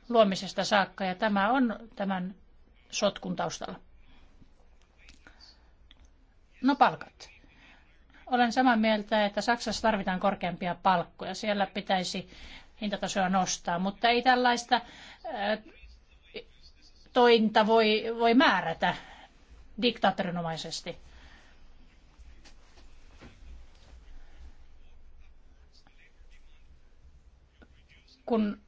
Speaker 2: luomisesta saakka, ja tämä on tämän sotkun taustalla. No palkat. Olen samaa mieltä, että Saksassa tarvitaan korkeampia palkkoja. Siellä pitäisi hintatasoa nostaa, mutta ei tällaista tointa voi, voi määrätä diktaattorinomaisesti. Kun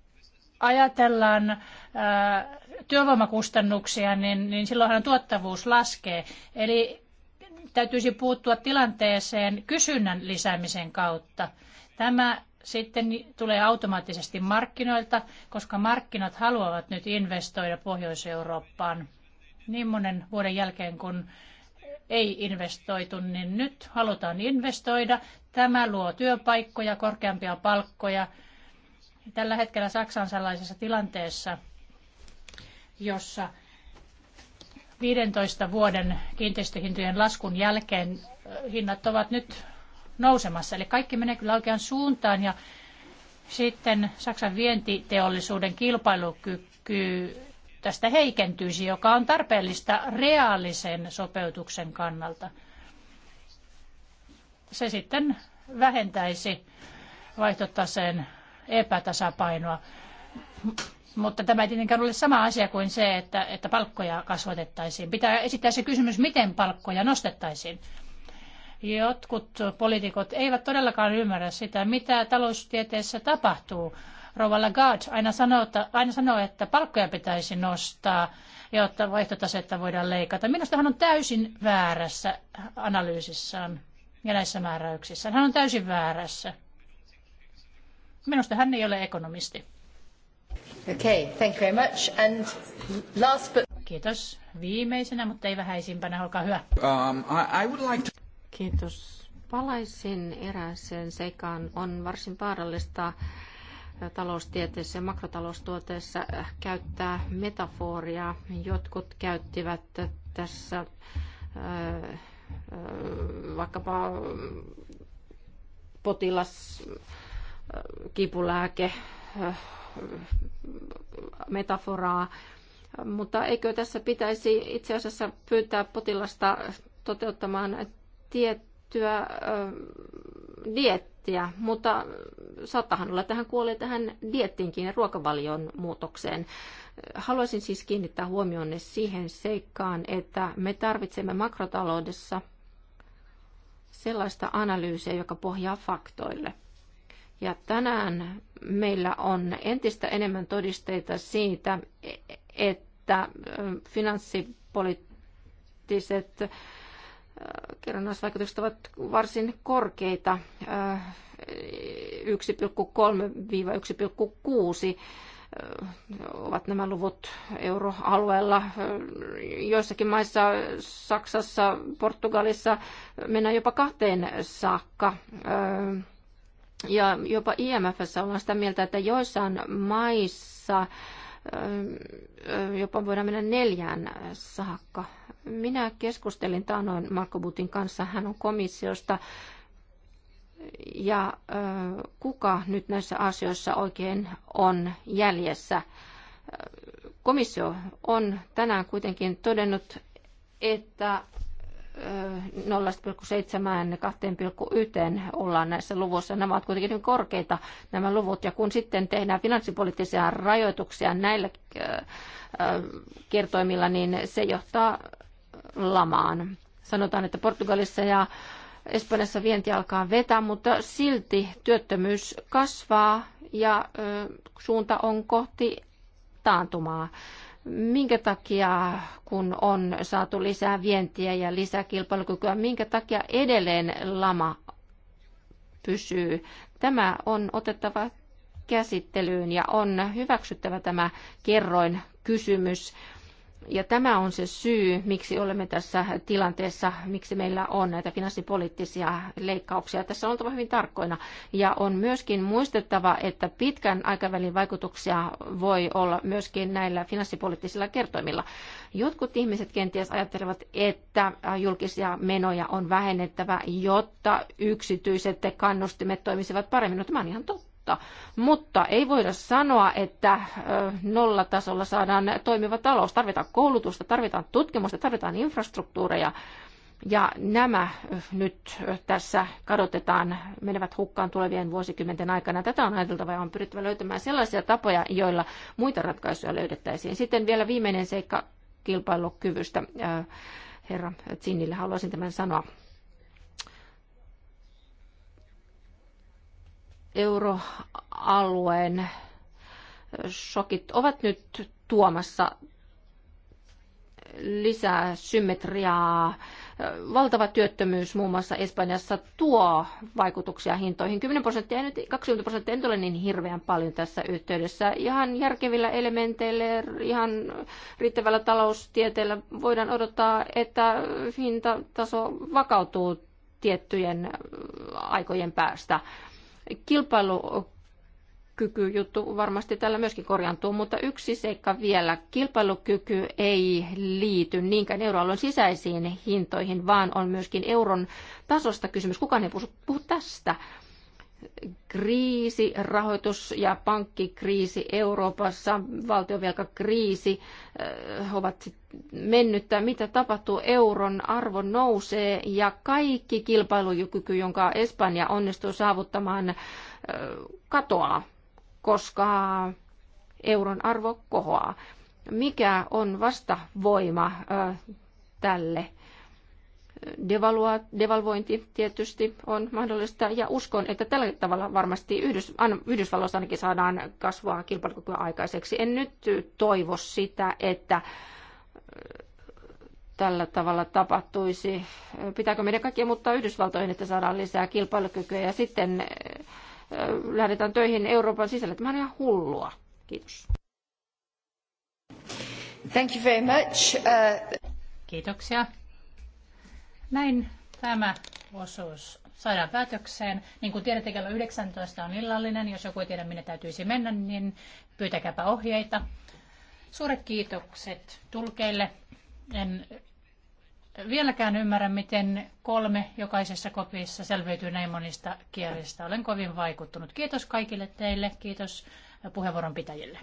Speaker 2: ajatellaan ää, äh, työvoimakustannuksia, niin, niin silloinhan tuottavuus laskee. Eli täytyisi puuttua tilanteeseen kysynnän lisäämisen kautta. Tämä sitten tulee automaattisesti markkinoilta, koska markkinat haluavat nyt investoida Pohjois-Eurooppaan niin monen vuoden jälkeen, kun ei investoitu, niin nyt halutaan investoida. Tämä luo työpaikkoja, korkeampia palkkoja. Tällä hetkellä Saksa on sellaisessa tilanteessa, jossa 15 vuoden kiinteistöhintojen laskun jälkeen hinnat ovat nyt nousemassa. Eli kaikki menee kyllä oikeaan suuntaan ja sitten Saksan vientiteollisuuden kilpailukyky tästä heikentyisi, joka on tarpeellista reaalisen sopeutuksen kannalta. Se sitten vähentäisi vaihtotaseen epätasapainoa. Mutta tämä ei tietenkään ole sama asia kuin se, että, että palkkoja kasvatettaisiin. Pitää esittää se kysymys, miten palkkoja nostettaisiin. Jotkut poliitikot eivät todellakaan ymmärrä sitä, mitä taloustieteessä tapahtuu. Rova Lagarde aina sanoo, aina sanoo, että palkkoja pitäisi nostaa, jotta vaihtotasetta voidaan leikata. Minusta hän on täysin väärässä analyysissaan ja näissä määräyksissä. Hän on täysin väärässä. Minusta hän ei ole ekonomisti. Okay, thank you very much. And last but... Kiitos. Viimeisenä, mutta ei vähäisimpänä, olkaa hyvä.
Speaker 1: Um, I, I would like to... Kiitos.
Speaker 2: Palaisin
Speaker 1: erääseen seikaan. On varsin vaarallista taloustieteessä ja makrotaloustuoteessa käyttää metaforia. Jotkut käyttivät tässä äh, äh, vaikkapa äh, potilas, kipulääke, metaforaa, mutta eikö tässä pitäisi itse asiassa pyytää potilasta toteuttamaan tiettyä äh, diettiä, mutta saattahan olla, että hän kuolee tähän diettiinkin ja ruokavalion muutokseen. Haluaisin siis kiinnittää huomionne siihen seikkaan, että me tarvitsemme makrotaloudessa sellaista analyysiä, joka pohjaa faktoille. Ja tänään meillä on entistä enemmän todisteita siitä, e, että finanssipoliittiset kerrannaisvaikutukset ovat varsin korkeita, 1,3-1,6 ovat nämä luvut euroalueella. Joissakin maissa, Saksassa, Portugalissa mennään jopa kahteen saakka. Ja jopa IMFssä ollaan sitä mieltä, että joissain maissa jopa voidaan mennä neljään saakka. Minä keskustelin taanoin Marko Butin kanssa, hän on komissiosta, ja kuka nyt näissä asioissa oikein on jäljessä. Komissio on tänään kuitenkin todennut, että 0,7-2,1 ollaan näissä luvuissa. Nämä ovat kuitenkin korkeita nämä luvut. Ja kun sitten tehdään finanssipoliittisia rajoituksia näillä äh, äh, kertoimilla, niin se johtaa lamaan. Sanotaan, että Portugalissa ja Espanjassa vienti alkaa vetää, mutta silti työttömyys kasvaa ja äh, suunta on kohti taantumaa minkä takia, kun on saatu lisää vientiä ja lisää kilpailukykyä, minkä takia edelleen lama pysyy. Tämä on otettava käsittelyyn ja on hyväksyttävä tämä kerroin kysymys. Ja tämä on se syy, miksi olemme tässä tilanteessa, miksi meillä on näitä finanssipoliittisia leikkauksia. Tässä on oltava hyvin tarkkoina. Ja on myöskin muistettava, että pitkän aikavälin vaikutuksia voi olla myöskin näillä finanssipoliittisilla kertoimilla. Jotkut ihmiset kenties ajattelevat, että julkisia menoja on vähennettävä, jotta yksityiset kannustimet toimisivat paremmin. No tämä on ihan totta kautta. Mutta ei voida sanoa, että nollatasolla saadaan toimiva talous. Tarvitaan koulutusta, tarvitaan tutkimusta, tarvitaan infrastruktuureja. Ja nämä nyt tässä kadotetaan, menevät hukkaan tulevien vuosikymmenten aikana. Tätä on ajateltava ja on pyrittävä löytämään sellaisia tapoja, joilla muita ratkaisuja löydettäisiin. Sitten vielä viimeinen seikka kilpailukyvystä. Herra Zinnille haluaisin tämän sanoa. euroalueen shokit ovat nyt tuomassa lisää symmetriaa. Valtava työttömyys muun muassa Espanjassa tuo vaikutuksia hintoihin. 10 prosenttia, 20 prosenttia ei ole niin hirveän paljon tässä yhteydessä. Ihan järkevillä elementeillä, ihan riittävällä taloustieteellä voidaan odottaa, että hintataso vakautuu tiettyjen aikojen päästä kilpailukyky kilpailukykyjuttu varmasti tällä myöskin korjaantuu, mutta yksi seikka vielä. Kilpailukyky ei liity niinkään euroalueen sisäisiin hintoihin, vaan on myöskin euron tasosta kysymys. Kukaan ei puhu tästä kriisi, rahoitus- ja pankkikriisi Euroopassa, valtiovelkakriisi äh, ovat mennyttä. Mitä tapahtuu? Euron arvo nousee ja kaikki kilpailukyky, jonka Espanja onnistuu saavuttamaan, äh, katoaa, koska euron arvo kohoaa. Mikä on vastavoima äh, tälle? devalua, devalvointi tietysti on mahdollista ja uskon, että tällä tavalla varmasti Yhdys, Yhdysvalloissa ainakin saadaan kasvua kilpailukykyä aikaiseksi. En nyt toivo sitä, että äh, tällä tavalla tapahtuisi. Pitääkö meidän kaikkia muuttaa Yhdysvaltoihin, että saadaan lisää kilpailukykyä ja sitten äh, lähdetään töihin Euroopan sisälle Tämä on ihan hullua. Kiitos.
Speaker 2: Thank you very much. Uh... Kiitoksia. Näin tämä osuus saadaan päätökseen. Niin kuin tiedätte, kello 19 on illallinen. Jos joku ei tiedä, minne täytyisi mennä, niin pyytäkääpä ohjeita. Suuret kiitokset tulkeille. En vieläkään ymmärrä, miten kolme jokaisessa kopissa selviytyy näin monista kielistä. Olen kovin vaikuttunut. Kiitos kaikille teille, kiitos puheenvuoron pitäjille.